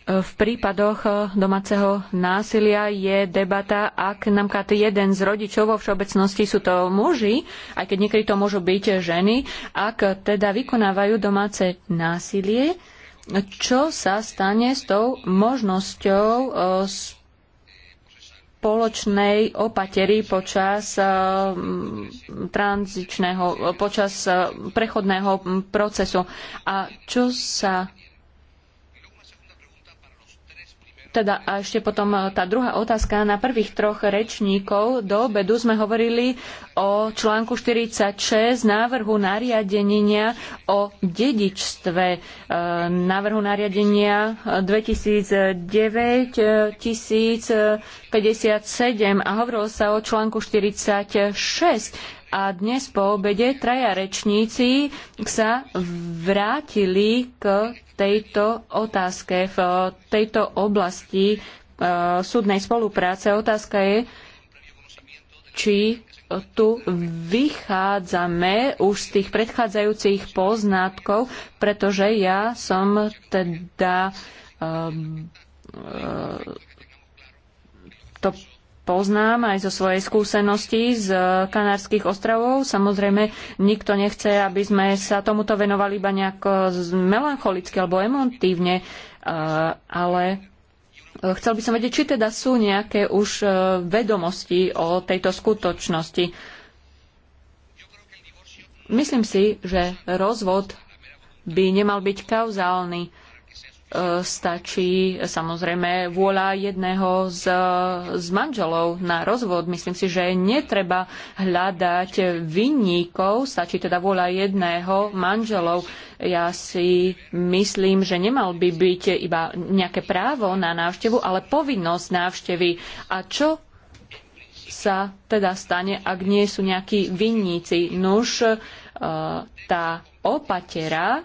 v prípadoch eh, domáceho násilia je debata, ak nám jeden z rodičov vo všeobecnosti sú to muži, aj keď niekedy to môžu byť ženy, ak teda vykonávajú domáce násilie, čo sa stane s tou možnosťou eh, spoločnej opatery počas eh, tranzičného, počas prechodného procesu. A čo sa Teda a ešte potom e, tá druhá otázka na prvých troch rečníkov. Do obedu sme hovorili o článku 46 návrhu nariadenia o dedičstve. E, návrhu nariadenia 2009-1057 e, a hovorilo sa o článku 46 a dnes po obede traja rečníci sa vrátili k tejto otázke, v eh, tejto oblasti eh, súdnej spolupráce. Otázka je, či tu vychádzame už z tých predchádzajúcich poznátkov, pretože ja som teda eh, to poznám aj zo svojej skúsenosti z eh, Kanárskych ostrovov. Samozrejme, nikto nechce, aby sme sa tomuto venovali iba nejako eh, melancholicky alebo emotívne, eh, ale chcel by som vedieť, či teda sú nejaké už vedomosti o tejto skutočnosti. Myslím si, že rozvod by nemal byť kauzálny stačí samozrejme vôľa jedného z, z manželov na rozvod. Myslím si, že netreba hľadať vinníkov, stačí teda vôľa jedného manželov. Ja si myslím, že nemal by byť iba nejaké právo na návštevu, ale povinnosť návštevy. A čo sa teda stane, ak nie sú nejakí vinníci? Nuž, e, tá opatera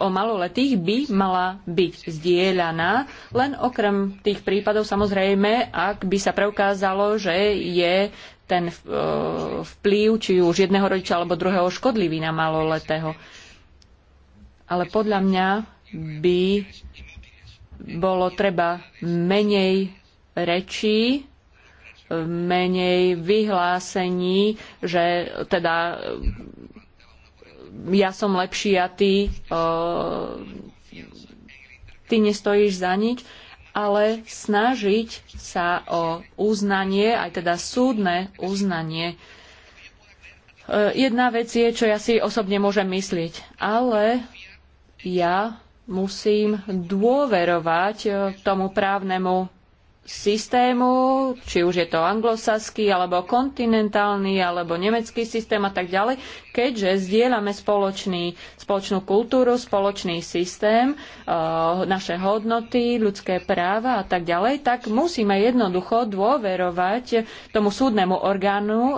o maloletých by mala byť zdieľaná, len okrem tých prípadov samozrejme, ak by sa preukázalo, že je ten e, vplyv či už jedného rodiča alebo druhého škodlivý na maloletého. Ale podľa mňa by bolo treba menej rečí, menej vyhlásení, že teda ja som lepší a ty, uh, ty nestojíš za nič, ale snažiť sa o uznanie, aj teda súdne uznanie. Uh, jedna vec je, čo ja si osobne môžem myslieť, ale ja musím dôverovať e, tomu právnemu systému, či už je to anglosaský, alebo kontinentálny, alebo nemecký systém a tak ďalej, keďže zdieľame spoločný, spoločnú kultúru, spoločný systém, e, naše hodnoty, ľudské práva a tak ďalej, tak musíme jednoducho dôverovať tomu súdnemu orgánu e,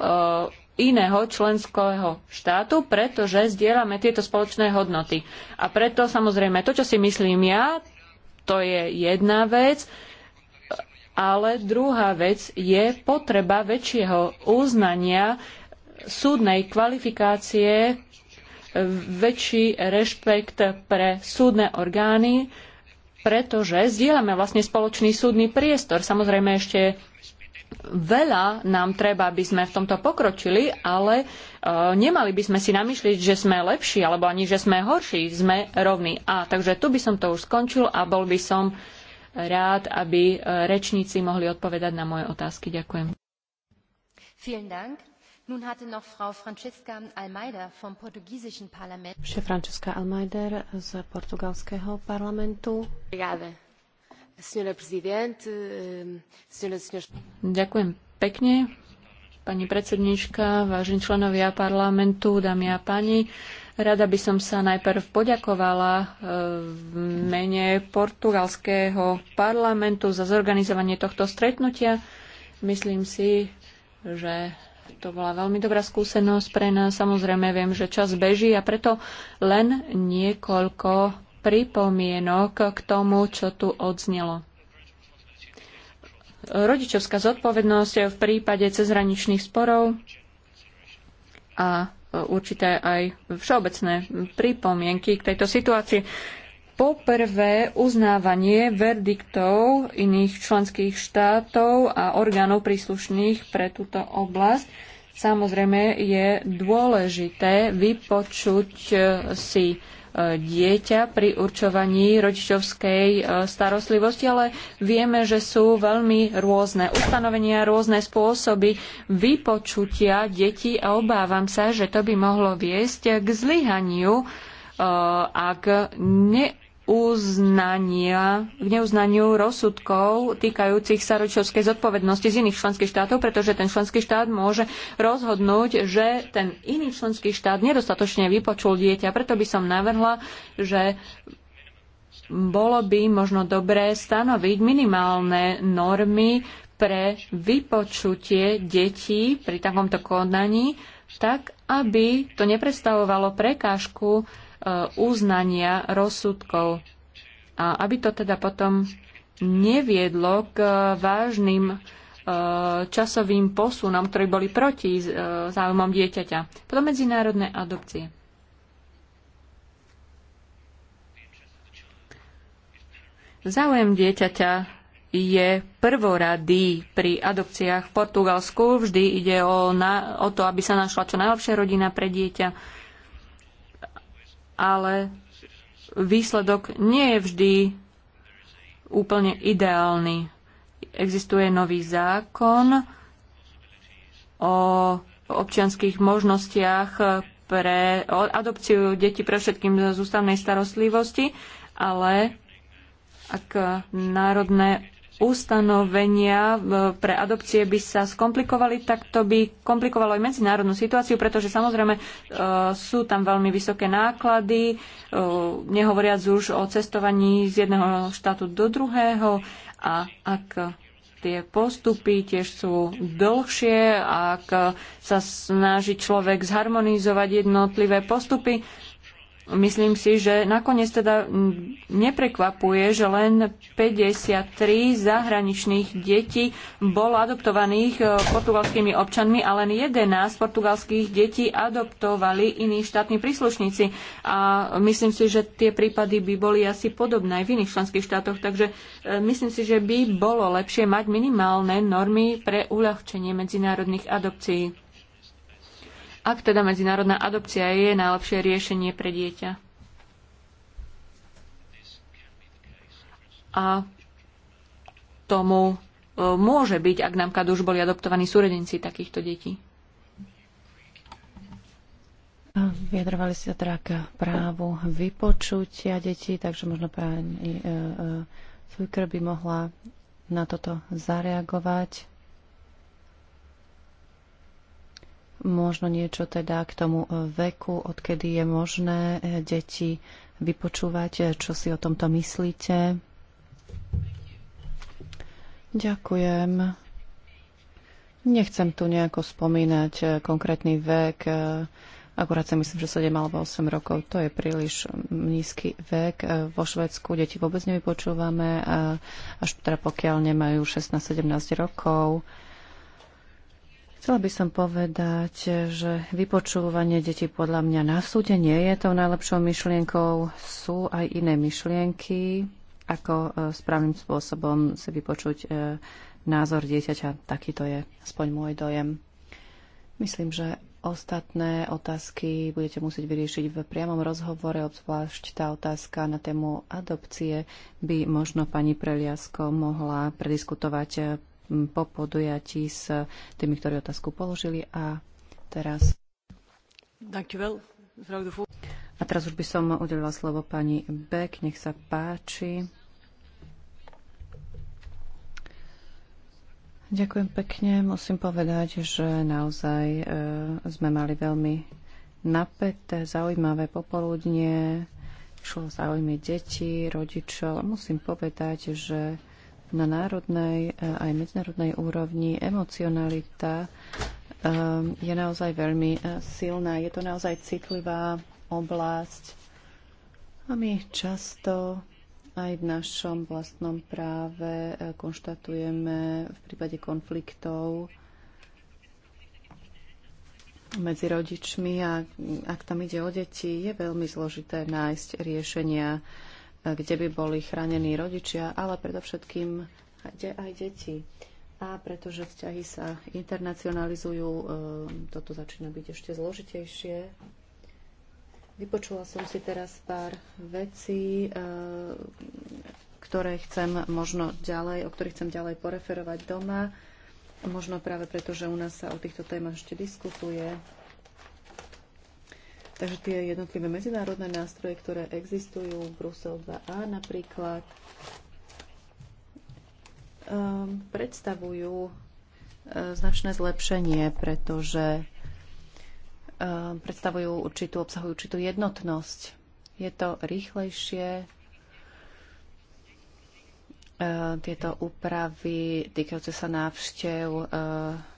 iného členského štátu, pretože zdieľame tieto spoločné hodnoty. A preto samozrejme to, čo si myslím ja, to je jedna vec, ale druhá vec je potreba väčšieho uznania súdnej kvalifikácie, väčší rešpekt pre súdne orgány, pretože zdieľame vlastne spoločný súdny priestor. Samozrejme ešte veľa nám treba, aby sme v tomto pokročili, ale e, nemali by sme si namýšľať, že sme lepší alebo ani, že sme horší. Sme rovní. A takže tu by som to už skončil a bol by som rád, aby e, rečníci mohli odpovedať na moje otázky. Ďakujem. Vielen Dank. Nun hatte noch Frau Francesca Almeida vom portugiesischen Parlament. Ešte Francesca Almeider z portugalského parlamentu. Ehm, e Ďakujem pekne, pani predsednička, vážení členovia parlamentu, dámy a páni. Rada by som sa najprv poďakovala e, v mene portugalského parlamentu za zorganizovanie tohto stretnutia. Myslím si, že to bola veľmi dobrá skúsenosť pre nás. Samozrejme, viem, že čas beží a preto len niekoľko pripomienok k tomu, čo tu odznelo. Rodičovská zodpovednosť v prípade cezhraničných sporov a určité aj všeobecné pripomienky k tejto situácii. Poprvé uznávanie verdiktov iných členských štátov a orgánov príslušných pre túto oblasť. Samozrejme je dôležité vypočuť eh, si dieťa pri určovaní rodičovskej e, starostlivosti, ale vieme, že sú veľmi rôzne ustanovenia, rôzne spôsoby vypočutia detí a obávam sa, že to by mohlo viesť k zlyhaniu e, a k ne uznania, k neuznaniu rozsudkov týkajúcich sa rodičovskej zodpovednosti z iných členských štátov, pretože ten členský štát môže rozhodnúť, že ten iný členský štát nedostatočne vypočul dieťa. Preto by som navrhla, že bolo by možno dobré stanoviť minimálne normy pre vypočutie detí pri takomto konaní, tak aby to neprestavovalo prekážku Eh, uznania rozsudkov. A aby to teda potom neviedlo k vážnym eh, časovým posunom, ktorí boli proti eh, záujmom dieťaťa. Potom medzinárodné adopcie. Záujem dieťaťa je prvoradý pri adopciách v Portugalsku. Vždy ide o, na, o to, aby sa našla čo najlepšia rodina pre dieťa ale výsledok nie je vždy úplne ideálny. Existuje nový zákon o občianských možnostiach pre adopciu detí pre všetkým z ústavnej starostlivosti, ale ak národné ustanovenia e, pre adopcie by sa skomplikovali, tak to by komplikovalo aj medzinárodnú situáciu, pretože samozrejme e, sú tam veľmi vysoké náklady, e, nehovoriac už o cestovaní z jedného štátu do druhého a ak tie postupy tiež sú dlhšie, ak sa snaží človek zharmonizovať jednotlivé postupy, Myslím si, že nakoniec teda neprekvapuje, že len 53 zahraničných detí bolo adoptovaných eh, portugalskými občanmi a len 11 portugalských detí adoptovali iní štátni príslušníci. A myslím si, že tie prípady by boli asi podobné aj v iných členských štátoch, takže eh, myslím si, že by bolo lepšie mať minimálne normy pre uľahčenie medzinárodných adopcií ak teda medzinárodná adopcia je najlepšie riešenie pre dieťa. A tomu e, môže byť, ak nám už boli adoptovaní súredenci takýchto detí. Vyjadrovali ste teda k právu vypočutia detí, takže možno pani e, e, by mohla na toto zareagovať. Možno niečo teda k tomu e, veku, odkedy je možné e, deti vypočúvať, e, čo si o tomto myslíte. Ďakujem. Nechcem tu nejako spomínať konkrétny vek. Akurát si myslím, že 7 alebo 8 rokov to je príliš nízky vek. Vo Švedsku deti vôbec nevypočúvame, až teda pokiaľ nemajú 16-17 rokov. Chcela by som povedať, že vypočúvanie detí podľa mňa na súde nie je tou najlepšou myšlienkou. Sú aj iné myšlienky, ako e, správnym spôsobom si vypočuť e, názor dieťaťa. Takýto je aspoň môj dojem. Myslím, že ostatné otázky budete musieť vyriešiť v priamom rozhovore, obzvlášť tá otázka na tému adopcie by možno pani Preliasko mohla prediskutovať e, po podujatí s tými, ktorí otázku položili. A teraz... A teraz už by som udelila slovo pani Beck. Nech sa páči. Ďakujem pekne. Musím povedať, že naozaj e, sme mali veľmi napäté, zaujímavé popoludnie. Šlo zaujímavé deti, rodičov. Musím povedať, že na národnej e, aj medzinárodnej úrovni. Emocionalita ehm, je naozaj veľmi e, silná. Je to naozaj citlivá oblasť a my často aj v našom vlastnom práve e, konštatujeme v prípade konfliktov medzi rodičmi a ak tam ide o deti, je veľmi zložité nájsť riešenia kde by boli chránení rodičia, ale predovšetkým kde aj deti. A pretože vzťahy sa internacionalizujú, e, toto začína byť ešte zložitejšie. Vypočula som si teraz pár vecí, e, ktoré chcem možno ďalej, o ktorých chcem ďalej poreferovať doma. Možno práve preto, že u nás sa o týchto témach ešte diskutuje. Takže tie jednotlivé medzinárodné nástroje, ktoré existujú, Brusel 2a napríklad, um, predstavujú ehm, značné zlepšenie, pretože um, predstavujú určitú, obsahujú určitú jednotnosť. Je to rýchlejšie, tieto úpravy týkajúce sa návštev,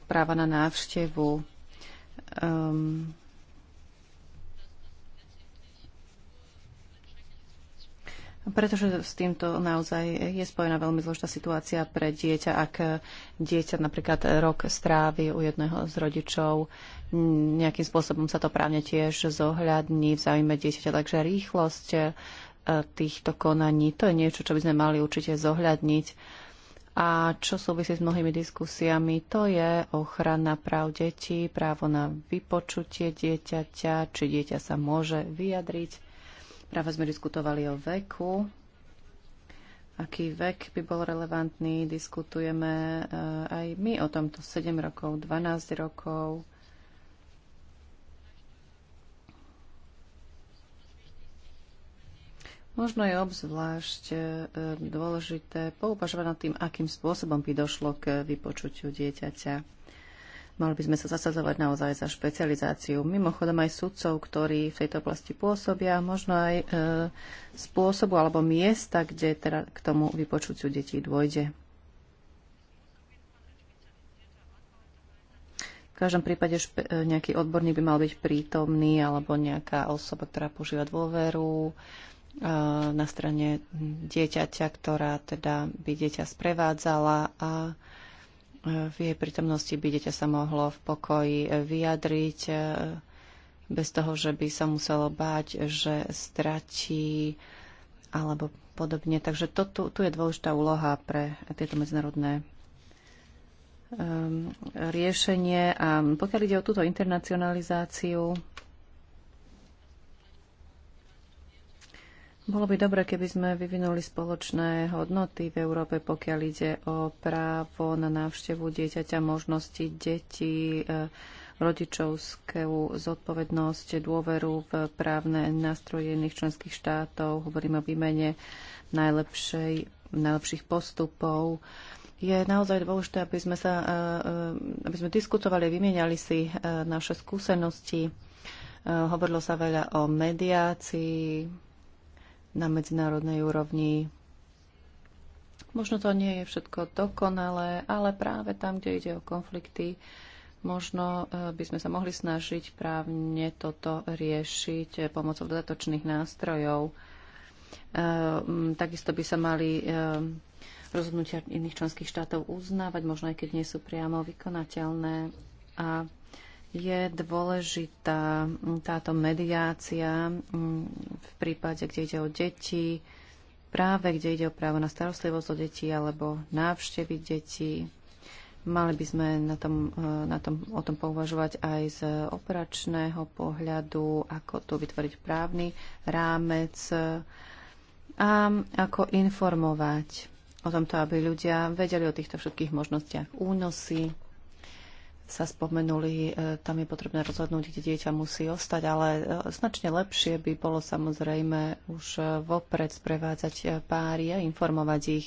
práva na návštevu, Pretože s týmto naozaj je spojená veľmi zložitá situácia pre dieťa, ak dieťa napríklad rok strávi u jedného z rodičov, nejakým spôsobom sa to právne tiež zohľadní v záujme dieťaťa, takže rýchlosť e, týchto konaní, to je niečo, čo by sme mali určite zohľadniť. A čo súvisí s mnohými diskusiami, to je ochrana práv detí, právo na vypočutie dieťaťa, či dieťa sa môže vyjadriť Práve sme diskutovali o veku, aký vek by bol relevantný. Diskutujeme eh, aj my o tomto 7 rokov, 12 rokov. Možno je obzvlášť eh, dôležité poupažovať nad tým, akým spôsobom by došlo k vypočutiu dieťaťa. Mali by sme sa zasadzovať naozaj za špecializáciu. Mimochodom aj sudcov, ktorí v tejto oblasti pôsobia, možno aj e, spôsobu alebo miesta, kde teda k tomu vypočúciu detí dôjde. V každom prípade e, nejaký odborník by mal byť prítomný alebo nejaká osoba, ktorá požíva dôveru e, na strane dieťaťa, ktorá teda by dieťa sprevádzala a v jej prítomnosti by dieťa sa mohlo v pokoji vyjadriť e, bez toho, že by sa muselo báť, že stratí alebo podobne. Takže to, tu, tu je dôležitá úloha pre tieto medzinárodné um, riešenie. A pokiaľ ide o túto internacionalizáciu, Bolo by dobre, keby sme vyvinuli spoločné hodnoty v Európe, pokiaľ ide o právo na návštevu dieťaťa, možnosti detí, eh, rodičovskú zodpovednosť, dôveru v právne nástroje iných členských štátov, hovoríme o výmene najlepšej, najlepších postupov. Je naozaj dôležité, aby sme, sa, eh, eh, aby sme diskutovali, vymieniali si naše skúsenosti. Hovorilo sa veľa o mediácii, na medzinárodnej úrovni. Možno to nie je všetko dokonalé, ale práve tam, kde ide o konflikty, možno e, by sme sa mohli snažiť právne toto riešiť e, pomocou dodatočných nástrojov. E, takisto by sa mali rozhodnutia iných členských štátov uznávať, možno aj keď nie sú priamo vykonateľné. A je dôležitá táto mediácia mm, v prípade, kde ide o deti, práve kde ide o právo na starostlivosť o detí alebo návštevy detí. Mali by sme na tom, e, na tom, o tom pouvažovať aj z operačného pohľadu, ako tu vytvoriť právny rámec a ako informovať o tomto, aby ľudia vedeli o týchto všetkých možnostiach únosy, sa spomenuli, e, tam je potrebné rozhodnúť, kde dieťa musí ostať, ale e, značne lepšie by bolo samozrejme už e, vopred sprevádzať páry a informovať ich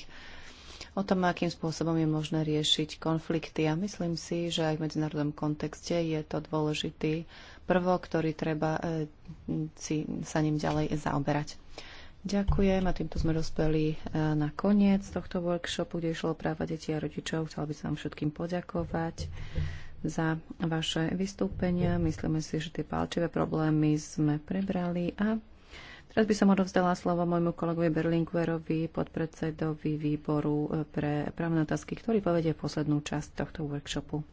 o tom, akým spôsobom je možné riešiť konflikty. A myslím si, že aj v medzinárodnom kontexte je to dôležitý prvok, ktorý treba si sa ním ďalej zaoberať. Ďakujem a týmto sme dospeli na koniec tohto workshopu, kde išlo práva detí a rodičov. Chcela by som vám všetkým poďakovať za vaše vystúpenia. Myslíme si, že tie palčivé problémy sme prebrali a teraz by som odovzdala slovo môjmu kolegovi Berlinguerovi, podpredsedovi výboru pre právne otázky, ktorý povedie poslednú časť tohto workshopu.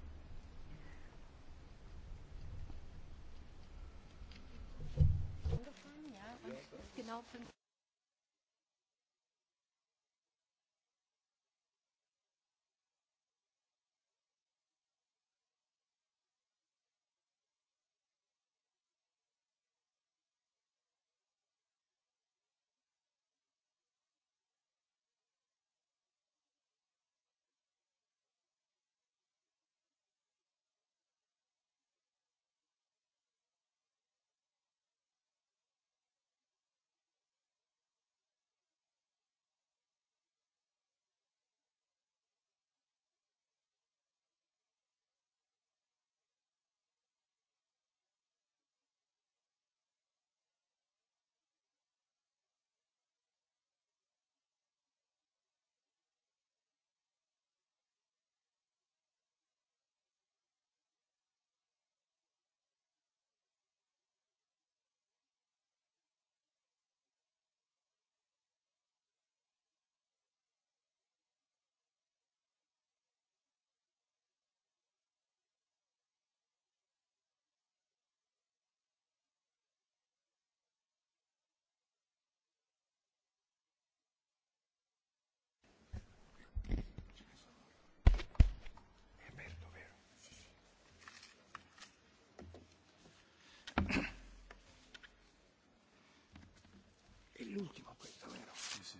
l'ultimo questo, vero? Sì, sì.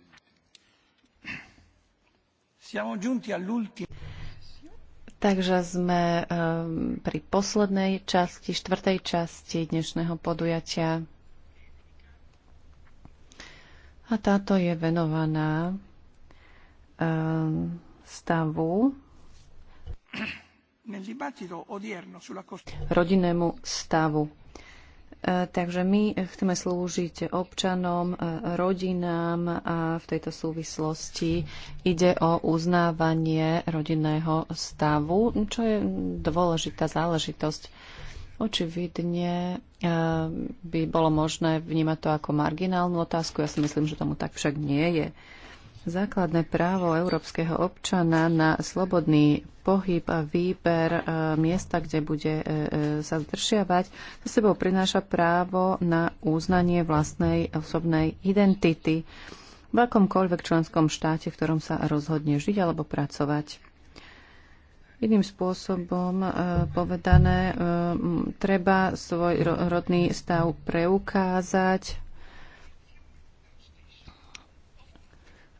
Siamo giunti all'ultimo. Takže sme um, pri poslednej časti, štvrtej časti dnešného podujatia. A táto je venovaná um, stavu rodinnému stavu E, takže my chceme slúžiť občanom, e, rodinám a v tejto súvislosti ide o uznávanie rodinného stavu, čo je dôležitá záležitosť. Očividne e, by bolo možné vnímať to ako marginálnu otázku. Ja si myslím, že tomu tak však nie je. Základné právo európskeho občana na slobodný pohyb a výber e, miesta, kde bude e, e, sa zdržiavať, so sebou prináša právo na uznanie vlastnej osobnej identity v akomkoľvek členskom štáte, v ktorom sa rozhodne žiť alebo pracovať. Iným spôsobom povedané, treba svoj rodný stav preukázať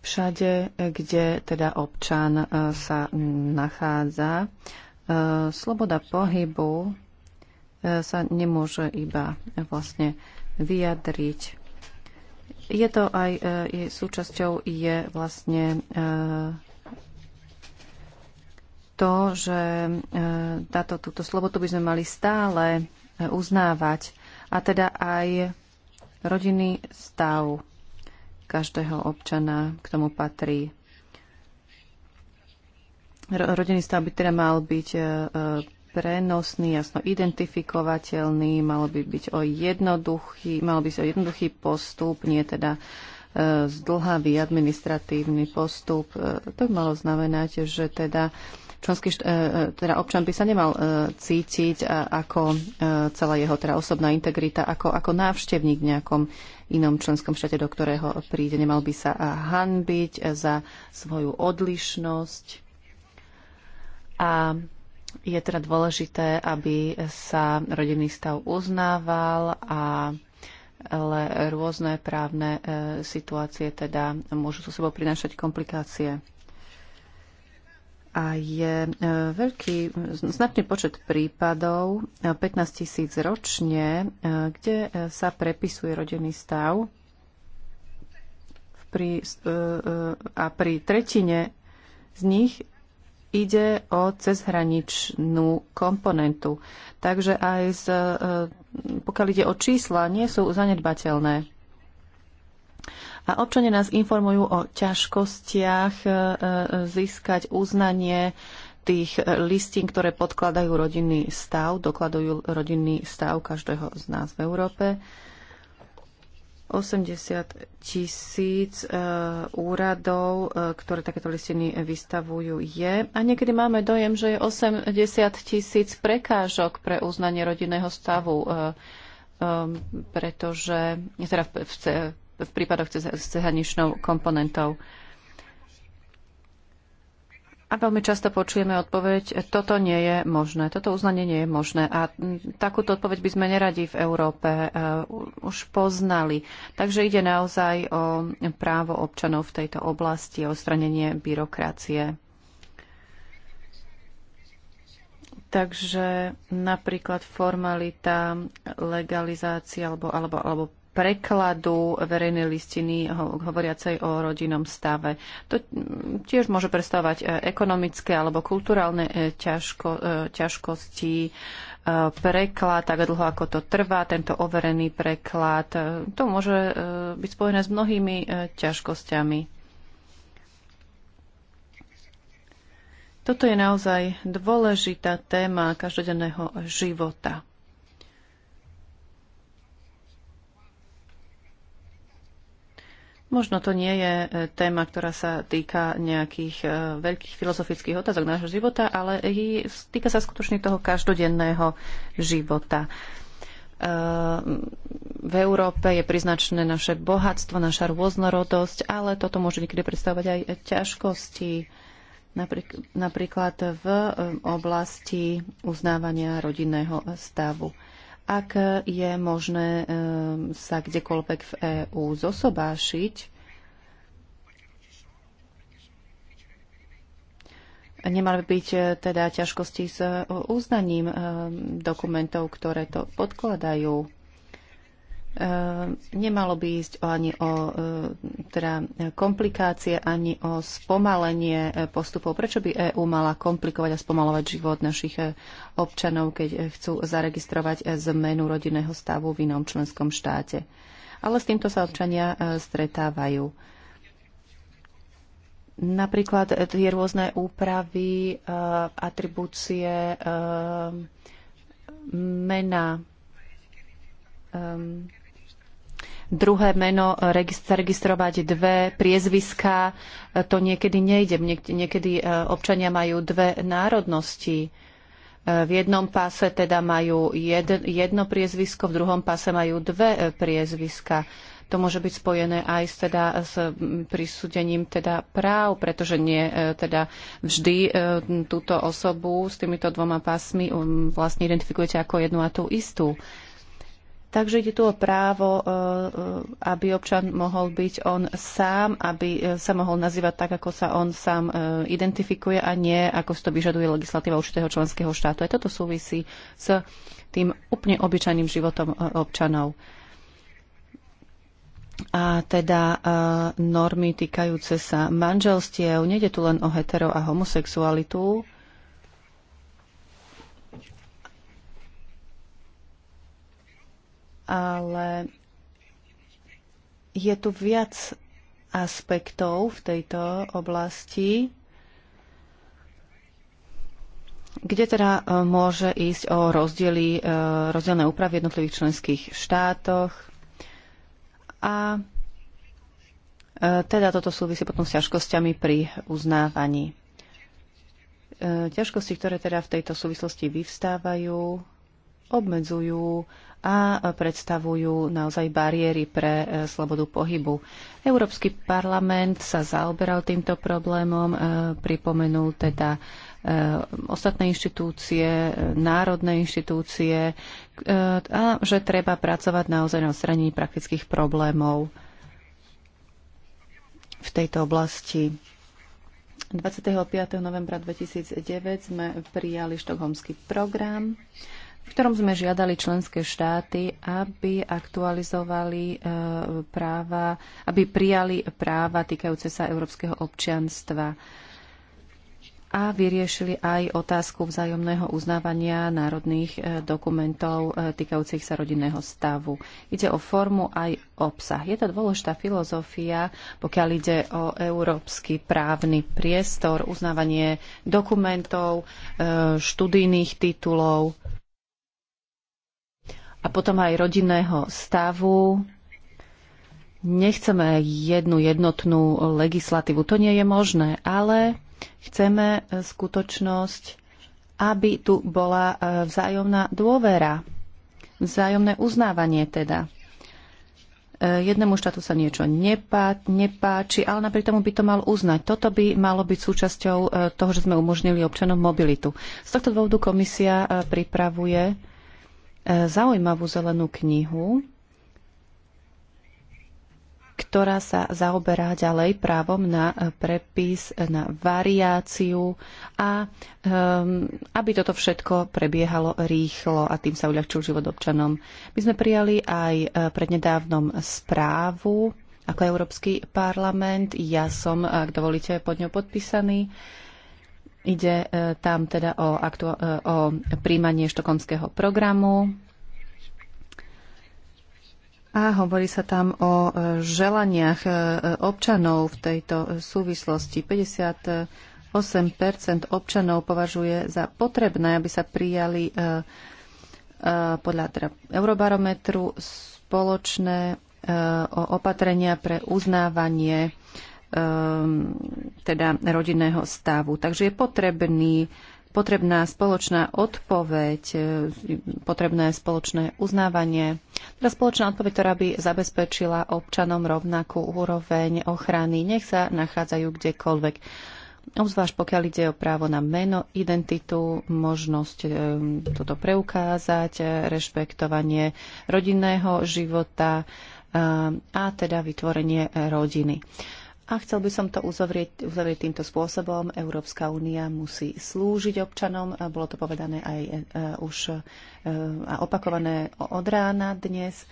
Všade, kde teda občan e, sa nachádza, e, sloboda pohybu e, sa nemôže iba vlastne vyjadriť. Je to aj je súčasťou je vlastne to, že táto, túto slobodu by sme mali stále uznávať a teda aj rodinný stav každého občana, k tomu patrí. Rodinný stav by teda mal byť e, e, prenosný, jasno identifikovateľný, mal by byť o jednoduchý, mal by sa o jednoduchý postup, nie teda e, zdlhavý administratívny postup. To by malo znamenať, že teda členský, teda občan by sa nemal cítiť ako celá jeho teda osobná integrita, ako, ako návštevník v nejakom inom členskom štáte, do ktorého príde. Nemal by sa hanbiť za svoju odlišnosť. A je teda dôležité, aby sa rodinný stav uznával a ale rôzne právne e, situácie teda môžu so sebou prinášať komplikácie a je e, veľký, značný počet prípadov, 15 e, tisíc ročne, e, kde sa prepisuje rodinný stav pri, a pri tretine z nich ide o cezhraničnú komponentu. Takže aj z, pokiaľ ide o čísla, nie sú zanedbateľné. A občania nás informujú o ťažkostiach e, e, získať uznanie tých listín, ktoré podkladajú rodinný stav, dokladujú rodinný stav každého z nás v Európe. 80 tisíc e, úradov, ktoré takéto listiny vystavujú, je. A niekedy máme dojem, že je 80 tisíc prekážok pre uznanie rodinného stavu, pretože teda v v prípadoch s cehaničnou komponentou. A veľmi často počujeme odpoveď, toto nie je možné, toto uznanie nie je možné. A takúto odpoveď by sme neradi v Európe eh, už poznali. Takže ide naozaj o právo občanov v tejto oblasti, o stranenie byrokracie. Takže napríklad formalita, legalizácia alebo, alebo, alebo prekladu verejnej listiny hovoriacej o rodinnom stave. To tiež môže predstavovať e, ekonomické alebo kulturálne e, ťažko, e, ťažkosti. Preklad, tak dlho ako to trvá, tento overený preklad, to môže byť spojené s mnohými ťažkosťami. Toto je naozaj dôležitá téma každodenného života. Možno to nie je e, téma, ktorá sa týka nejakých e, veľkých filozofických otázok nášho života, ale týka sa skutočne toho každodenného života. E, v Európe je priznačné naše bohatstvo, naša rôznorodosť, ale toto môže niekedy predstavovať aj ťažkosti, napríklad v oblasti uznávania rodinného stavu ak je možné ehm, sa kdekoľvek v EÚ zosobášiť, Nemali byť e, teda ťažkosti s e, uznaním ehm, dokumentov, ktoré to podkladajú. E, nemalo by ísť ani o e, teda komplikácie, ani o spomalenie e, postupov. Prečo by EÚ mala komplikovať a spomalovať život našich občanov, keď chcú zaregistrovať zmenu rodinného stavu v inom členskom štáte? Ale s týmto sa občania stretávajú. Napríklad tie rôzne úpravy, atribúcie, mena, druhé meno eh, zaregistrovať dve priezviská. Eh, to niekedy nejde. Niekedy eh, občania majú dve národnosti. V jednom páse teda majú jedno priezvisko, v druhom páse majú dve priezviska. To môže byť spojené aj s, teda, s prisúdením teda práv, pretože nie teda vždy túto osobu s týmito dvoma pásmi um, vlastne identifikujete ako jednu a tú istú. Takže ide tu o právo, e, e, aby občan mohol byť on sám, aby e, sa mohol nazývať tak, ako sa on sám identifikuje a nie, ako si to vyžaduje legislatíva určitého členského štátu. A toto súvisí s tým úplne obyčajným životom občanov. A teda normy týkajúce sa manželstiev, nejde tu len o hetero a homosexualitu, ale je tu viac aspektov v tejto oblasti, kde teda e, môže ísť o rozdiely, e, rozdielne úpravy v jednotlivých členských štátoch. A e, teda toto súvisí potom s ťažkosťami pri uznávaní. Ťažkosti, ktoré teda v tejto súvislosti vyvstávajú, obmedzujú a predstavujú naozaj bariéry pre e, slobodu pohybu. Európsky parlament sa zaoberal týmto problémom, e, pripomenul teda e, ostatné inštitúcie, národné inštitúcie a že treba pracovať naozaj na odstranení praktických problémov v tejto oblasti. 25. novembra 2009 sme prijali štokholmský program v ktorom sme žiadali členské štáty, aby aktualizovali e, práva, aby prijali práva týkajúce sa európskeho občianstva a vyriešili aj otázku vzájomného uznávania národných e, dokumentov e, týkajúcich sa rodinného stavu. Ide o formu aj obsah. Je to dôležitá filozofia, pokiaľ ide o európsky právny priestor, uznávanie dokumentov, študijných titulov a potom aj rodinného stavu. Nechceme jednu jednotnú legislatívu. To nie je možné, ale chceme e, skutočnosť, aby tu bola e, vzájomná dôvera, vzájomné uznávanie teda. E, jednému štátu sa niečo nepá, nepáči, ale napriek tomu by to mal uznať. Toto by malo byť súčasťou toho, že sme umožnili občanom mobilitu. Z tohto dôvodu komisia pripravuje zaujímavú zelenú knihu, ktorá sa zaoberá ďalej právom na e, prepis, e, na variáciu a um, aby toto všetko prebiehalo rýchlo a tým sa uľahčil život občanom. My sme prijali aj prednedávnom správu ako Európsky parlament. Ja som, ak dovolíte, pod ňou podpísaný. Uh, Ide e, tam teda o, aktu- e, o príjmanie štokomského programu a hovorí sa tam o e, želaniach občanov v tejto súvislosti. 58 občanov považuje za potrebné, aby sa prijali podľa teda Eurobarometru spoločné opatrenia pre uznávanie Um, teda rodinného stavu. Takže je potrebný, potrebná spoločná odpoveď, e, potrebné spoločné uznávanie, teda spoločná odpoveď, ktorá by zabezpečila občanom rovnakú úroveň ochrany, nech sa nachádzajú kdekoľvek. Obzvlášť pokiaľ ide o právo na meno, identitu, možnosť e, toto preukázať, e, rešpektovanie rodinného života a teda vytvorenie rodiny. A chcel by som to uzavrieť, uzavrieť týmto spôsobom. Európska únia musí slúžiť občanom. Bolo to povedané aj e, e, už e, a opakované od rána dnes.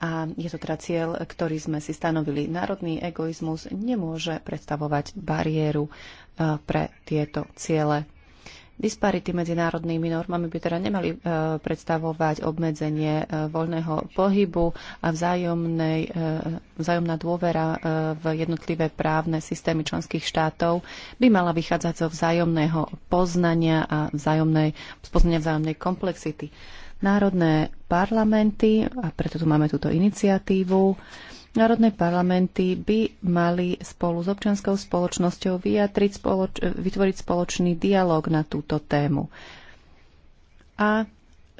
A je to teda cieľ, ktorý sme si stanovili. Národný egoizmus nemôže predstavovať bariéru pre tieto ciele. Disparity medzi národnými normami by teda nemali e, predstavovať obmedzenie e, voľného pohybu a vzájomnej, e, vzájomná dôvera v jednotlivé právne systémy členských štátov by mala vychádzať zo vzájomného poznania a vzájomnej, poznania vzájomnej komplexity. Národné parlamenty, a preto tu máme túto iniciatívu, Národné parlamenty by mali spolu s občianskou spoločnosťou vyjadriť spoloč- vytvoriť spoločný dialog na túto tému. A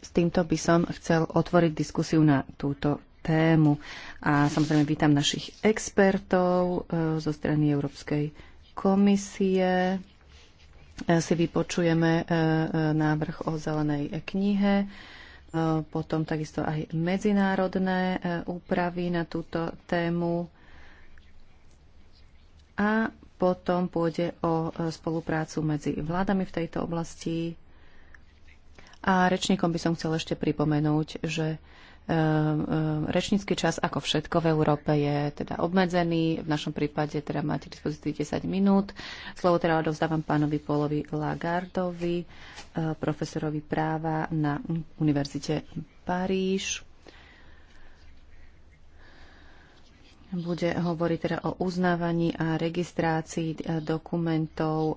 s týmto by som chcel otvoriť diskusiu na túto tému. A samozrejme vítam našich expertov eh, zo strany Európskej komisie. Eh, si vypočujeme eh, návrh o zelenej knihe E, potom takisto aj medzinárodné e, úpravy na túto tému a potom pôjde o e, spoluprácu medzi vládami v tejto oblasti. A rečníkom by som chcel ešte pripomenúť, že Ehm, ehm, rečnícky čas, ako všetko v Európe, je teda obmedzený. V našom prípade teda máte k dispozícii 10 minút. Slovo teda odovzdávam pánovi Polovi Lagardovi, eh, profesorovi práva na Univerzite Paríž. bude hovoriť teda o uznávaní a registrácii e, dokumentov e,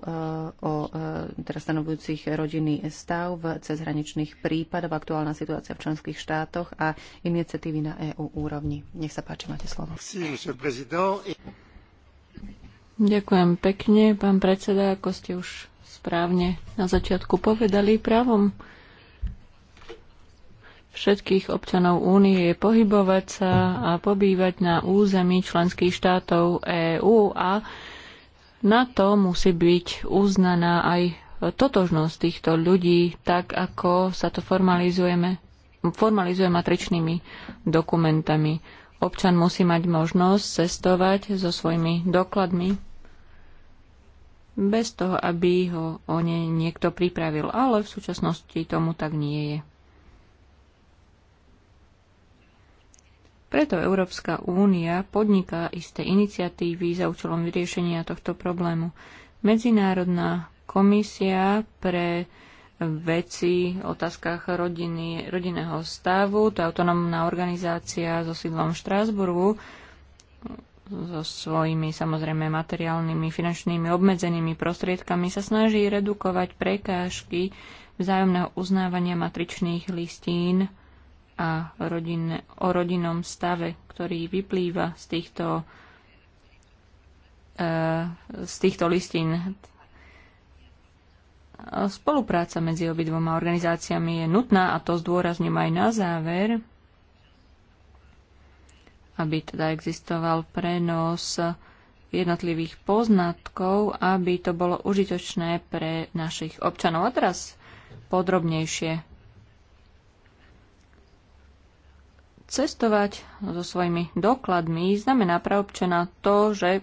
o e, teda stanovujúcich rodinný stav v cezhraničných prípadoch, aktuálna situácia v členských štátoch a iniciatívy na EU úrovni. Nech sa páči, máte slovo. Ďakujem pekne, pán predseda, ako ste už správne na začiatku povedali právom všetkých občanov únie je pohybovať sa a pobývať na území členských štátov EÚ a na to musí byť uznaná aj totožnosť týchto ľudí, tak ako sa to formalizujeme, formalizuje matričnými dokumentami. Občan musí mať možnosť cestovať so svojimi dokladmi bez toho, aby ho o ne niekto pripravil, ale v súčasnosti tomu tak nie je. Preto Európska únia podniká isté iniciatívy za účelom vyriešenia tohto problému. Medzinárodná komisia pre veci v otázkach rodiny, rodinného stavu, to je autonómna organizácia so sídlom v Štrásburgu, so svojimi samozrejme materiálnymi, finančnými obmedzenými prostriedkami sa snaží redukovať prekážky vzájomného uznávania matričných listín a rodinne, o rodinnom stave, ktorý vyplýva z týchto, e, z týchto listín. Spolupráca medzi obidvoma organizáciami je nutná a to zdôrazním aj na záver, aby teda existoval prenos jednotlivých poznatkov, aby to bolo užitočné pre našich občanov. A teraz podrobnejšie cestovať so svojimi dokladmi, znamená pre občana to, že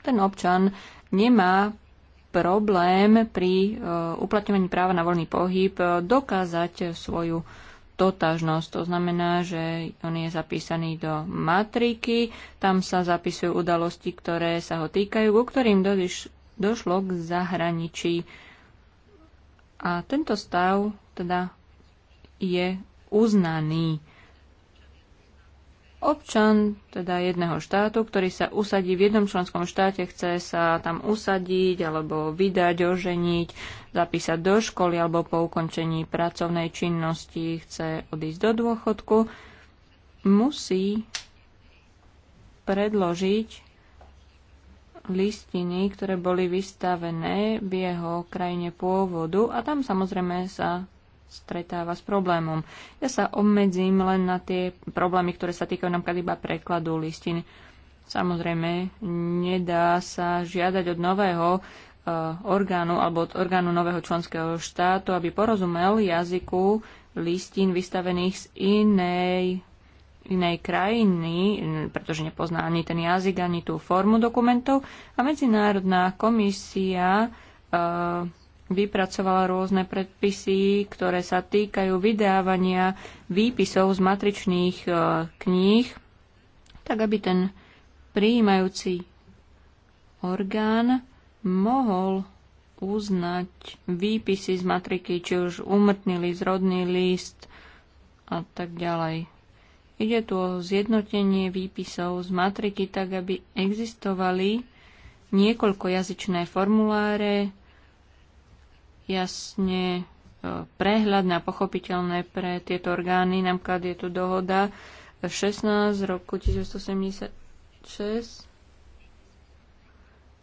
ten občan nemá problém pri eh, uplatňovaní práva na voľný pohyb eh, dokázať svoju totážnosť. To znamená, že on je zapísaný do matriky, tam sa zapisujú udalosti, ktoré sa ho týkajú, ku ktorým došlo k zahraničí. A tento stav teda je uznaný. Občan teda jedného štátu, ktorý sa usadí v jednom členskom štáte, chce sa tam usadiť alebo vydať, oženiť, zapísať do školy alebo po ukončení pracovnej činnosti chce odísť do dôchodku, musí predložiť listiny, ktoré boli vystavené v jeho krajine pôvodu a tam samozrejme sa stretáva s problémom. Ja sa obmedzím len na tie problémy, ktoré sa týkajú napríklad iba prekladu listín. Samozrejme, nedá sa žiadať od nového eh, orgánu alebo od orgánu nového členského štátu, aby porozumel jazyku listín vystavených z inej, inej krajiny, pretože nepozná ani ten jazyk, ani tú formu dokumentov. A Medzinárodná komisia eh, vypracovala rôzne predpisy, ktoré sa týkajú vydávania výpisov z matričných e, kníh, tak aby ten prijímajúci orgán mohol uznať výpisy z matriky, či už umrtný list, rodný list a tak ďalej. Ide tu o zjednotenie výpisov z matriky tak, aby existovali niekoľkojazyčné formuláre, jasne e, prehľadné a pochopiteľné pre tieto orgány. Napríklad je tu dohoda 16 z roku 1976,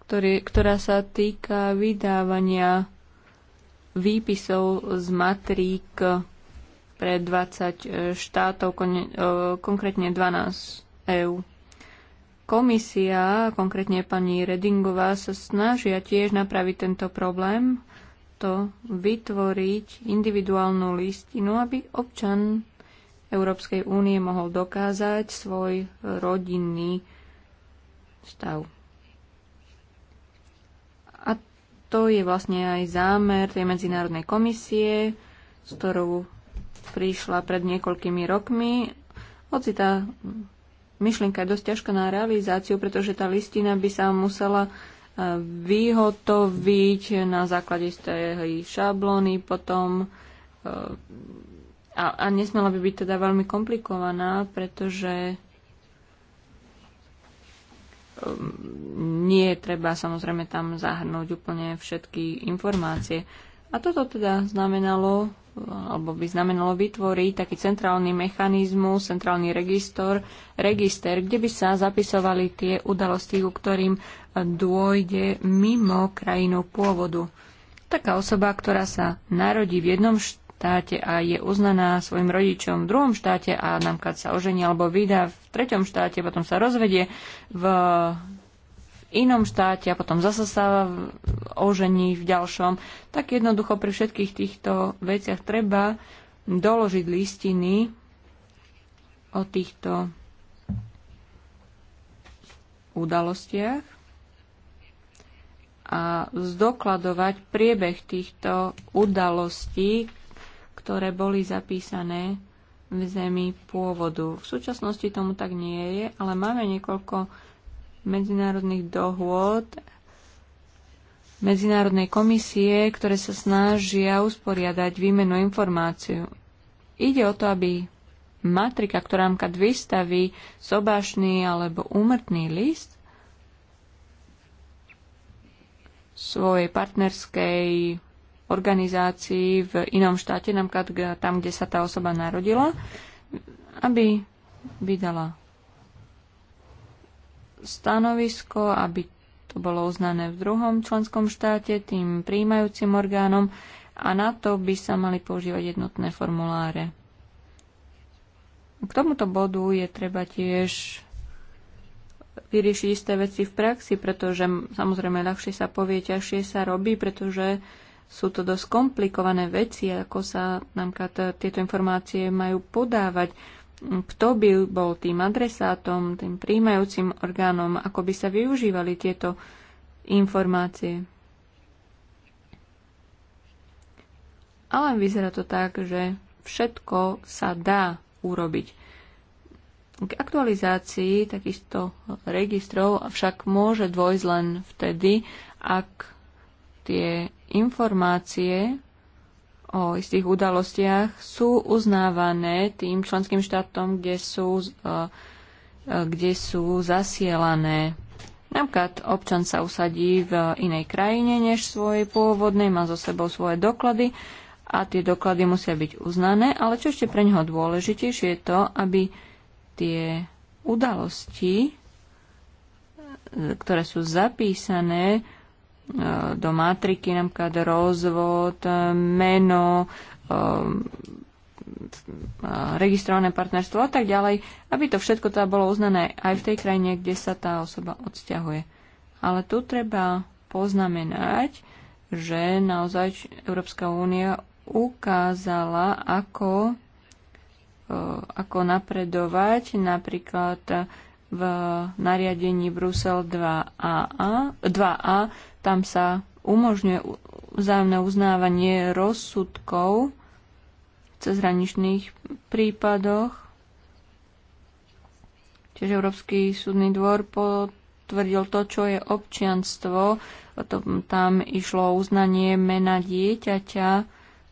ktorý, ktorá sa týka vydávania výpisov z matrík pre 20 e, štátov, e, konkrétne 12 EÚ. Komisia, konkrétne pani Redingová, sa snažia tiež napraviť tento problém to vytvoriť individuálnu listinu, aby občan Európskej únie mohol dokázať svoj rodinný stav. A to je vlastne aj zámer tej medzinárodnej komisie, s ktorou prišla pred niekoľkými rokmi. Hoci tá myšlienka je dosť ťažká na realizáciu, pretože tá listina by sa musela vyhotoviť na základe tej šablóny potom e, a, a nesmela by byť teda veľmi komplikovaná, pretože e, nie je treba samozrejme tam zahrnúť úplne všetky informácie. A toto teda znamenalo, alebo by znamenalo vytvoriť taký centrálny mechanizmus, centrálny registor, register, kde by sa zapisovali tie udalosti, ku ktorým dôjde mimo krajinu pôvodu. Taká osoba, ktorá sa narodí v jednom štáte a je uznaná svojim rodičom v druhom štáte a napríklad sa ožení alebo vydá v treťom štáte, potom sa rozvedie v inom štáte a potom zase sa ožení v ďalšom, tak jednoducho pri všetkých týchto veciach treba doložiť listiny o týchto udalostiach a zdokladovať priebeh týchto udalostí, ktoré boli zapísané v zemi pôvodu. V súčasnosti tomu tak nie je, ale máme niekoľko medzinárodných dohôd Medzinárodnej komisie, ktoré sa snažia usporiadať výmenu informáciu. Ide o to, aby matrika, ktorá kad vystaví sobášny alebo úmrtný list svojej partnerskej organizácii v inom štáte, napríklad tam, kde sa tá osoba narodila, aby vydala stanovisko, aby to bolo uznané v druhom členskom štáte tým príjmajúcim orgánom a na to by sa mali používať jednotné formuláre. K tomuto bodu je treba tiež vyriešiť isté veci v praxi, pretože samozrejme ľahšie sa povie, ťažšie sa robí, pretože sú to dosť komplikované veci, ako sa nám e, tieto informácie majú podávať kto by bol tým adresátom, tým príjmajúcim orgánom, ako by sa využívali tieto informácie. Ale vyzerá to tak, že všetko sa dá urobiť. K aktualizácii takýchto registrov však môže dôjsť len vtedy, ak tie informácie o istých udalostiach sú uznávané tým členským štátom, kde sú, e, e, kde sú zasielané. Napríklad občan sa usadí v inej krajine než svojej pôvodnej, má so sebou svoje doklady a tie doklady musia byť uznané, ale čo ešte pre neho dôležitejšie je to, aby tie udalosti, e, ktoré sú zapísané do matriky, napríklad rozvod, meno, um, registrované partnerstvo a tak ďalej, aby to všetko teda bolo uznané aj v tej krajine, kde sa tá osoba odsťahuje. Ale tu treba poznamenať, že naozaj Európska únia ukázala, ako, uh, ako napredovať napríklad v nariadení Brusel 2a, 2a tam sa umožňuje vzájomné uznávanie rozsudkov v cezhraničných prípadoch. Čiže Európsky súdny dvor potvrdil to, čo je občianstvo. Tam išlo o uznanie mena dieťaťa,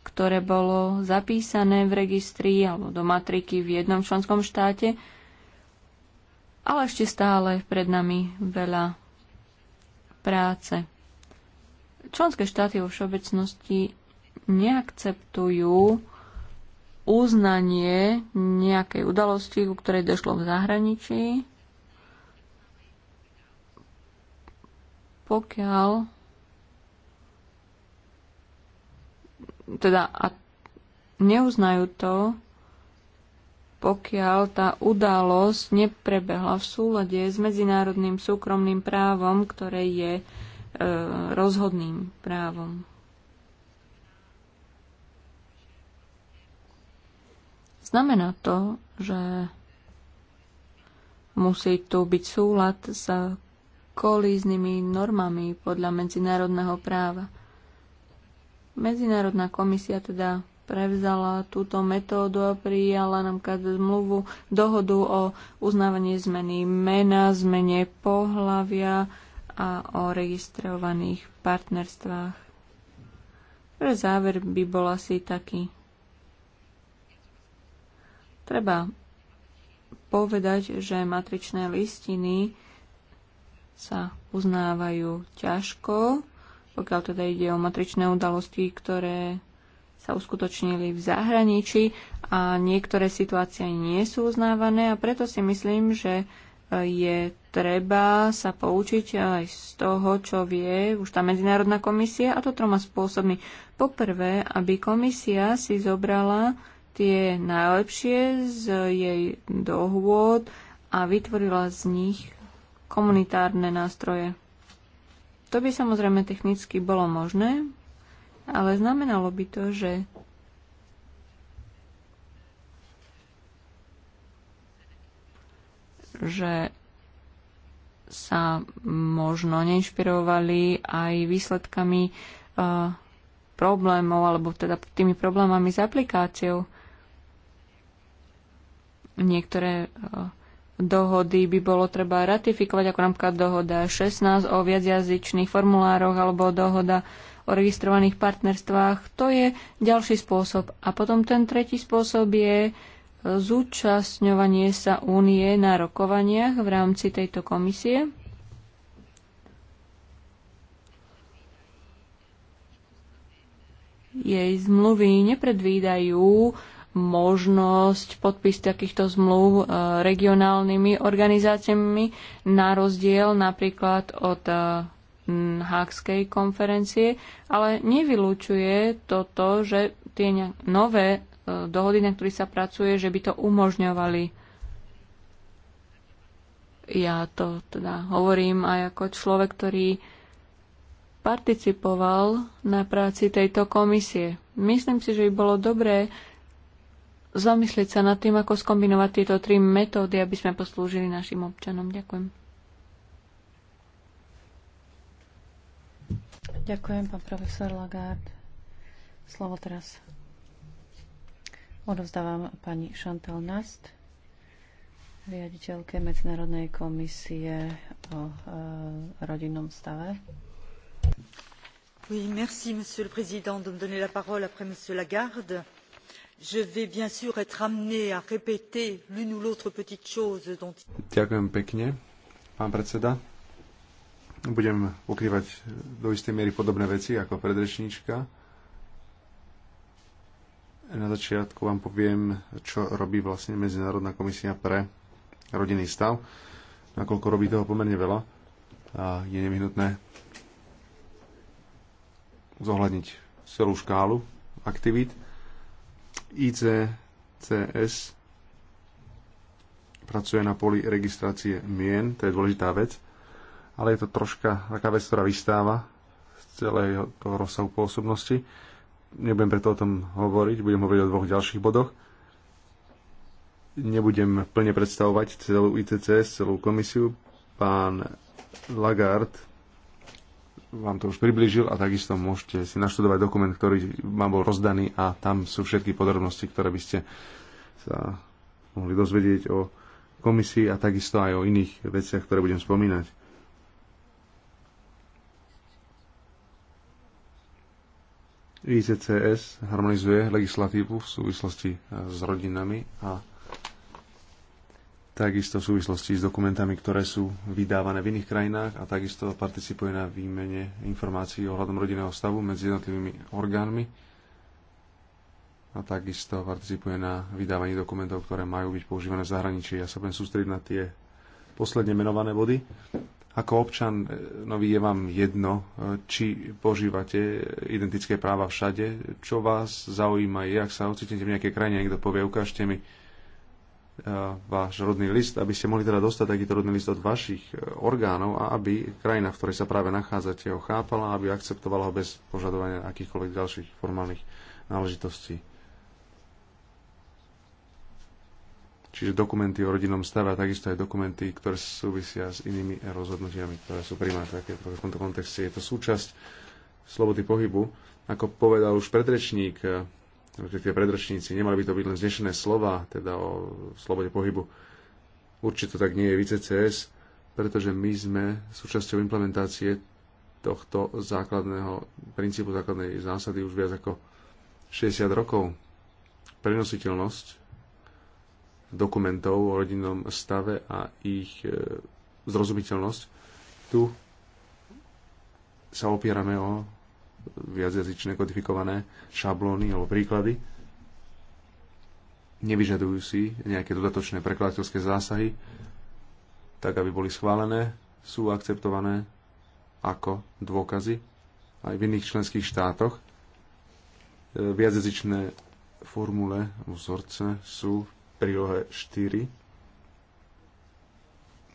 ktoré bolo zapísané v registri alebo do matriky v jednom členskom štáte, ale ešte stále pred nami veľa práce. Členské štáty vo všeobecnosti neakceptujú uznanie nejakej udalosti, ku ktorej došlo v zahraničí, pokiaľ teda a neuznajú to, pokiaľ tá udalosť neprebehla v súlade s medzinárodným súkromným právom, ktoré je E, rozhodným právom. Znamená to, že musí tu byť súlad s kolíznymi normami podľa medzinárodného práva. Medzinárodná komisia teda prevzala túto metódu a prijala nám zmluvu dohodu o uznávaní zmeny mena, zmene pohlavia, a o registrovaných partnerstvách. Pre záver by bol asi taký. Treba povedať, že matričné listiny sa uznávajú ťažko, pokiaľ teda ide o matričné udalosti, ktoré sa uskutočnili v zahraničí a niektoré situácie nie sú uznávané a preto si myslím, že je treba sa poučiť aj z toho, čo vie už tá medzinárodná komisia a to troma spôsobmi. Poprvé, aby komisia si zobrala tie najlepšie z jej dohôd a vytvorila z nich komunitárne nástroje. To by samozrejme technicky bolo možné, ale znamenalo by to, že že sa možno neinšpirovali aj výsledkami uh, problémov, alebo teda tými problémami s aplikáciou. Niektoré uh, dohody by bolo treba ratifikovať, ako napríklad dohoda 16 o viacjazyčných formulároch alebo dohoda o registrovaných partnerstvách. To je ďalší spôsob. A potom ten tretí spôsob je uh, zúčastňovanie sa únie na rokovaniach v rámci tejto komisie. Jej zmluvy nepredvídajú možnosť podpis takýchto zmluv eh, regionálnymi organizáciami na rozdiel napríklad od eh, Hákskej konferencie, ale nevylučuje toto, že tie nové dohody, na ktorých sa pracuje, že by to umožňovali. Ja to teda hovorím aj ako človek, ktorý participoval na práci tejto komisie. Myslím si, že by bolo dobré zamyslieť sa nad tým, ako skombinovať tieto tri metódy, aby sme poslúžili našim občanom. Ďakujem. Ďakujem, pán profesor Lagarde. Slovo teraz Odovzdávam pani Chantal Nast, riaditeľke Medzinárodnej komisie o e, rodinnom stave. Oui, merci, Monsieur le Président, de me donner la parole après Monsieur Lagarde je vais bien sûr être amené à répéter l'une ou l'autre petite chose dont... Ďakujem pekne, pán predseda. Budem pokrývať do istej miery podobné veci ako predrečníčka. Na začiatku vám poviem, čo robí vlastne Medzinárodná komisia pre rodinný stav, nakoľko robí toho pomerne veľa a je nevyhnutné zohľadniť celú škálu aktivít. ICCS pracuje na poli registrácie mien, to je dôležitá vec, ale je to troška taká vec, ktorá vystáva z celého toho rozsahu pôsobnosti. Po Nebudem preto o tom hovoriť, budem hovoriť o dvoch ďalších bodoch. Nebudem plne predstavovať celú ITCS, celú komisiu. Pán Lagarde vám to už priblížil a takisto môžete si naštudovať dokument, ktorý vám bol rozdaný a tam sú všetky podrobnosti, ktoré by ste sa mohli dozvedieť o komisii a takisto aj o iných veciach, ktoré budem spomínať. ICCS harmonizuje legislatívu v súvislosti eh, s rodinami a takisto v súvislosti s dokumentami, ktoré sú vydávané v iných krajinách a takisto participuje na výmene informácií ohľadom rodinného stavu medzi jednotlivými orgánmi a takisto participuje na vydávaní dokumentov, ktoré majú byť používané v zahraničí. Ja sa budem sústrediť na tie posledne menované body ako občan e, nový je vám jedno, e, či požívate identické práva všade. Čo vás zaujíma je, ak sa ocitnete v nejakej krajine, niekto povie, ukážte mi e, váš rodný list, aby ste mohli teda dostať takýto rodný list od vašich orgánov a aby krajina, v ktorej sa práve nachádzate, ho chápala, aby akceptovala ho bez požadovania akýchkoľvek ďalších formálnych náležitostí. Čiže dokumenty o rodinnom stave a takisto aj dokumenty, ktoré súvisia s inými rozhodnutiami, ktoré sú také. V tomto kontexte je to súčasť slobody pohybu. Ako povedal už predrečník, respektíve predrečníci, nemali by to byť len znešené slova, teda o slobode pohybu. Určite to tak nie je v ICCS, pretože my sme súčasťou implementácie tohto základného princípu, základnej zásady už viac ako 60 rokov. Prenositeľnosť dokumentov o rodinnom stave a ich e, zrozumiteľnosť. Tu sa opierame o viacjazyčné kodifikované šablóny alebo príklady. Nevyžadujú si nejaké dodatočné prekladateľské zásahy, tak aby boli schválené, sú akceptované ako dôkazy aj v iných členských štátoch. E, viacjazyčné formule, vzorce sú prílohe 4.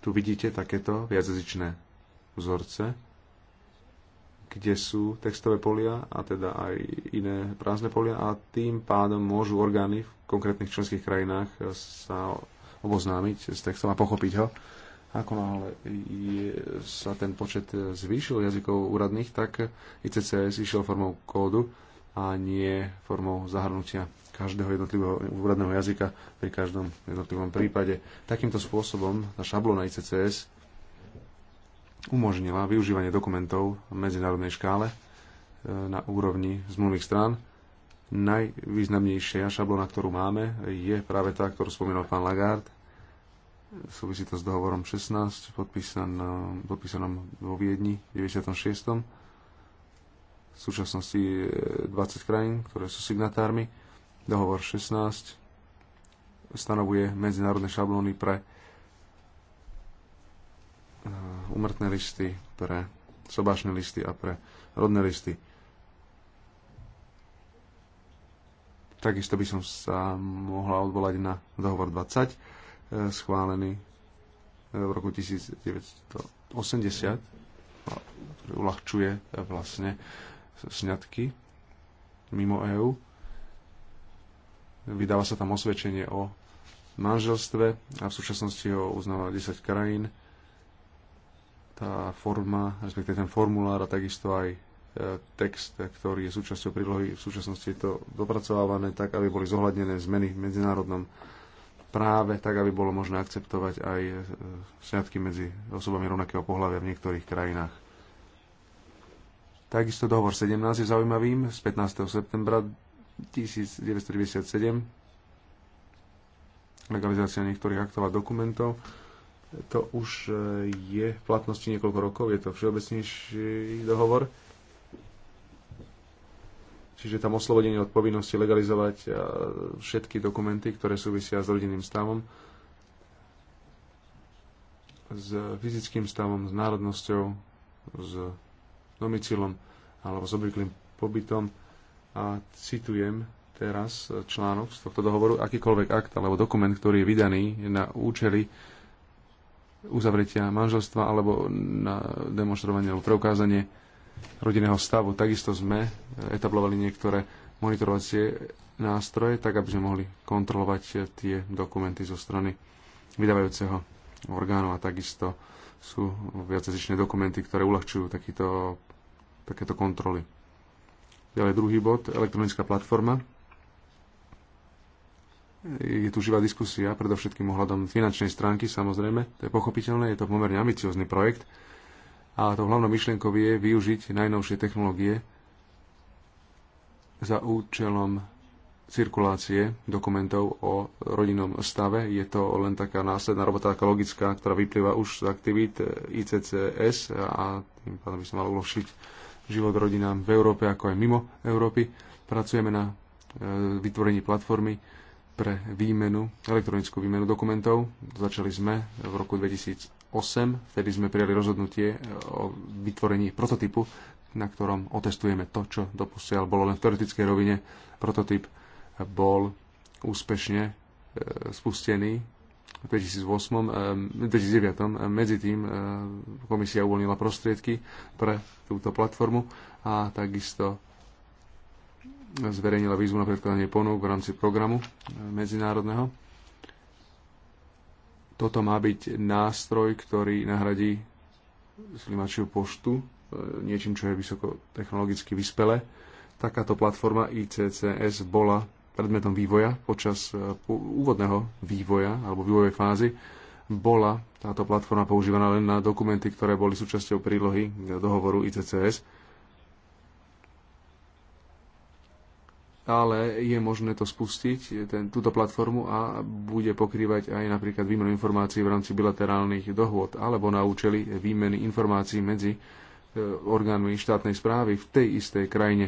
Tu vidíte takéto viacjazyčné vzorce, kde sú textové polia a teda aj iné prázdne polia a tým pádom môžu orgány v konkrétnych členských krajinách sa oboznámiť s textom a pochopiť ho. Ako náhle je, sa ten počet zvýšil jazykov úradných, tak ICCS išiel formou kódu a nie formou zahrnutia každého jednotlivého úradného jazyka pri každom jednotlivom prípade. Takýmto spôsobom tá šablona ICCS umožnila využívanie dokumentov v medzinárodnej škále e, na úrovni zmluvných strán. Najvýznamnejšia šablona, ktorú máme, je práve tá, ktorú spomínal pán Lagarde. Súvisí to s dohovorom 16, podpísanom, podpísanom vo Viedni v 96. V súčasnosti 20 krajín, ktoré sú signatármi Dohovor 16 stanovuje medzinárodné šablóny pre eh, umrtné listy, pre sobášne listy a pre rodné listy. Takisto by som sa mohla odvolať na dohovor 20, eh, schválený v roku 1980. No, uľahčuje eh, vlastne sňatky mimo EÚ vydáva sa tam osvedčenie o manželstve a v súčasnosti ho uznáva 10 krajín. Tá forma, respektíve ten formulár a takisto aj e, text, ktorý je súčasťou prílohy, v súčasnosti je to dopracovávané tak, aby boli zohľadnené zmeny v medzinárodnom práve, tak aby bolo možné akceptovať aj e, sňatky medzi osobami rovnakého pohľavia v niektorých krajinách. Takisto dohovor 17 je zaujímavým z 15. septembra 1997 legalizácia niektorých aktov a dokumentov. To už e, je v platnosti niekoľko rokov, je to všeobecnejší dohovor. Čiže tam oslobodenie od povinnosti legalizovať e, všetky dokumenty, ktoré súvisia s rodinným stavom, s fyzickým stavom, s národnosťou, s domicilom alebo s obvyklým pobytom a citujem teraz článok z tohto dohovoru, akýkoľvek akt alebo dokument, ktorý je vydaný na účely uzavretia manželstva alebo na demonstrovanie alebo preukázanie rodinného stavu. Takisto sme etablovali niektoré monitorovacie nástroje, tak aby sme mohli kontrolovať tie dokumenty zo strany vydávajúceho orgánu a takisto sú viacezičné dokumenty, ktoré uľahčujú takýto, takéto kontroly. Ďalej druhý bod, elektronická platforma. Je tu živá diskusia, predovšetkým ohľadom finančnej stránky, samozrejme. To je pochopiteľné, je to pomerne ambiciózny projekt. A to hlavnou myšlienkou je využiť najnovšie technológie za účelom cirkulácie dokumentov o rodinnom stave. Je to len taká následná robota, taká logická, ktorá vyplýva už z aktivít ICCS a tým pádom by sa mal uložiť život rodinám v Európe ako aj mimo Európy. Pracujeme na e, vytvorení platformy pre výmenu, elektronickú výmenu dokumentov. Začali sme v roku 2008, vtedy sme prijali rozhodnutie e, o vytvorení prototypu, na ktorom otestujeme to, čo doposiaľ bolo len v teoretickej rovine. Prototyp bol úspešne e, spustený v 2009. Medzi tým komisia uvoľnila prostriedky pre túto platformu a takisto zverejnila výzvu na predkladanie ponúk v rámci programu medzinárodného. Toto má byť nástroj, ktorý nahradí slimačiu poštu niečím, čo je vysokotechnologicky vyspele. Takáto platforma ICCS bola predmetom vývoja počas e, úvodného vývoja alebo vývojovej fázy bola táto platforma používaná len na dokumenty, ktoré boli súčasťou prílohy dohovoru ICCS. Ale je možné to spustiť, ten, túto platformu, a bude pokrývať aj napríklad výmenu informácií v rámci bilaterálnych dohôd alebo na účely výmeny informácií medzi e, orgánmi štátnej správy v tej istej krajine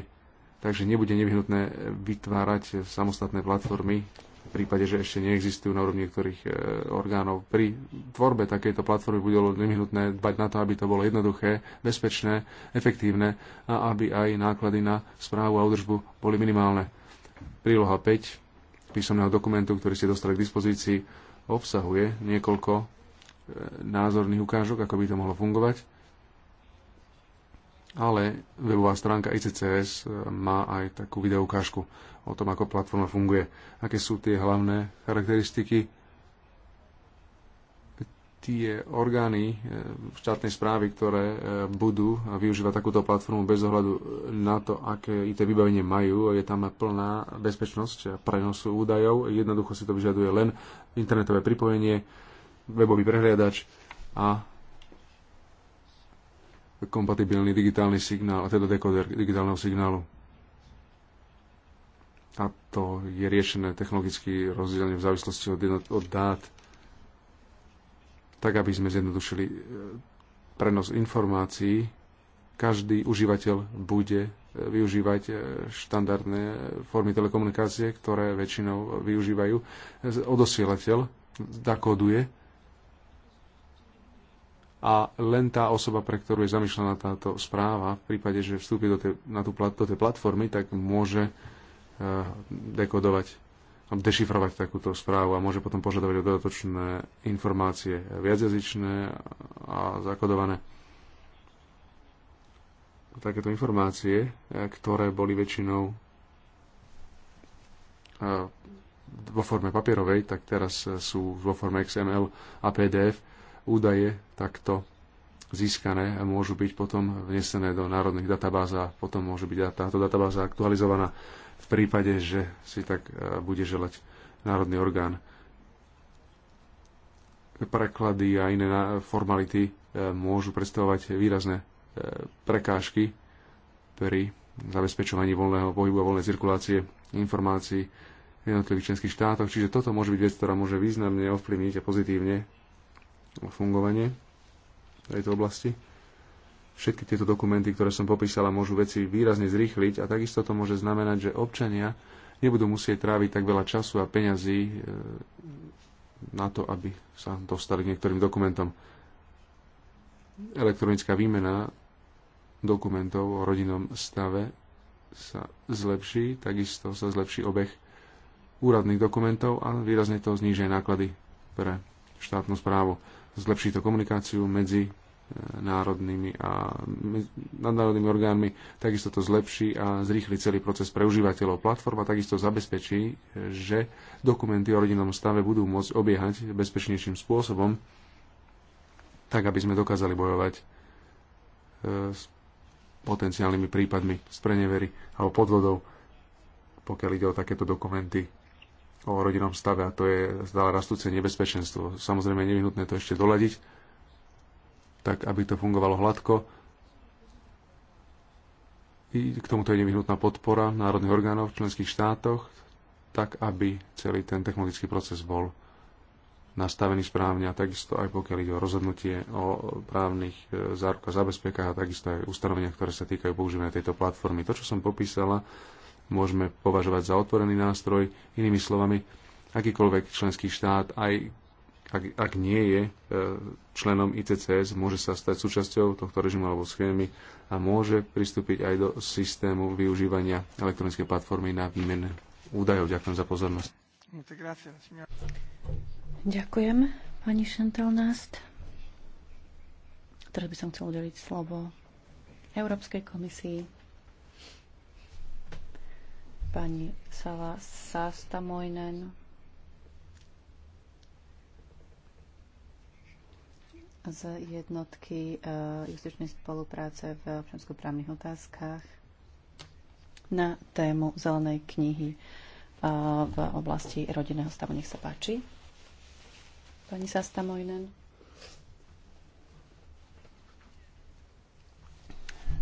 takže nebude nevyhnutné vytvárať samostatné platformy v prípade, že ešte neexistujú na úrovni niektorých e, orgánov. Pri tvorbe takejto platformy bude nevyhnutné dbať na to, aby to bolo jednoduché, bezpečné, efektívne a aby aj náklady na správu a údržbu boli minimálne. Príloha 5 písomného dokumentu, ktorý ste dostali k dispozícii, obsahuje niekoľko e, názorných ukážok, ako by to mohlo fungovať ale webová stránka ICCS e, má aj takú videoukážku o tom, ako platforma funguje, aké sú tie hlavné charakteristiky. Tie orgány e, štátnej správy, ktoré e, budú využívať takúto platformu bez ohľadu na to, aké IT vybavenie majú, je tam plná bezpečnosť prenosu údajov. Jednoducho si to vyžaduje len internetové pripojenie, webový prehliadač a kompatibilný digitálny signál, teda dekoder digitálneho signálu. A to je riešené technologicky rozdielne v závislosti od, jednot- od dát, tak aby sme zjednodušili e, prenos informácií. Každý užívateľ bude e, využívať e, štandardné formy telekomunikácie, ktoré väčšinou využívajú. Odosielateľ zakóduje a len tá osoba, pre ktorú je zamýšľaná táto správa, v prípade, že vstúpi do tej, na tú, do tej platformy, tak môže e, dekodovať a dešifrovať takúto správu a môže potom požadovať o dodatočné informácie viacjazyčné a zakodované. Takéto informácie, e, ktoré boli väčšinou e, vo forme papierovej, tak teraz sú vo forme XML a PDF údaje takto získané môžu byť potom vnesené do národných databáz a potom môže byť táto databáza aktualizovaná v prípade, že si tak e, bude želať národný orgán. Preklady a iné formality e, môžu predstavovať výrazné e, prekážky pri zabezpečovaní voľného pohybu a voľnej cirkulácie informácií v jednotlivých členských štátoch. Čiže toto môže byť vec, ktorá môže významne ovplyvniť a pozitívne fungovanie tejto oblasti. Všetky tieto dokumenty, ktoré som popísala, môžu veci výrazne zrýchliť a takisto to môže znamenať, že občania nebudú musieť tráviť tak veľa času a peňazí e, na to, aby sa dostali k niektorým dokumentom. Elektronická výmena dokumentov o rodinnom stave sa zlepší, takisto sa zlepší obeh úradných dokumentov a výrazne to zníži náklady pre štátnu správu zlepší to komunikáciu medzi e, národnými a nadnárodnými orgánmi, takisto to zlepší a zrýchli celý proces pre užívateľov. Platforma takisto zabezpečí, e, že dokumenty o rodinnom stave budú môcť obiehať bezpečnejším spôsobom, tak aby sme dokázali bojovať e, s potenciálnymi prípadmi sprenevery alebo podvodov, pokiaľ ide o takéto dokumenty o rodinnom stave a to je stále rastúce nebezpečenstvo. Samozrejme je nevyhnutné to ešte doladiť, tak aby to fungovalo hladko. I k tomuto je nevyhnutná podpora národných orgánov v členských štátoch, tak aby celý ten technologický proces bol nastavený správne a takisto aj pokiaľ ide o rozhodnutie o právnych e, zárukách, zabezpekách a takisto aj ustanovenia, ktoré sa týkajú používania tejto platformy. To, čo som popísala, môžeme považovať za otvorený nástroj. Inými slovami, akýkoľvek členský štát, aj ak, ak nie je e, členom ICCS, môže sa stať súčasťou tohto režimu alebo schémy a môže pristúpiť aj do systému využívania elektronickej platformy na výmene údajov. Ďakujem za pozornosť. Ďakujem, pani Nast. Teraz by som chcel udeliť slovo Európskej komisii pani Sala Sastamoinen. z jednotky e, justičnej spolupráce v občanskoprávnych otázkach na tému zelenej knihy e, v oblasti rodinného stavu. Nech sa páči. Pani Mojnen.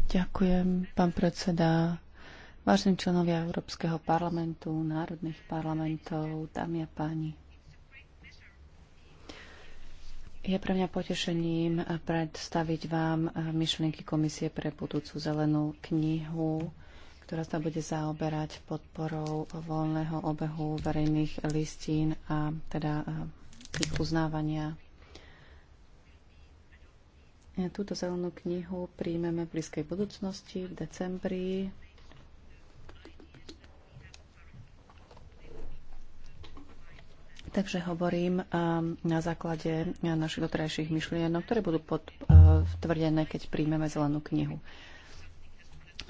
Ďakujem, pán predseda. Vážení členovia Európskeho parlamentu, národných parlamentov, dámy a páni. Je pre mňa potešením predstaviť vám myšlienky Komisie pre budúcu zelenú knihu, ktorá sa bude zaoberať podporou voľného obehu verejných listín a teda eh, ich uznávania. Túto zelenú knihu príjmeme v blízkej budúcnosti v decembri Takže hovorím um, na základe našich doterajších myšlienok, ktoré budú potvrdené, uh, keď príjmeme zelenú knihu.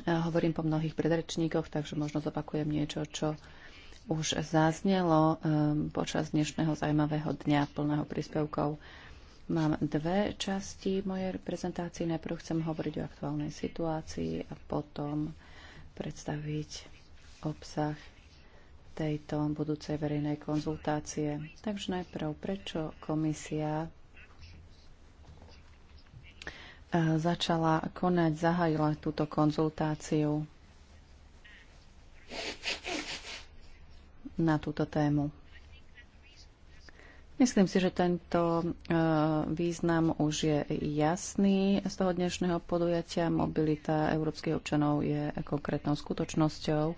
Uh, hovorím po mnohých predrečníkoch, takže možno zopakujem niečo, čo už zaznelo um, počas dnešného zaujímavého dňa plného príspevkov. Mám dve časti mojej prezentácie. Najprv chcem hovoriť o aktuálnej situácii a potom predstaviť obsah tejto budúcej verejnej konzultácie. Takže najprv, prečo komisia e, začala konať, zahájila túto konzultáciu na túto tému. Myslím si, že tento e, význam už je jasný z toho dnešného podujatia. Mobilita európskych občanov je konkrétnou skutočnosťou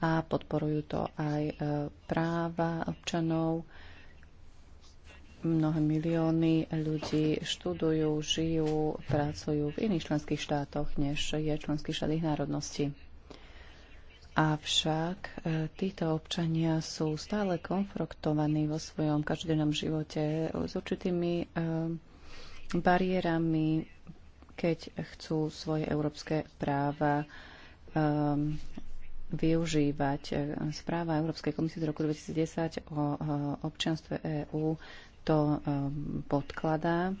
a podporujú to aj e, práva občanov. Mnohé milióny ľudí študujú, žijú, pracujú v iných členských štátoch, než je členský štát ich národnosti. Avšak e, títo občania sú stále konfrontovaní vo svojom každodennom živote s určitými e, bariérami, keď chcú svoje európske práva využívať. E, správa Európskej komisie z roku 2010 o e, občanstve EÚ to e, podkladá.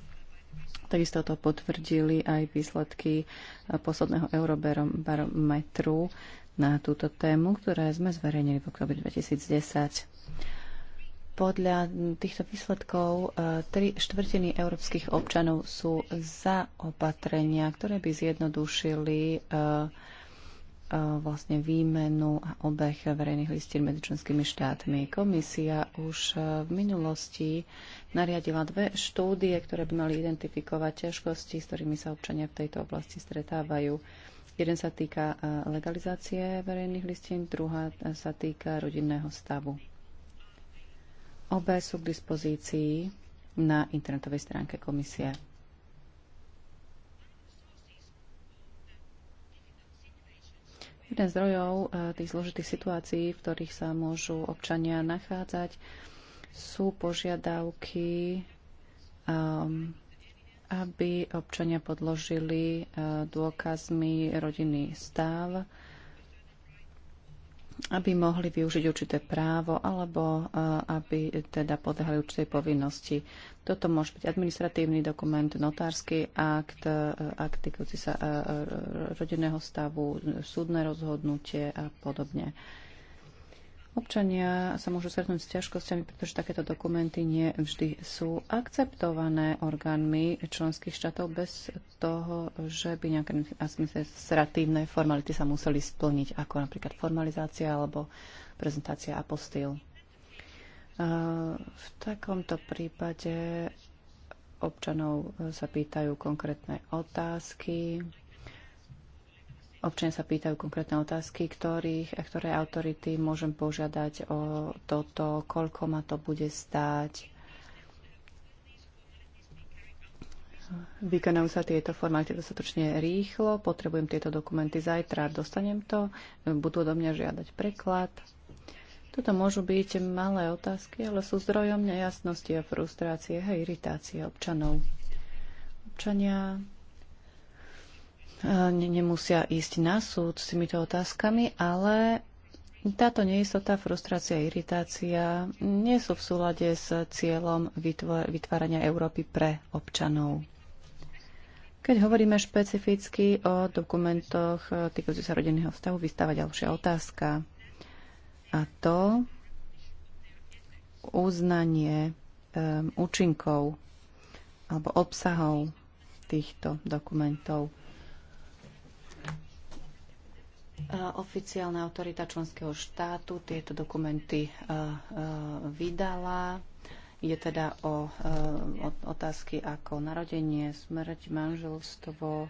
Takisto to potvrdili aj výsledky posledného eurobarometru na túto tému, ktoré sme zverejnili v oktobri 2010 podľa týchto výsledkov tri štvrtiny európskych občanov sú za opatrenia, ktoré by zjednodušili uh, vlastne výmenu a obeh verejných listín medzi členskými štátmi. Komisia už e, v minulosti nariadila dve štúdie, ktoré by mali identifikovať ťažkosti, s ktorými sa občania v tejto oblasti stretávajú. Jeden sa týka e, legalizácie verejných listín, druhá e, sa týka rodinného stavu. Obe sú k dispozícii na internetovej stránke komisie. Jeden z zdrojov e, tých zložitých situácií, v ktorých sa môžu občania nachádzať, sú požiadavky, ehm, aby občania podložili e, dôkazmi rodinný stav, aby mohli využiť určité právo alebo e, aby teda podľahali určitej povinnosti. Toto môže byť administratívny dokument, notársky akt, e, akt týkajúci sa e, rodinného stavu, súdne rozhodnutie a podobne. Občania sa môžu stretnúť s ťažkosťami, pretože takéto dokumenty nie vždy sú akceptované orgánmi členských štátov bez toho, že by nejaké administratívne formality sa museli splniť, ako napríklad formalizácia alebo prezentácia apostil. V takomto prípade občanov sa pýtajú konkrétne otázky, Občania sa pýtajú konkrétne otázky, ktorých, a ktoré autority môžem požiadať o toto, koľko ma to bude stáť. Vykonajú sa tieto formáty dostatočne rýchlo, potrebujem tieto dokumenty zajtra, dostanem to, budú do mňa žiadať preklad. Toto môžu byť malé otázky, ale sú zdrojom nejasnosti a frustrácie a iritácie občanov. Občania Eh, nemusia ísť na súd s týmito otázkami, ale táto neistota, frustrácia, iritácia nie sú v súlade s cieľom vytvárania Európy pre občanov. Keď hovoríme špecificky o dokumentoch eh, týkajúcich sa rodinného vztahu, vystáva ďalšia otázka. A to uznanie um, účinkov alebo obsahov týchto dokumentov. Oficiálna autorita členského štátu tieto dokumenty e, e, vydala. Je teda e, o otázky ako narodenie, smrť, manželstvo.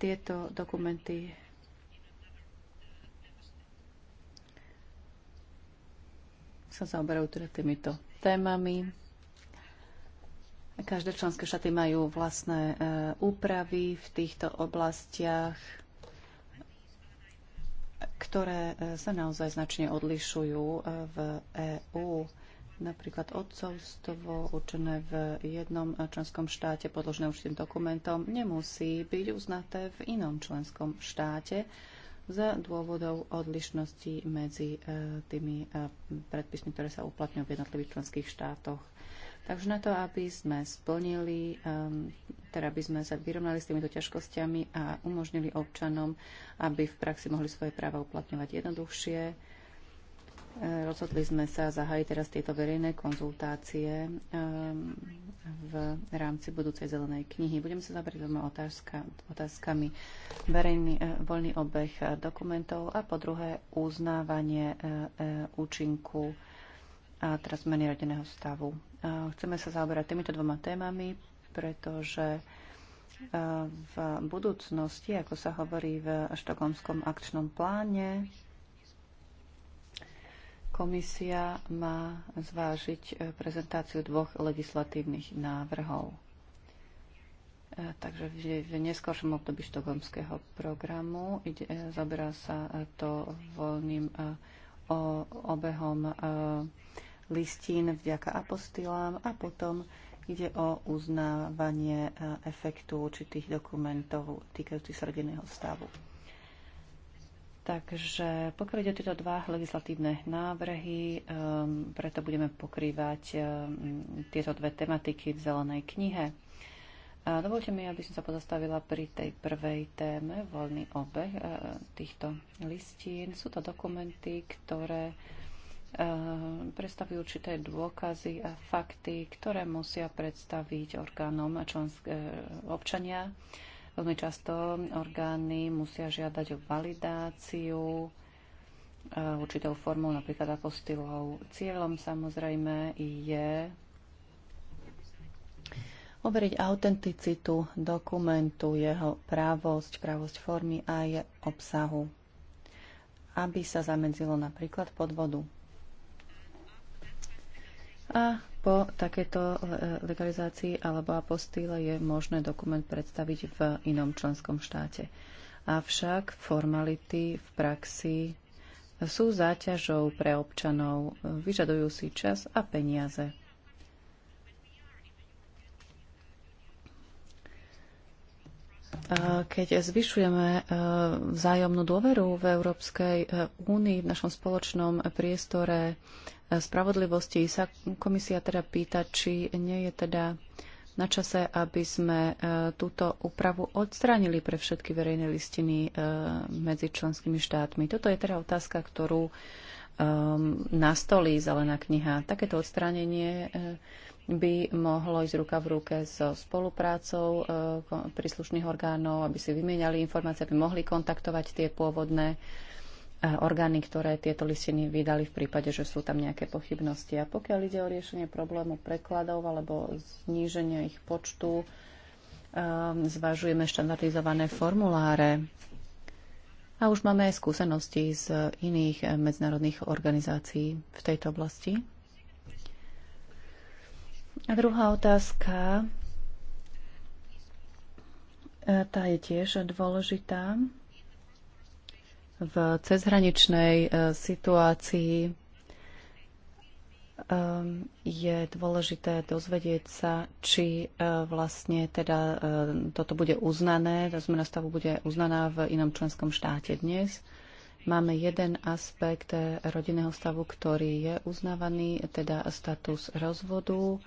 Tieto dokumenty sa zaoberajú teda týmito témami. Každé členské štáty majú vlastné e, úpravy v týchto oblastiach, ktoré e, sa naozaj značne odlišujú e, v EÚ. Napríklad odcovstvo určené v jednom členskom štáte podložené určitým dokumentom nemusí byť uznaté v inom členskom štáte za dôvodov odlišnosti medzi tými predpismi, ktoré sa uplatňujú v jednotlivých členských štátoch. Takže na to, aby sme splnili, ehm, teda aby sme sa vyrovnali s týmito ťažkosťami a umožnili občanom, aby v praxi mohli svoje práva uplatňovať jednoduchšie, ehm, rozhodli sme sa zahájiť teraz tieto verejné konzultácie ehm, v rámci budúcej zelenej knihy. Budeme sa zabrať dvoma otázka, otázkami verejný, e, voľný obeh e, dokumentov a po druhé uznávanie e, účinku a teraz zmeny rodinného stavu. Chceme sa zaoberať týmito dvoma témami, pretože e, v budúcnosti, ako sa hovorí v štokholmskom akčnom pláne, komisia má zvážiť e, prezentáciu dvoch legislatívnych návrhov. E, takže v neskôršom období štokholmského programu ide, zaberá sa to voľným obehom listín vďaka apostilám a potom ide o uznávanie e, efektu určitých dokumentov týkajúcich sa rodinného stavu. Takže pokiaľ ide o tieto dva legislatívne návrhy, um, preto budeme pokrývať um, tieto dve tematiky v zelenej knihe. A dovolte mi, aby som sa pozastavila pri tej prvej téme, voľný obeh e, týchto listín. Sú to dokumenty, ktoré Eh, predstaví určité dôkazy a fakty, ktoré musia predstaviť orgánom a členské eh, občania. Veľmi často orgány musia žiadať o validáciu eh, určitou formou, napríklad apostilou. Cieľom samozrejme je overiť autenticitu dokumentu, jeho právosť, právosť formy a aj obsahu, aby sa zamedzilo napríklad podvodu. A po takéto e, legalizácii alebo apostýle je možné dokument predstaviť v inom členskom štáte. Avšak formality v praxi sú záťažou pre občanov, vyžadujú si čas a peniaze. Keď zvyšujeme e, vzájomnú dôveru v Európskej e, únii, v našom spoločnom priestore, spravodlivosti sa komisia teda pýta, či nie je teda na čase, aby sme e, túto úpravu odstránili pre všetky verejné listiny e, medzi členskými štátmi. Toto je teda otázka, ktorú e, nastolí zelená kniha. Takéto odstránenie by mohlo ísť ruka v ruke so spoluprácou príslušných orgánov, aby si vymieniali informácie, aby mohli kontaktovať tie pôvodné orgány, ktoré tieto listiny vydali v prípade, že sú tam nejaké pochybnosti. A pokiaľ ide o riešenie problému prekladov alebo zníženia ich počtu, um, zvažujeme štandardizované formuláre. A už máme aj skúsenosti z iných medzinárodných organizácií v tejto oblasti. A druhá otázka, e, tá je tiež dôležitá v cezhraničnej e, situácii e, je dôležité dozvedieť sa, či e, vlastne teda toto bude uznané, tá zmena stavu bude uznaná v inom členskom štáte dnes. Máme jeden aspekt rodinného stavu, ktorý je uznávaný, teda status rozvodu.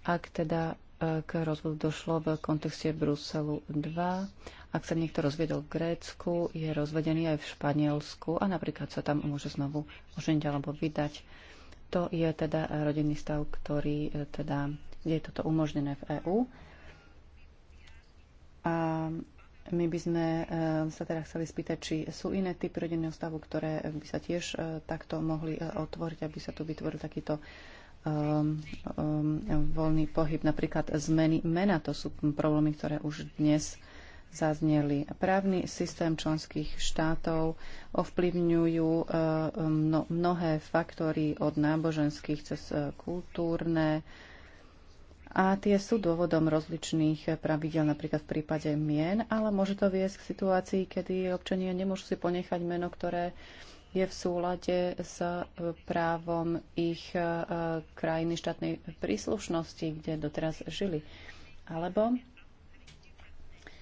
Ak teda k rozvodu došlo v kontexte Bruselu 2, ak sa niekto rozvedol v Grécku, je rozvedený aj v Španielsku a napríklad sa tam môže znovu oženiť alebo vydať. To je teda rodinný stav, ktorý e, teda, kde je toto umožnené v EÚ. A my by sme e, sa teda chceli spýtať, či sú iné typy rodinného stavu, ktoré by sa tiež e, takto mohli otvoriť, aby sa tu vytvoril takýto um, um, voľný pohyb. Napríklad zmeny mena, to sú problémy, ktoré už dnes zazneli. Právny systém členských štátov ovplyvňujú e, mnohé faktory od náboženských cez e, kultúrne a tie sú dôvodom rozličných pravidel, napríklad v prípade mien, ale môže to viesť k situácii, kedy občania nemôžu si ponechať meno, ktoré je v súlade s e, právom ich krajiny štátnej príslušnosti, kde doteraz žili. Alebo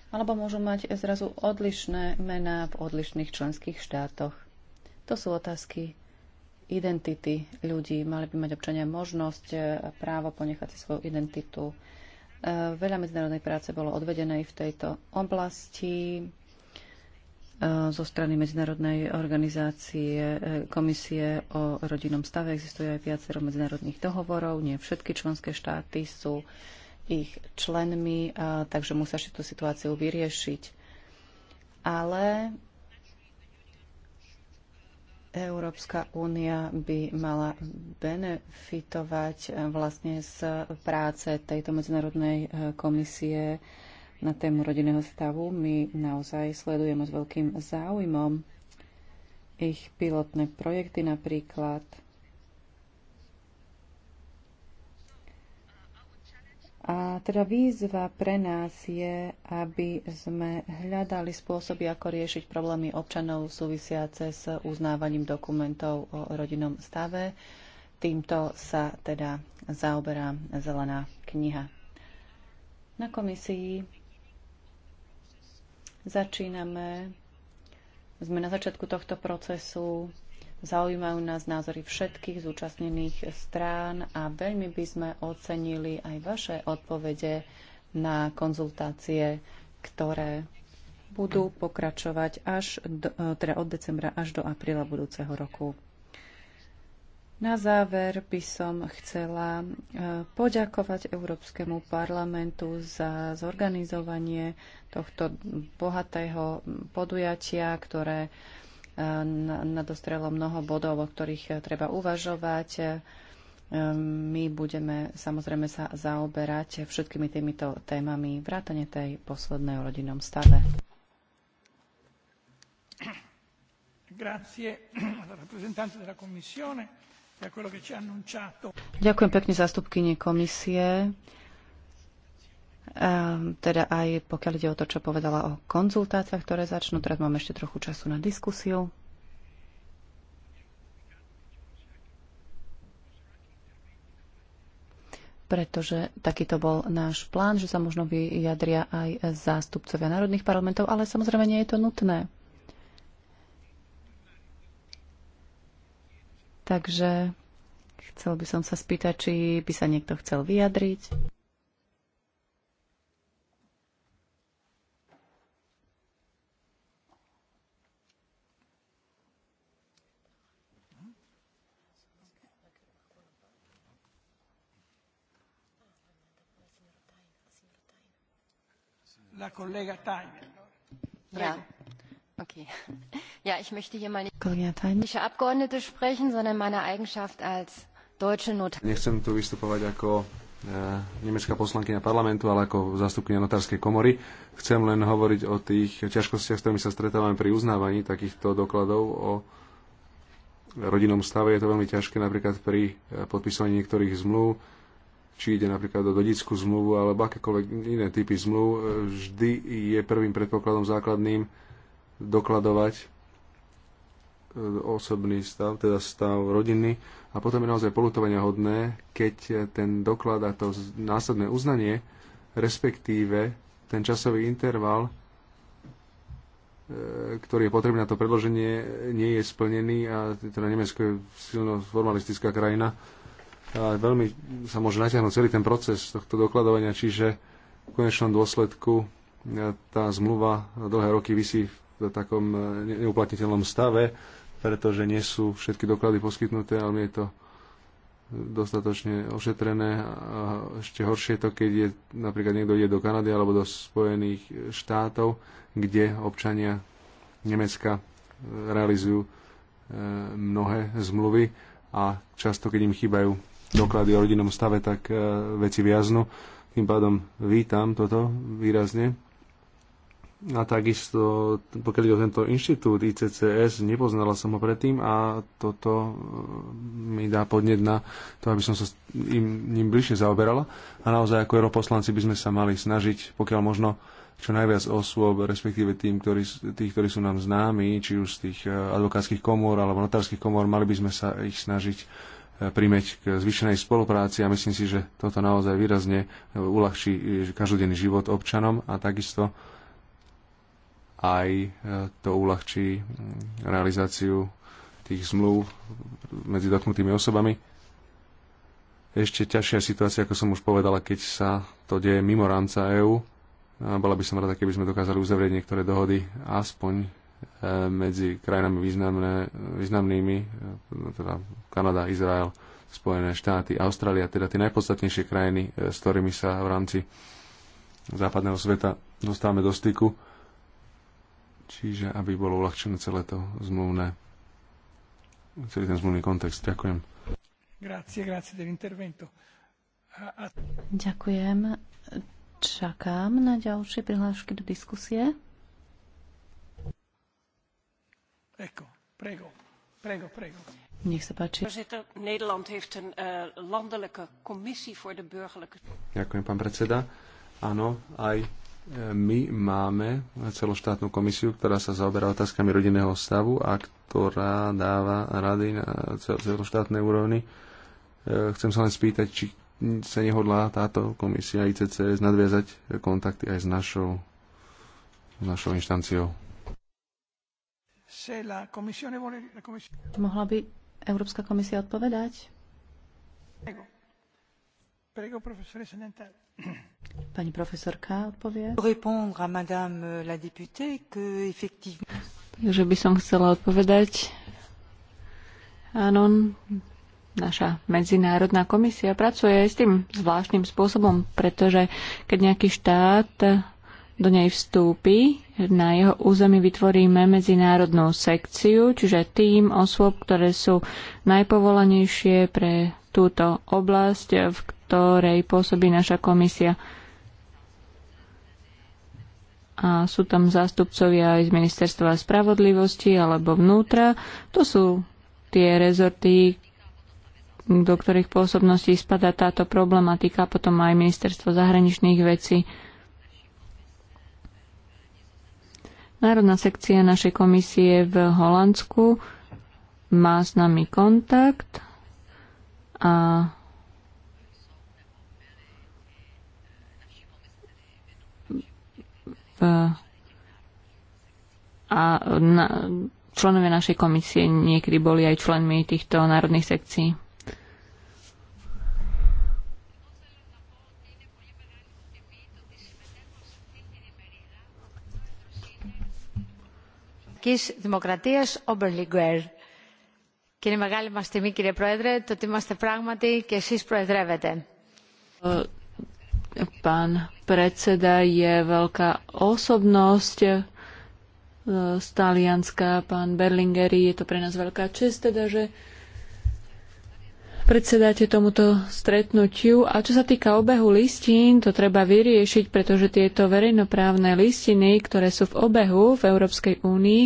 alebo môžu mať zrazu odlišné mená v odlišných členských štátoch. To sú otázky identity ľudí. Mali by mať občania možnosť a právo ponechať si svoju identitu. E, veľa medzinárodnej práce bolo odvedenej v tejto oblasti e, zo strany Medzinárodnej organizácie e, Komisie o rodinnom stave. Existuje aj viacero medzinárodných dohovorov. Nie všetky členské štáty sú ich členmi, e, takže musia si tú situáciu vyriešiť. Ale Európska únia by mala benefitovať e, vlastne z práce tejto medzinárodnej e, komisie na tému rodinného stavu. My naozaj sledujeme s veľkým záujmom ich pilotné projekty napríklad – A teda výzva pre nás je, aby sme hľadali spôsoby, ako riešiť problémy občanov súvisiace s uznávaním dokumentov o rodinnom stave. Týmto sa teda zaoberá zelená kniha. Na komisii začíname, sme na začiatku tohto procesu, Zaujímajú nás názory všetkých zúčastnených strán a veľmi by sme ocenili aj vaše odpovede na konzultácie, ktoré budú pokračovať až do, e, teda od decembra až do apríla budúceho roku. Na záver by som chcela e, poďakovať Európskemu parlamentu za zorganizovanie tohto bohatého podujatia, ktoré nadostrelo mnoho bodov, o ktorých eh, treba uvažovať. Eh, my budeme samozrejme sa zaoberať všetkými týmito témami vrátane tej poslednej o rodinnom stave. E Ďakujem pekne zástupkyni komisie. Ehm, teda aj pokiaľ ide o to, čo povedala o konzultáciách, ktoré začnú. Teraz máme ešte trochu času na diskusiu. pretože takýto bol náš plán, že sa možno vyjadria aj zástupcovia národných parlamentov, ale samozrejme nie je to nutné. Takže chcel by som sa spýtať, či by sa niekto chcel vyjadriť. <laughs> ich möchte hier mal nicht als Abgeordnete sprechen, sondern in meiner Eigenschaft als deutsche Notarin. Nechcem tu vystupovať ako e, nemecká poslankyňa parlamentu, ale ako zástupkynia notárskej komory. Chcem len hovoriť o tých ťažkostiach, s ktorými sa stretávame pri uznávaní takýchto dokladov o rodinnom stave. Je to veľmi ťažké napríklad pri e, podpisovaní niektorých zmluv či ide napríklad o dodickú zmluvu alebo akékoľvek iné typy zmluv, e, vždy je prvým predpokladom základným dokladovať e, osobný stav, teda stav rodiny a potom je naozaj polutovania hodné, keď ten doklad a to následné uznanie, respektíve ten časový interval, e, ktorý je potrebný na to predloženie, nie je splnený a teda Nemecko je silno formalistická krajina, veľmi sa môže natiahnuť celý ten proces tohto dokladovania, čiže v konečnom dôsledku e, tá zmluva dlhé roky vysí v takom e, neuplatniteľnom stave, pretože nie sú všetky doklady poskytnuté, ale nie je to e, dostatočne ošetrené. A ešte horšie je to, keď je, napríklad niekto ide do Kanady alebo do Spojených štátov, kde občania Nemecka realizujú mnohé zmluvy a často, keď im chýbajú doklady o rodinnom stave, tak e, veci viaznú. Tým pádom vítam toto výrazne. A takisto, pokiaľ ide o tento inštitút ICCS, nepoznala som ho predtým a toto e, mi dá podneť na to, aby som sa im, ním bližšie zaoberala. A naozaj ako europoslanci by sme sa mali snažiť, pokiaľ možno čo najviac osôb, respektíve tým, ktorí, tých, ktorí sú nám známi, či už z tých e, advokátskych komôr alebo notárskych komôr, mali by sme sa ich snažiť primeť k zvyšenej spolupráci a myslím si, že toto naozaj výrazne uľahčí každodenný život občanom a takisto aj e, to uľahčí realizáciu tých zmluv medzi dotknutými osobami. Ešte ťažšia situácia, ako som už povedala, keď sa to deje mimo rámca EÚ. Bola by som rada, keby sme dokázali uzavrieť niektoré dohody aspoň medzi krajinami významné, významnými, e, teda Kanada, Izrael, Spojené štáty, Austrália, teda tie najpodstatnejšie krajiny, e, s ktorými sa v rámci západného sveta dostávame do styku. Čiže aby bolo uľahčené celé to zmluvné, celý ten zmluvný kontext. Ďakujem. Grazie, grazie A, A... Ďakujem. Čakám na ďalšie prihlášky do diskusie. Nederland heeft een eh, landelijke commissie voor de burgerlijke... Ďakujem, pán predseda. Áno, aj eh, my máme celoštátnu komisiu, ktorá sa zaoberá otázkami rodinného stavu a ktorá dáva rady na celoštátnej úrovni. Eh, chcem sa len spýtať, či sa nehodlá táto komisia ICCS nadviazať kontakty aj s našou, s našou inštanciou. Mohla by Európska komisia odpovedať? Pani profesorka odpovie. Takže by som chcela odpovedať. Áno, naša medzinárodná komisia pracuje aj s tým zvláštnym spôsobom, pretože keď nejaký štát do nej vstúpi, na jeho území vytvoríme medzinárodnú sekciu, čiže tým osôb, ktoré sú najpovolanejšie pre túto oblasť, v ktorej pôsobí naša komisia. A sú tam zástupcovia aj z Ministerstva spravodlivosti alebo vnútra. To sú tie rezorty, do ktorých pôsobností spadá táto problematika, potom aj Ministerstvo zahraničných vecí. Národná sekcia našej komisie v Holandsku má s nami kontakt a a na, členovia našej komisie niekedy boli aj členmi týchto národných sekcií. Δημοκρατικής Δημοκρατίας Ομπερλιγκουέρ. Κύριε μεγάλη μας τιμή κύριε Πρόεδρε, το ότι είμαστε πράγματι και εσείς προεδρεύετε. Pán predseda je veľká osobnosť z Talianska, pán Berlingeri, je to pre nás veľká čest, teda, že predsedáte tomuto stretnutiu. A čo sa týka obehu listín, to treba vyriešiť, pretože tieto verejnoprávne listiny, ktoré sú v obehu v Európskej únii,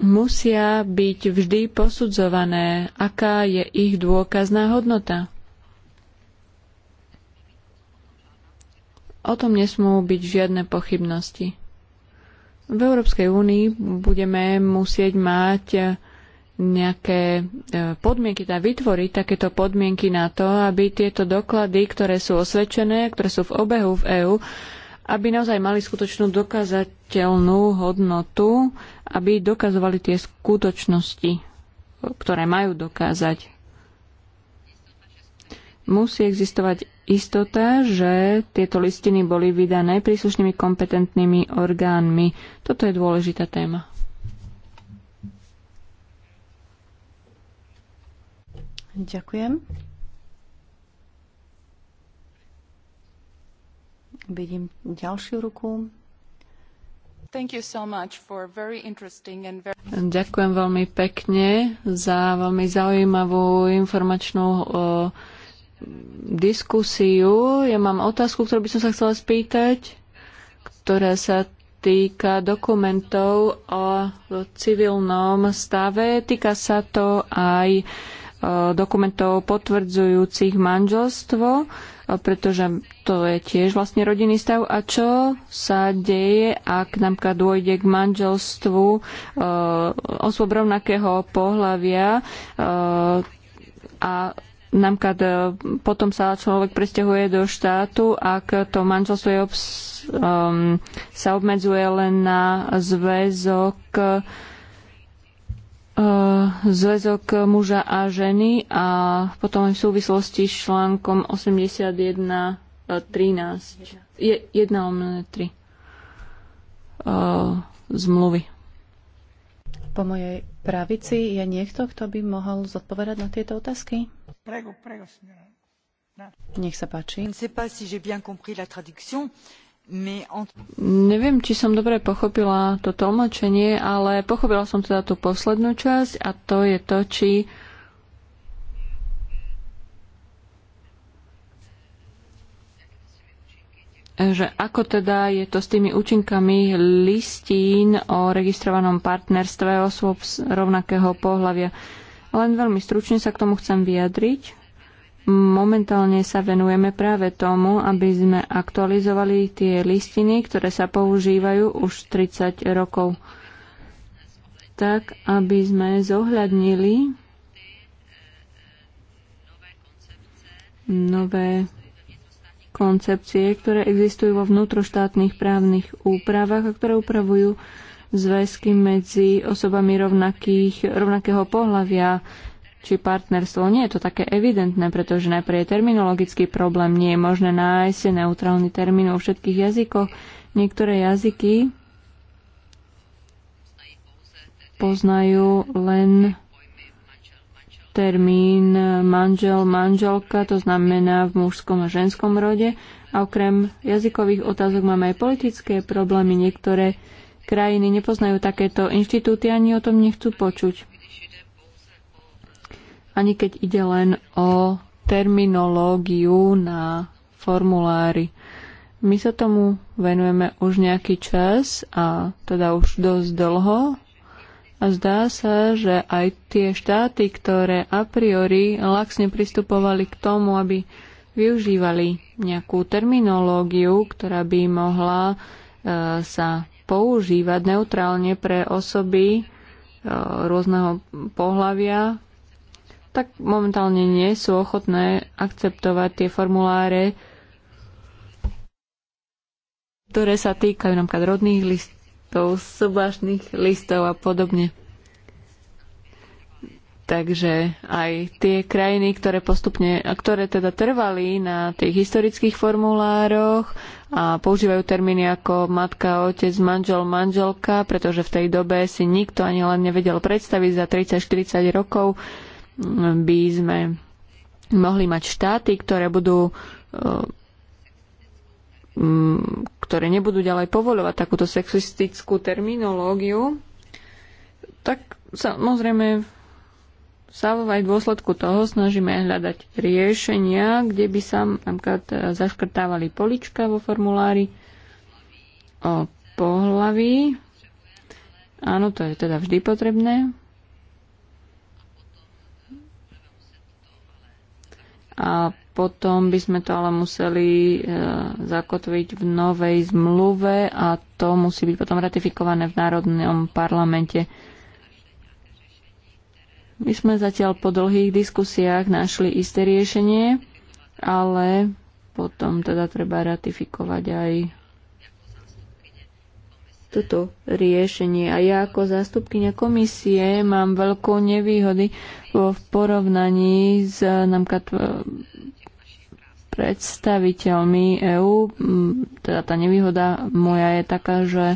musia byť vždy posudzované, aká je ich dôkazná hodnota. O tom nesmú byť žiadne pochybnosti. V Európskej únii budeme musieť mať nejaké e, podmienky, teda vytvoriť takéto podmienky na to, aby tieto doklady, ktoré sú osvedčené, ktoré sú v obehu v EÚ, aby naozaj mali skutočnú dokázateľnú hodnotu, aby dokazovali tie skutočnosti, ktoré majú dokázať. Musí existovať istota, že tieto listiny boli vydané príslušnými kompetentnými orgánmi. Toto je dôležitá téma. Ďakujem. Vidím ďalšiu ruku. So very very... Ďakujem veľmi pekne za veľmi zaujímavú informačnú o, diskusiu. Ja mám otázku, ktorú by som sa chcela spýtať, ktorá sa týka dokumentov o civilnom stave. Týka sa to aj dokumentov potvrdzujúcich manželstvo, pretože to je tiež vlastne rodinný stav. A čo sa deje, ak napríklad dôjde k manželstvu e, osôb rovnakého pohľavia e, a napríklad e, potom sa človek presťahuje do štátu, ak to manželstvo je obs- sa obmedzuje len na zväzok Eh, zväzok muža a ženy a potom aj v súvislosti s článkom 81.13. 1 omene 3 zmluvy. Po mojej pravici je niekto, kto by mohol zodpovedať na tieto otázky? Prego, prego, Nech sa páči. ne sais pas si j'ai bien compris la traduction. Neviem, či som dobre pochopila to tlmočenie, ale pochopila som teda tú poslednú časť a to je to, či že ako teda je to s tými účinkami listín o registrovanom partnerstve osôb rovnakého pohľavia. Len veľmi stručne sa k tomu chcem vyjadriť. Momentálne sa venujeme práve tomu, aby sme aktualizovali tie listiny, ktoré sa používajú už 30 rokov, tak aby sme zohľadnili nové koncepcie, ktoré existujú vo vnútroštátnych právnych úpravách a ktoré upravujú zväzky medzi osobami rovnakých, rovnakého pohľavia či partnerstvo. Nie je to také evidentné, pretože najprv je terminologický problém. Nie je možné nájsť neutrálny termín vo všetkých jazykoch. Niektoré jazyky poznajú len termín manžel, manželka, to znamená v mužskom a ženskom rode. A okrem jazykových otázok máme aj politické problémy. Niektoré krajiny nepoznajú takéto inštitúty ani o tom nechcú počuť ani keď ide len o terminológiu na formulári. My sa tomu venujeme už nejaký čas a teda už dosť dlho a zdá sa, že aj tie štáty, ktoré a priori laxne pristupovali k tomu, aby využívali nejakú terminológiu, ktorá by mohla e, sa používať neutrálne pre osoby e, rôzneho pohľavia, tak momentálne nie sú ochotné akceptovať tie formuláre, ktoré sa týkajú napríklad rodných listov, sobášnych listov a podobne. Takže aj tie krajiny, ktoré postupne, a ktoré teda trvali na tých historických formulároch a používajú termíny ako matka, otec, manžel, manželka, pretože v tej dobe si nikto ani len nevedel predstaviť za 30-40 rokov, by sme mohli mať štáty, ktoré budú eh, ktoré nebudú ďalej povoľovať takúto sexistickú terminológiu, tak samozrejme sa aj v dôsledku toho snažíme hľadať riešenia, kde by sa napríklad eh, zaškrtávali polička vo formulári o pohlaví. Áno, to je teda vždy potrebné. a potom by sme to ale museli e, zakotviť v novej zmluve a to musí byť potom ratifikované v Národnom parlamente. My sme zatiaľ po dlhých diskusiách našli isté riešenie, ale potom teda treba ratifikovať aj toto riešenie. A ja ako zástupkynia komisie mám veľkú nevýhody v porovnaní s eh, eh, predstaviteľmi EÚ. Mm, teda tá nevýhoda moja je taká, že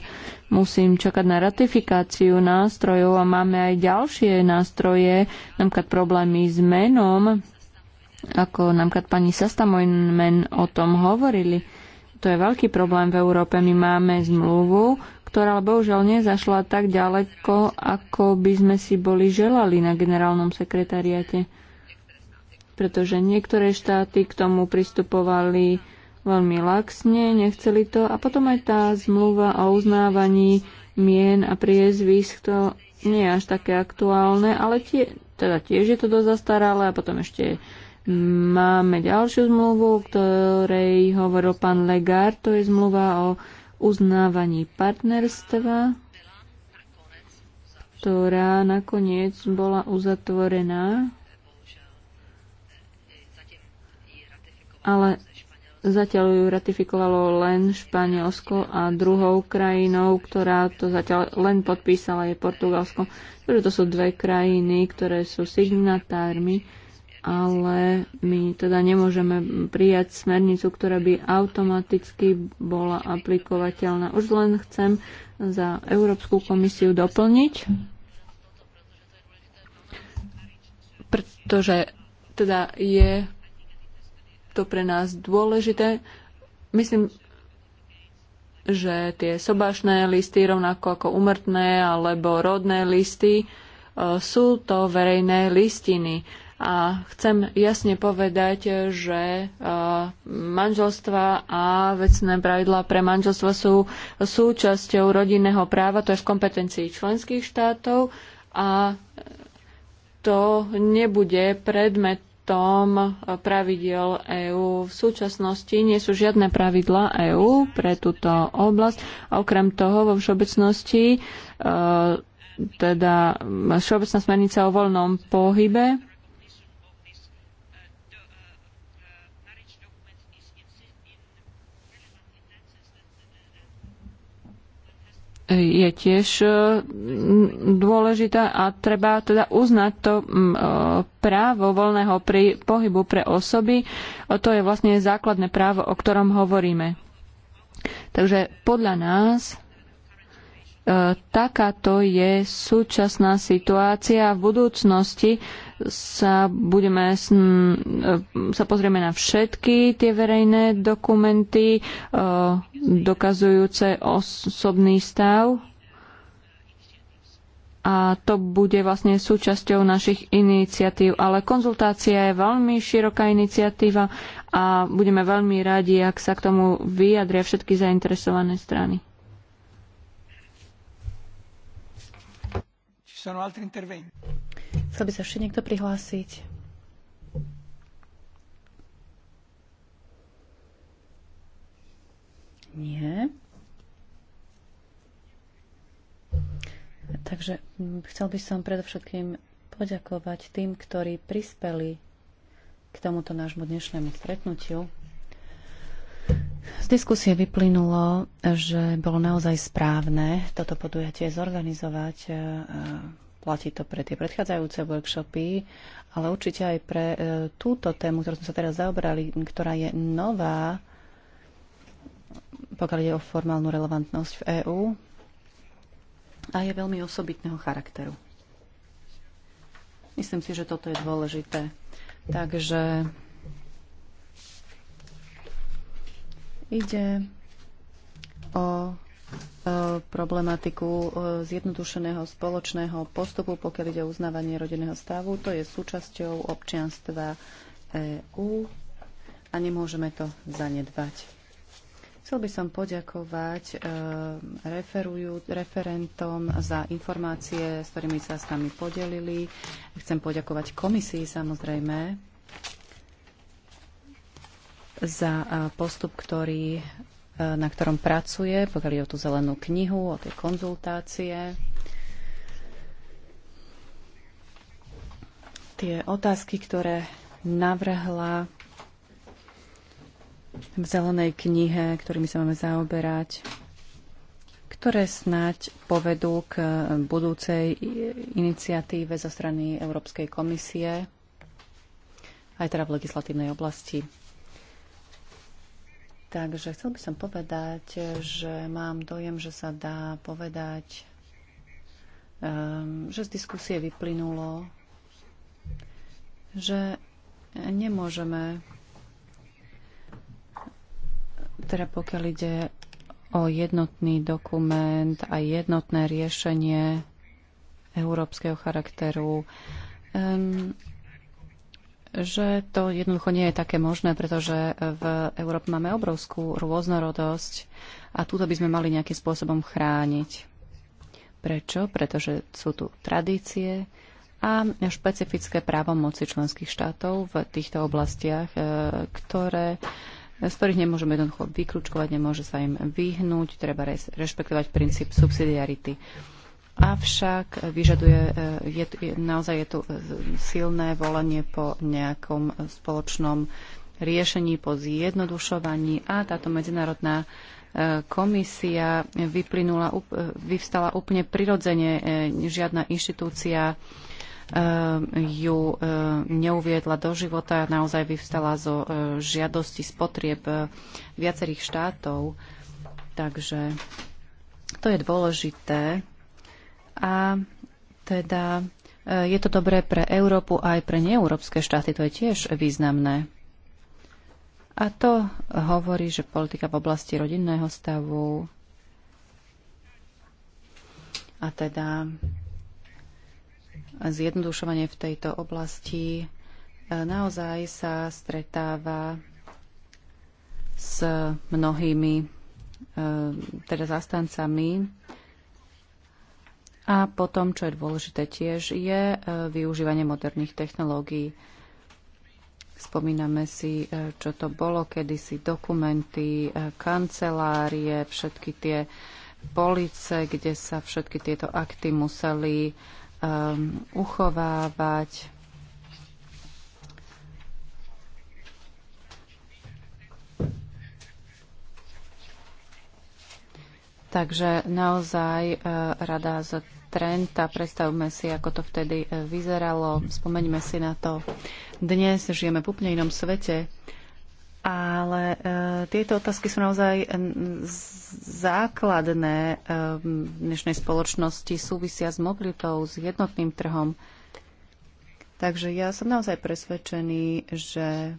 musím čakať na ratifikáciu nástrojov a máme aj ďalšie nástroje, napríklad problémy s menom, ako napríklad pani Sastamojmen o tom hovorili. To je veľký problém v Európe. My máme zmluvu, ktorá bohužiaľ nezašla tak ďaleko, ako by sme si boli želali na generálnom sekretariate. Pretože niektoré štáty k tomu pristupovali veľmi laxne, nechceli to. A potom aj tá zmluva o uznávaní mien a priezvisk, to nie je až také aktuálne, ale tie, teda tiež je to dosť zastaralé. A potom ešte máme ďalšiu zmluvu, o ktorej hovoril pán Legard, to je zmluva o uznávaní partnerstva, ktorá nakoniec bola uzatvorená, ale zatiaľ ju ratifikovalo len Španielsko a druhou krajinou, ktorá to zatiaľ len podpísala, je Portugalsko. Takže to sú dve krajiny, ktoré sú signatármi ale my teda nemôžeme prijať smernicu, ktorá by automaticky bola aplikovateľná. Už len chcem za Európsku komisiu doplniť, pretože teda je to pre nás dôležité. Myslím, že tie sobašné listy, rovnako ako umrtné alebo rodné listy, e, sú to verejné listiny a chcem jasne povedať, že manželstva a vecné pravidlá pre manželstvo sú súčasťou rodinného práva, to je v kompetencii členských štátov a to nebude predmet tom pravidiel EÚ v súčasnosti nie sú žiadne pravidlá EÚ pre túto oblasť. Okrem toho vo všeobecnosti teda všeobecná smernica o voľnom pohybe je tiež e, dôležitá a treba teda uznať to e, právo voľného pohybu pre osoby. To je vlastne základné právo, o ktorom hovoríme. Takže podľa nás E, takáto je súčasná situácia. V budúcnosti sa budeme e, sa pozrieme na všetky tie verejné dokumenty e, dokazujúce osobný stav a to bude vlastne súčasťou našich iniciatív. Ale konzultácia je veľmi široká iniciatíva a budeme veľmi radi, ak sa k tomu vyjadria všetky zainteresované strany. sono altri interventi. Chcel by sa ešte niekto prihlásiť? Nie. Takže mm, chcel by som predovšetkým poďakovať tým, ktorí prispeli k tomuto nášmu dnešnému stretnutiu. Z diskusie vyplynulo, že bolo naozaj správne toto podujatie zorganizovať. E, e, platí to pre tie predchádzajúce workshopy, ale určite aj pre e, túto tému, ktorú sme sa teraz zaobrali, ktorá je nová, pokiaľ ide o formálnu relevantnosť v EÚ a je veľmi osobitného charakteru. Myslím si, že toto je dôležité. Takže Ide o e, problematiku e, zjednodušeného spoločného postupu, pokiaľ ide o uznávanie rodinného stavu. To je súčasťou občianstva EÚ a nemôžeme to zanedbať. Chcel by som poďakovať e, referujú, referentom za informácie, s ktorými sa s nami podelili. Chcem poďakovať komisii samozrejme za e, postup, ktorý, e, na ktorom pracuje, pokiaľ je o tú zelenú knihu, o tie konzultácie. Tie otázky, ktoré navrhla v zelenej knihe, ktorými sa máme zaoberať, ktoré snáď povedú k budúcej iniciatíve zo strany Európskej komisie, aj teda v legislatívnej oblasti. Takže chcel by som povedať, že mám dojem, že sa dá povedať, ehm, že z diskusie vyplynulo, že nemôžeme, teda pokiaľ ide o jednotný dokument a jednotné riešenie európskeho charakteru, ehm, že to jednoducho nie je také možné, pretože v Európe máme obrovskú rôznorodosť a túto by sme mali nejakým spôsobom chrániť. Prečo? Pretože sú tu tradície a špecifické právomoci členských štátov v týchto oblastiach, e, ktoré z ktorých nemôžeme jednoducho vyklúčkovať, nemôže sa im vyhnúť, treba rešpektovať princíp subsidiarity avšak e, vyžaduje, e, je, je, naozaj je tu e, silné volanie po nejakom spoločnom riešení, po zjednodušovaní a táto medzinárodná komisia vyplynula, vyvstala úplne prirodzene, žiadna inštitúcia ju neuviedla do života, naozaj vyvstala zo žiadosti spotrieb viacerých štátov. Takže to je dôležité a teda e, je to dobré pre Európu aj pre neeurópske štáty, to je tiež významné. A to hovorí, že politika v oblasti rodinného stavu a teda zjednodušovanie v tejto oblasti e, naozaj sa stretáva s mnohými e, teda zastancami a potom, čo je dôležité tiež, je e, využívanie moderných technológií. Spomíname si, e, čo to bolo kedysi, dokumenty, e, kancelárie, všetky tie police, kde sa všetky tieto akty museli um, uchovávať. Takže naozaj uh, rada za trend a predstavme si, ako to vtedy e, vyzeralo. Spomeňme si na to. Dnes žijeme v úplne inom svete, ale e, tieto otázky sú naozaj základné e, v dnešnej spoločnosti, súvisia s mobilitou, s jednotným trhom. Takže ja som naozaj presvedčený, že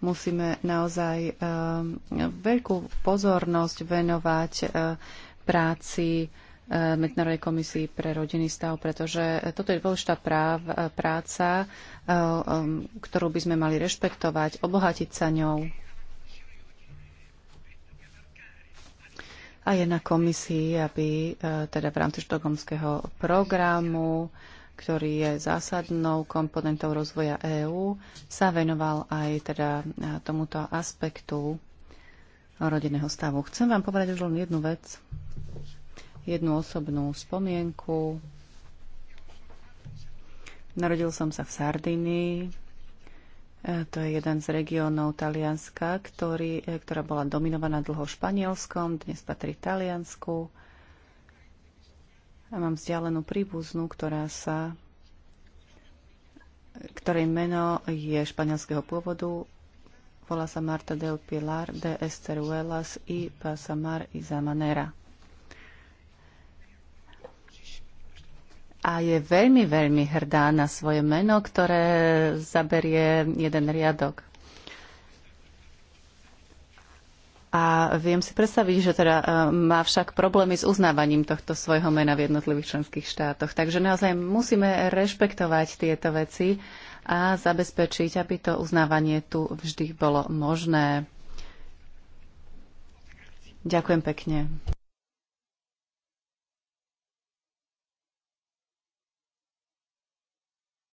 musíme naozaj e, veľkú pozornosť venovať e, práci Eh, Medzinárodnej komisii pre rodinný stav, pretože toto je dôležitá práv, eh, práca, eh, ktorú by sme mali rešpektovať, obohatiť sa ňou. A je na komisii, aby teda v rámci štokomského programu, ktorý je zásadnou komponentou rozvoja EÚ, sa venoval aj teda tomuto aspektu rodinného stavu. Chcem vám povedať už len jednu vec jednu osobnú spomienku. Narodil som sa v Sardinii. E, to je jeden z regiónov Talianska, ktorý, e, ktorá bola dominovaná dlho Španielskom, dnes patrí Taliansku. A mám vzdialenú príbuznú, ktorá sa ktorej meno je španielského pôvodu. Volá sa Marta del Pilar de Esteruelas i Pasamar i Zamanera. a je veľmi, veľmi hrdá na svoje meno, ktoré zaberie jeden riadok. A viem si predstaviť, že teda e, má však problémy s uznávaním tohto svojho mena v jednotlivých členských štátoch. Takže naozaj musíme rešpektovať tieto veci a zabezpečiť, aby to uznávanie tu vždy bolo možné. Ďakujem pekne.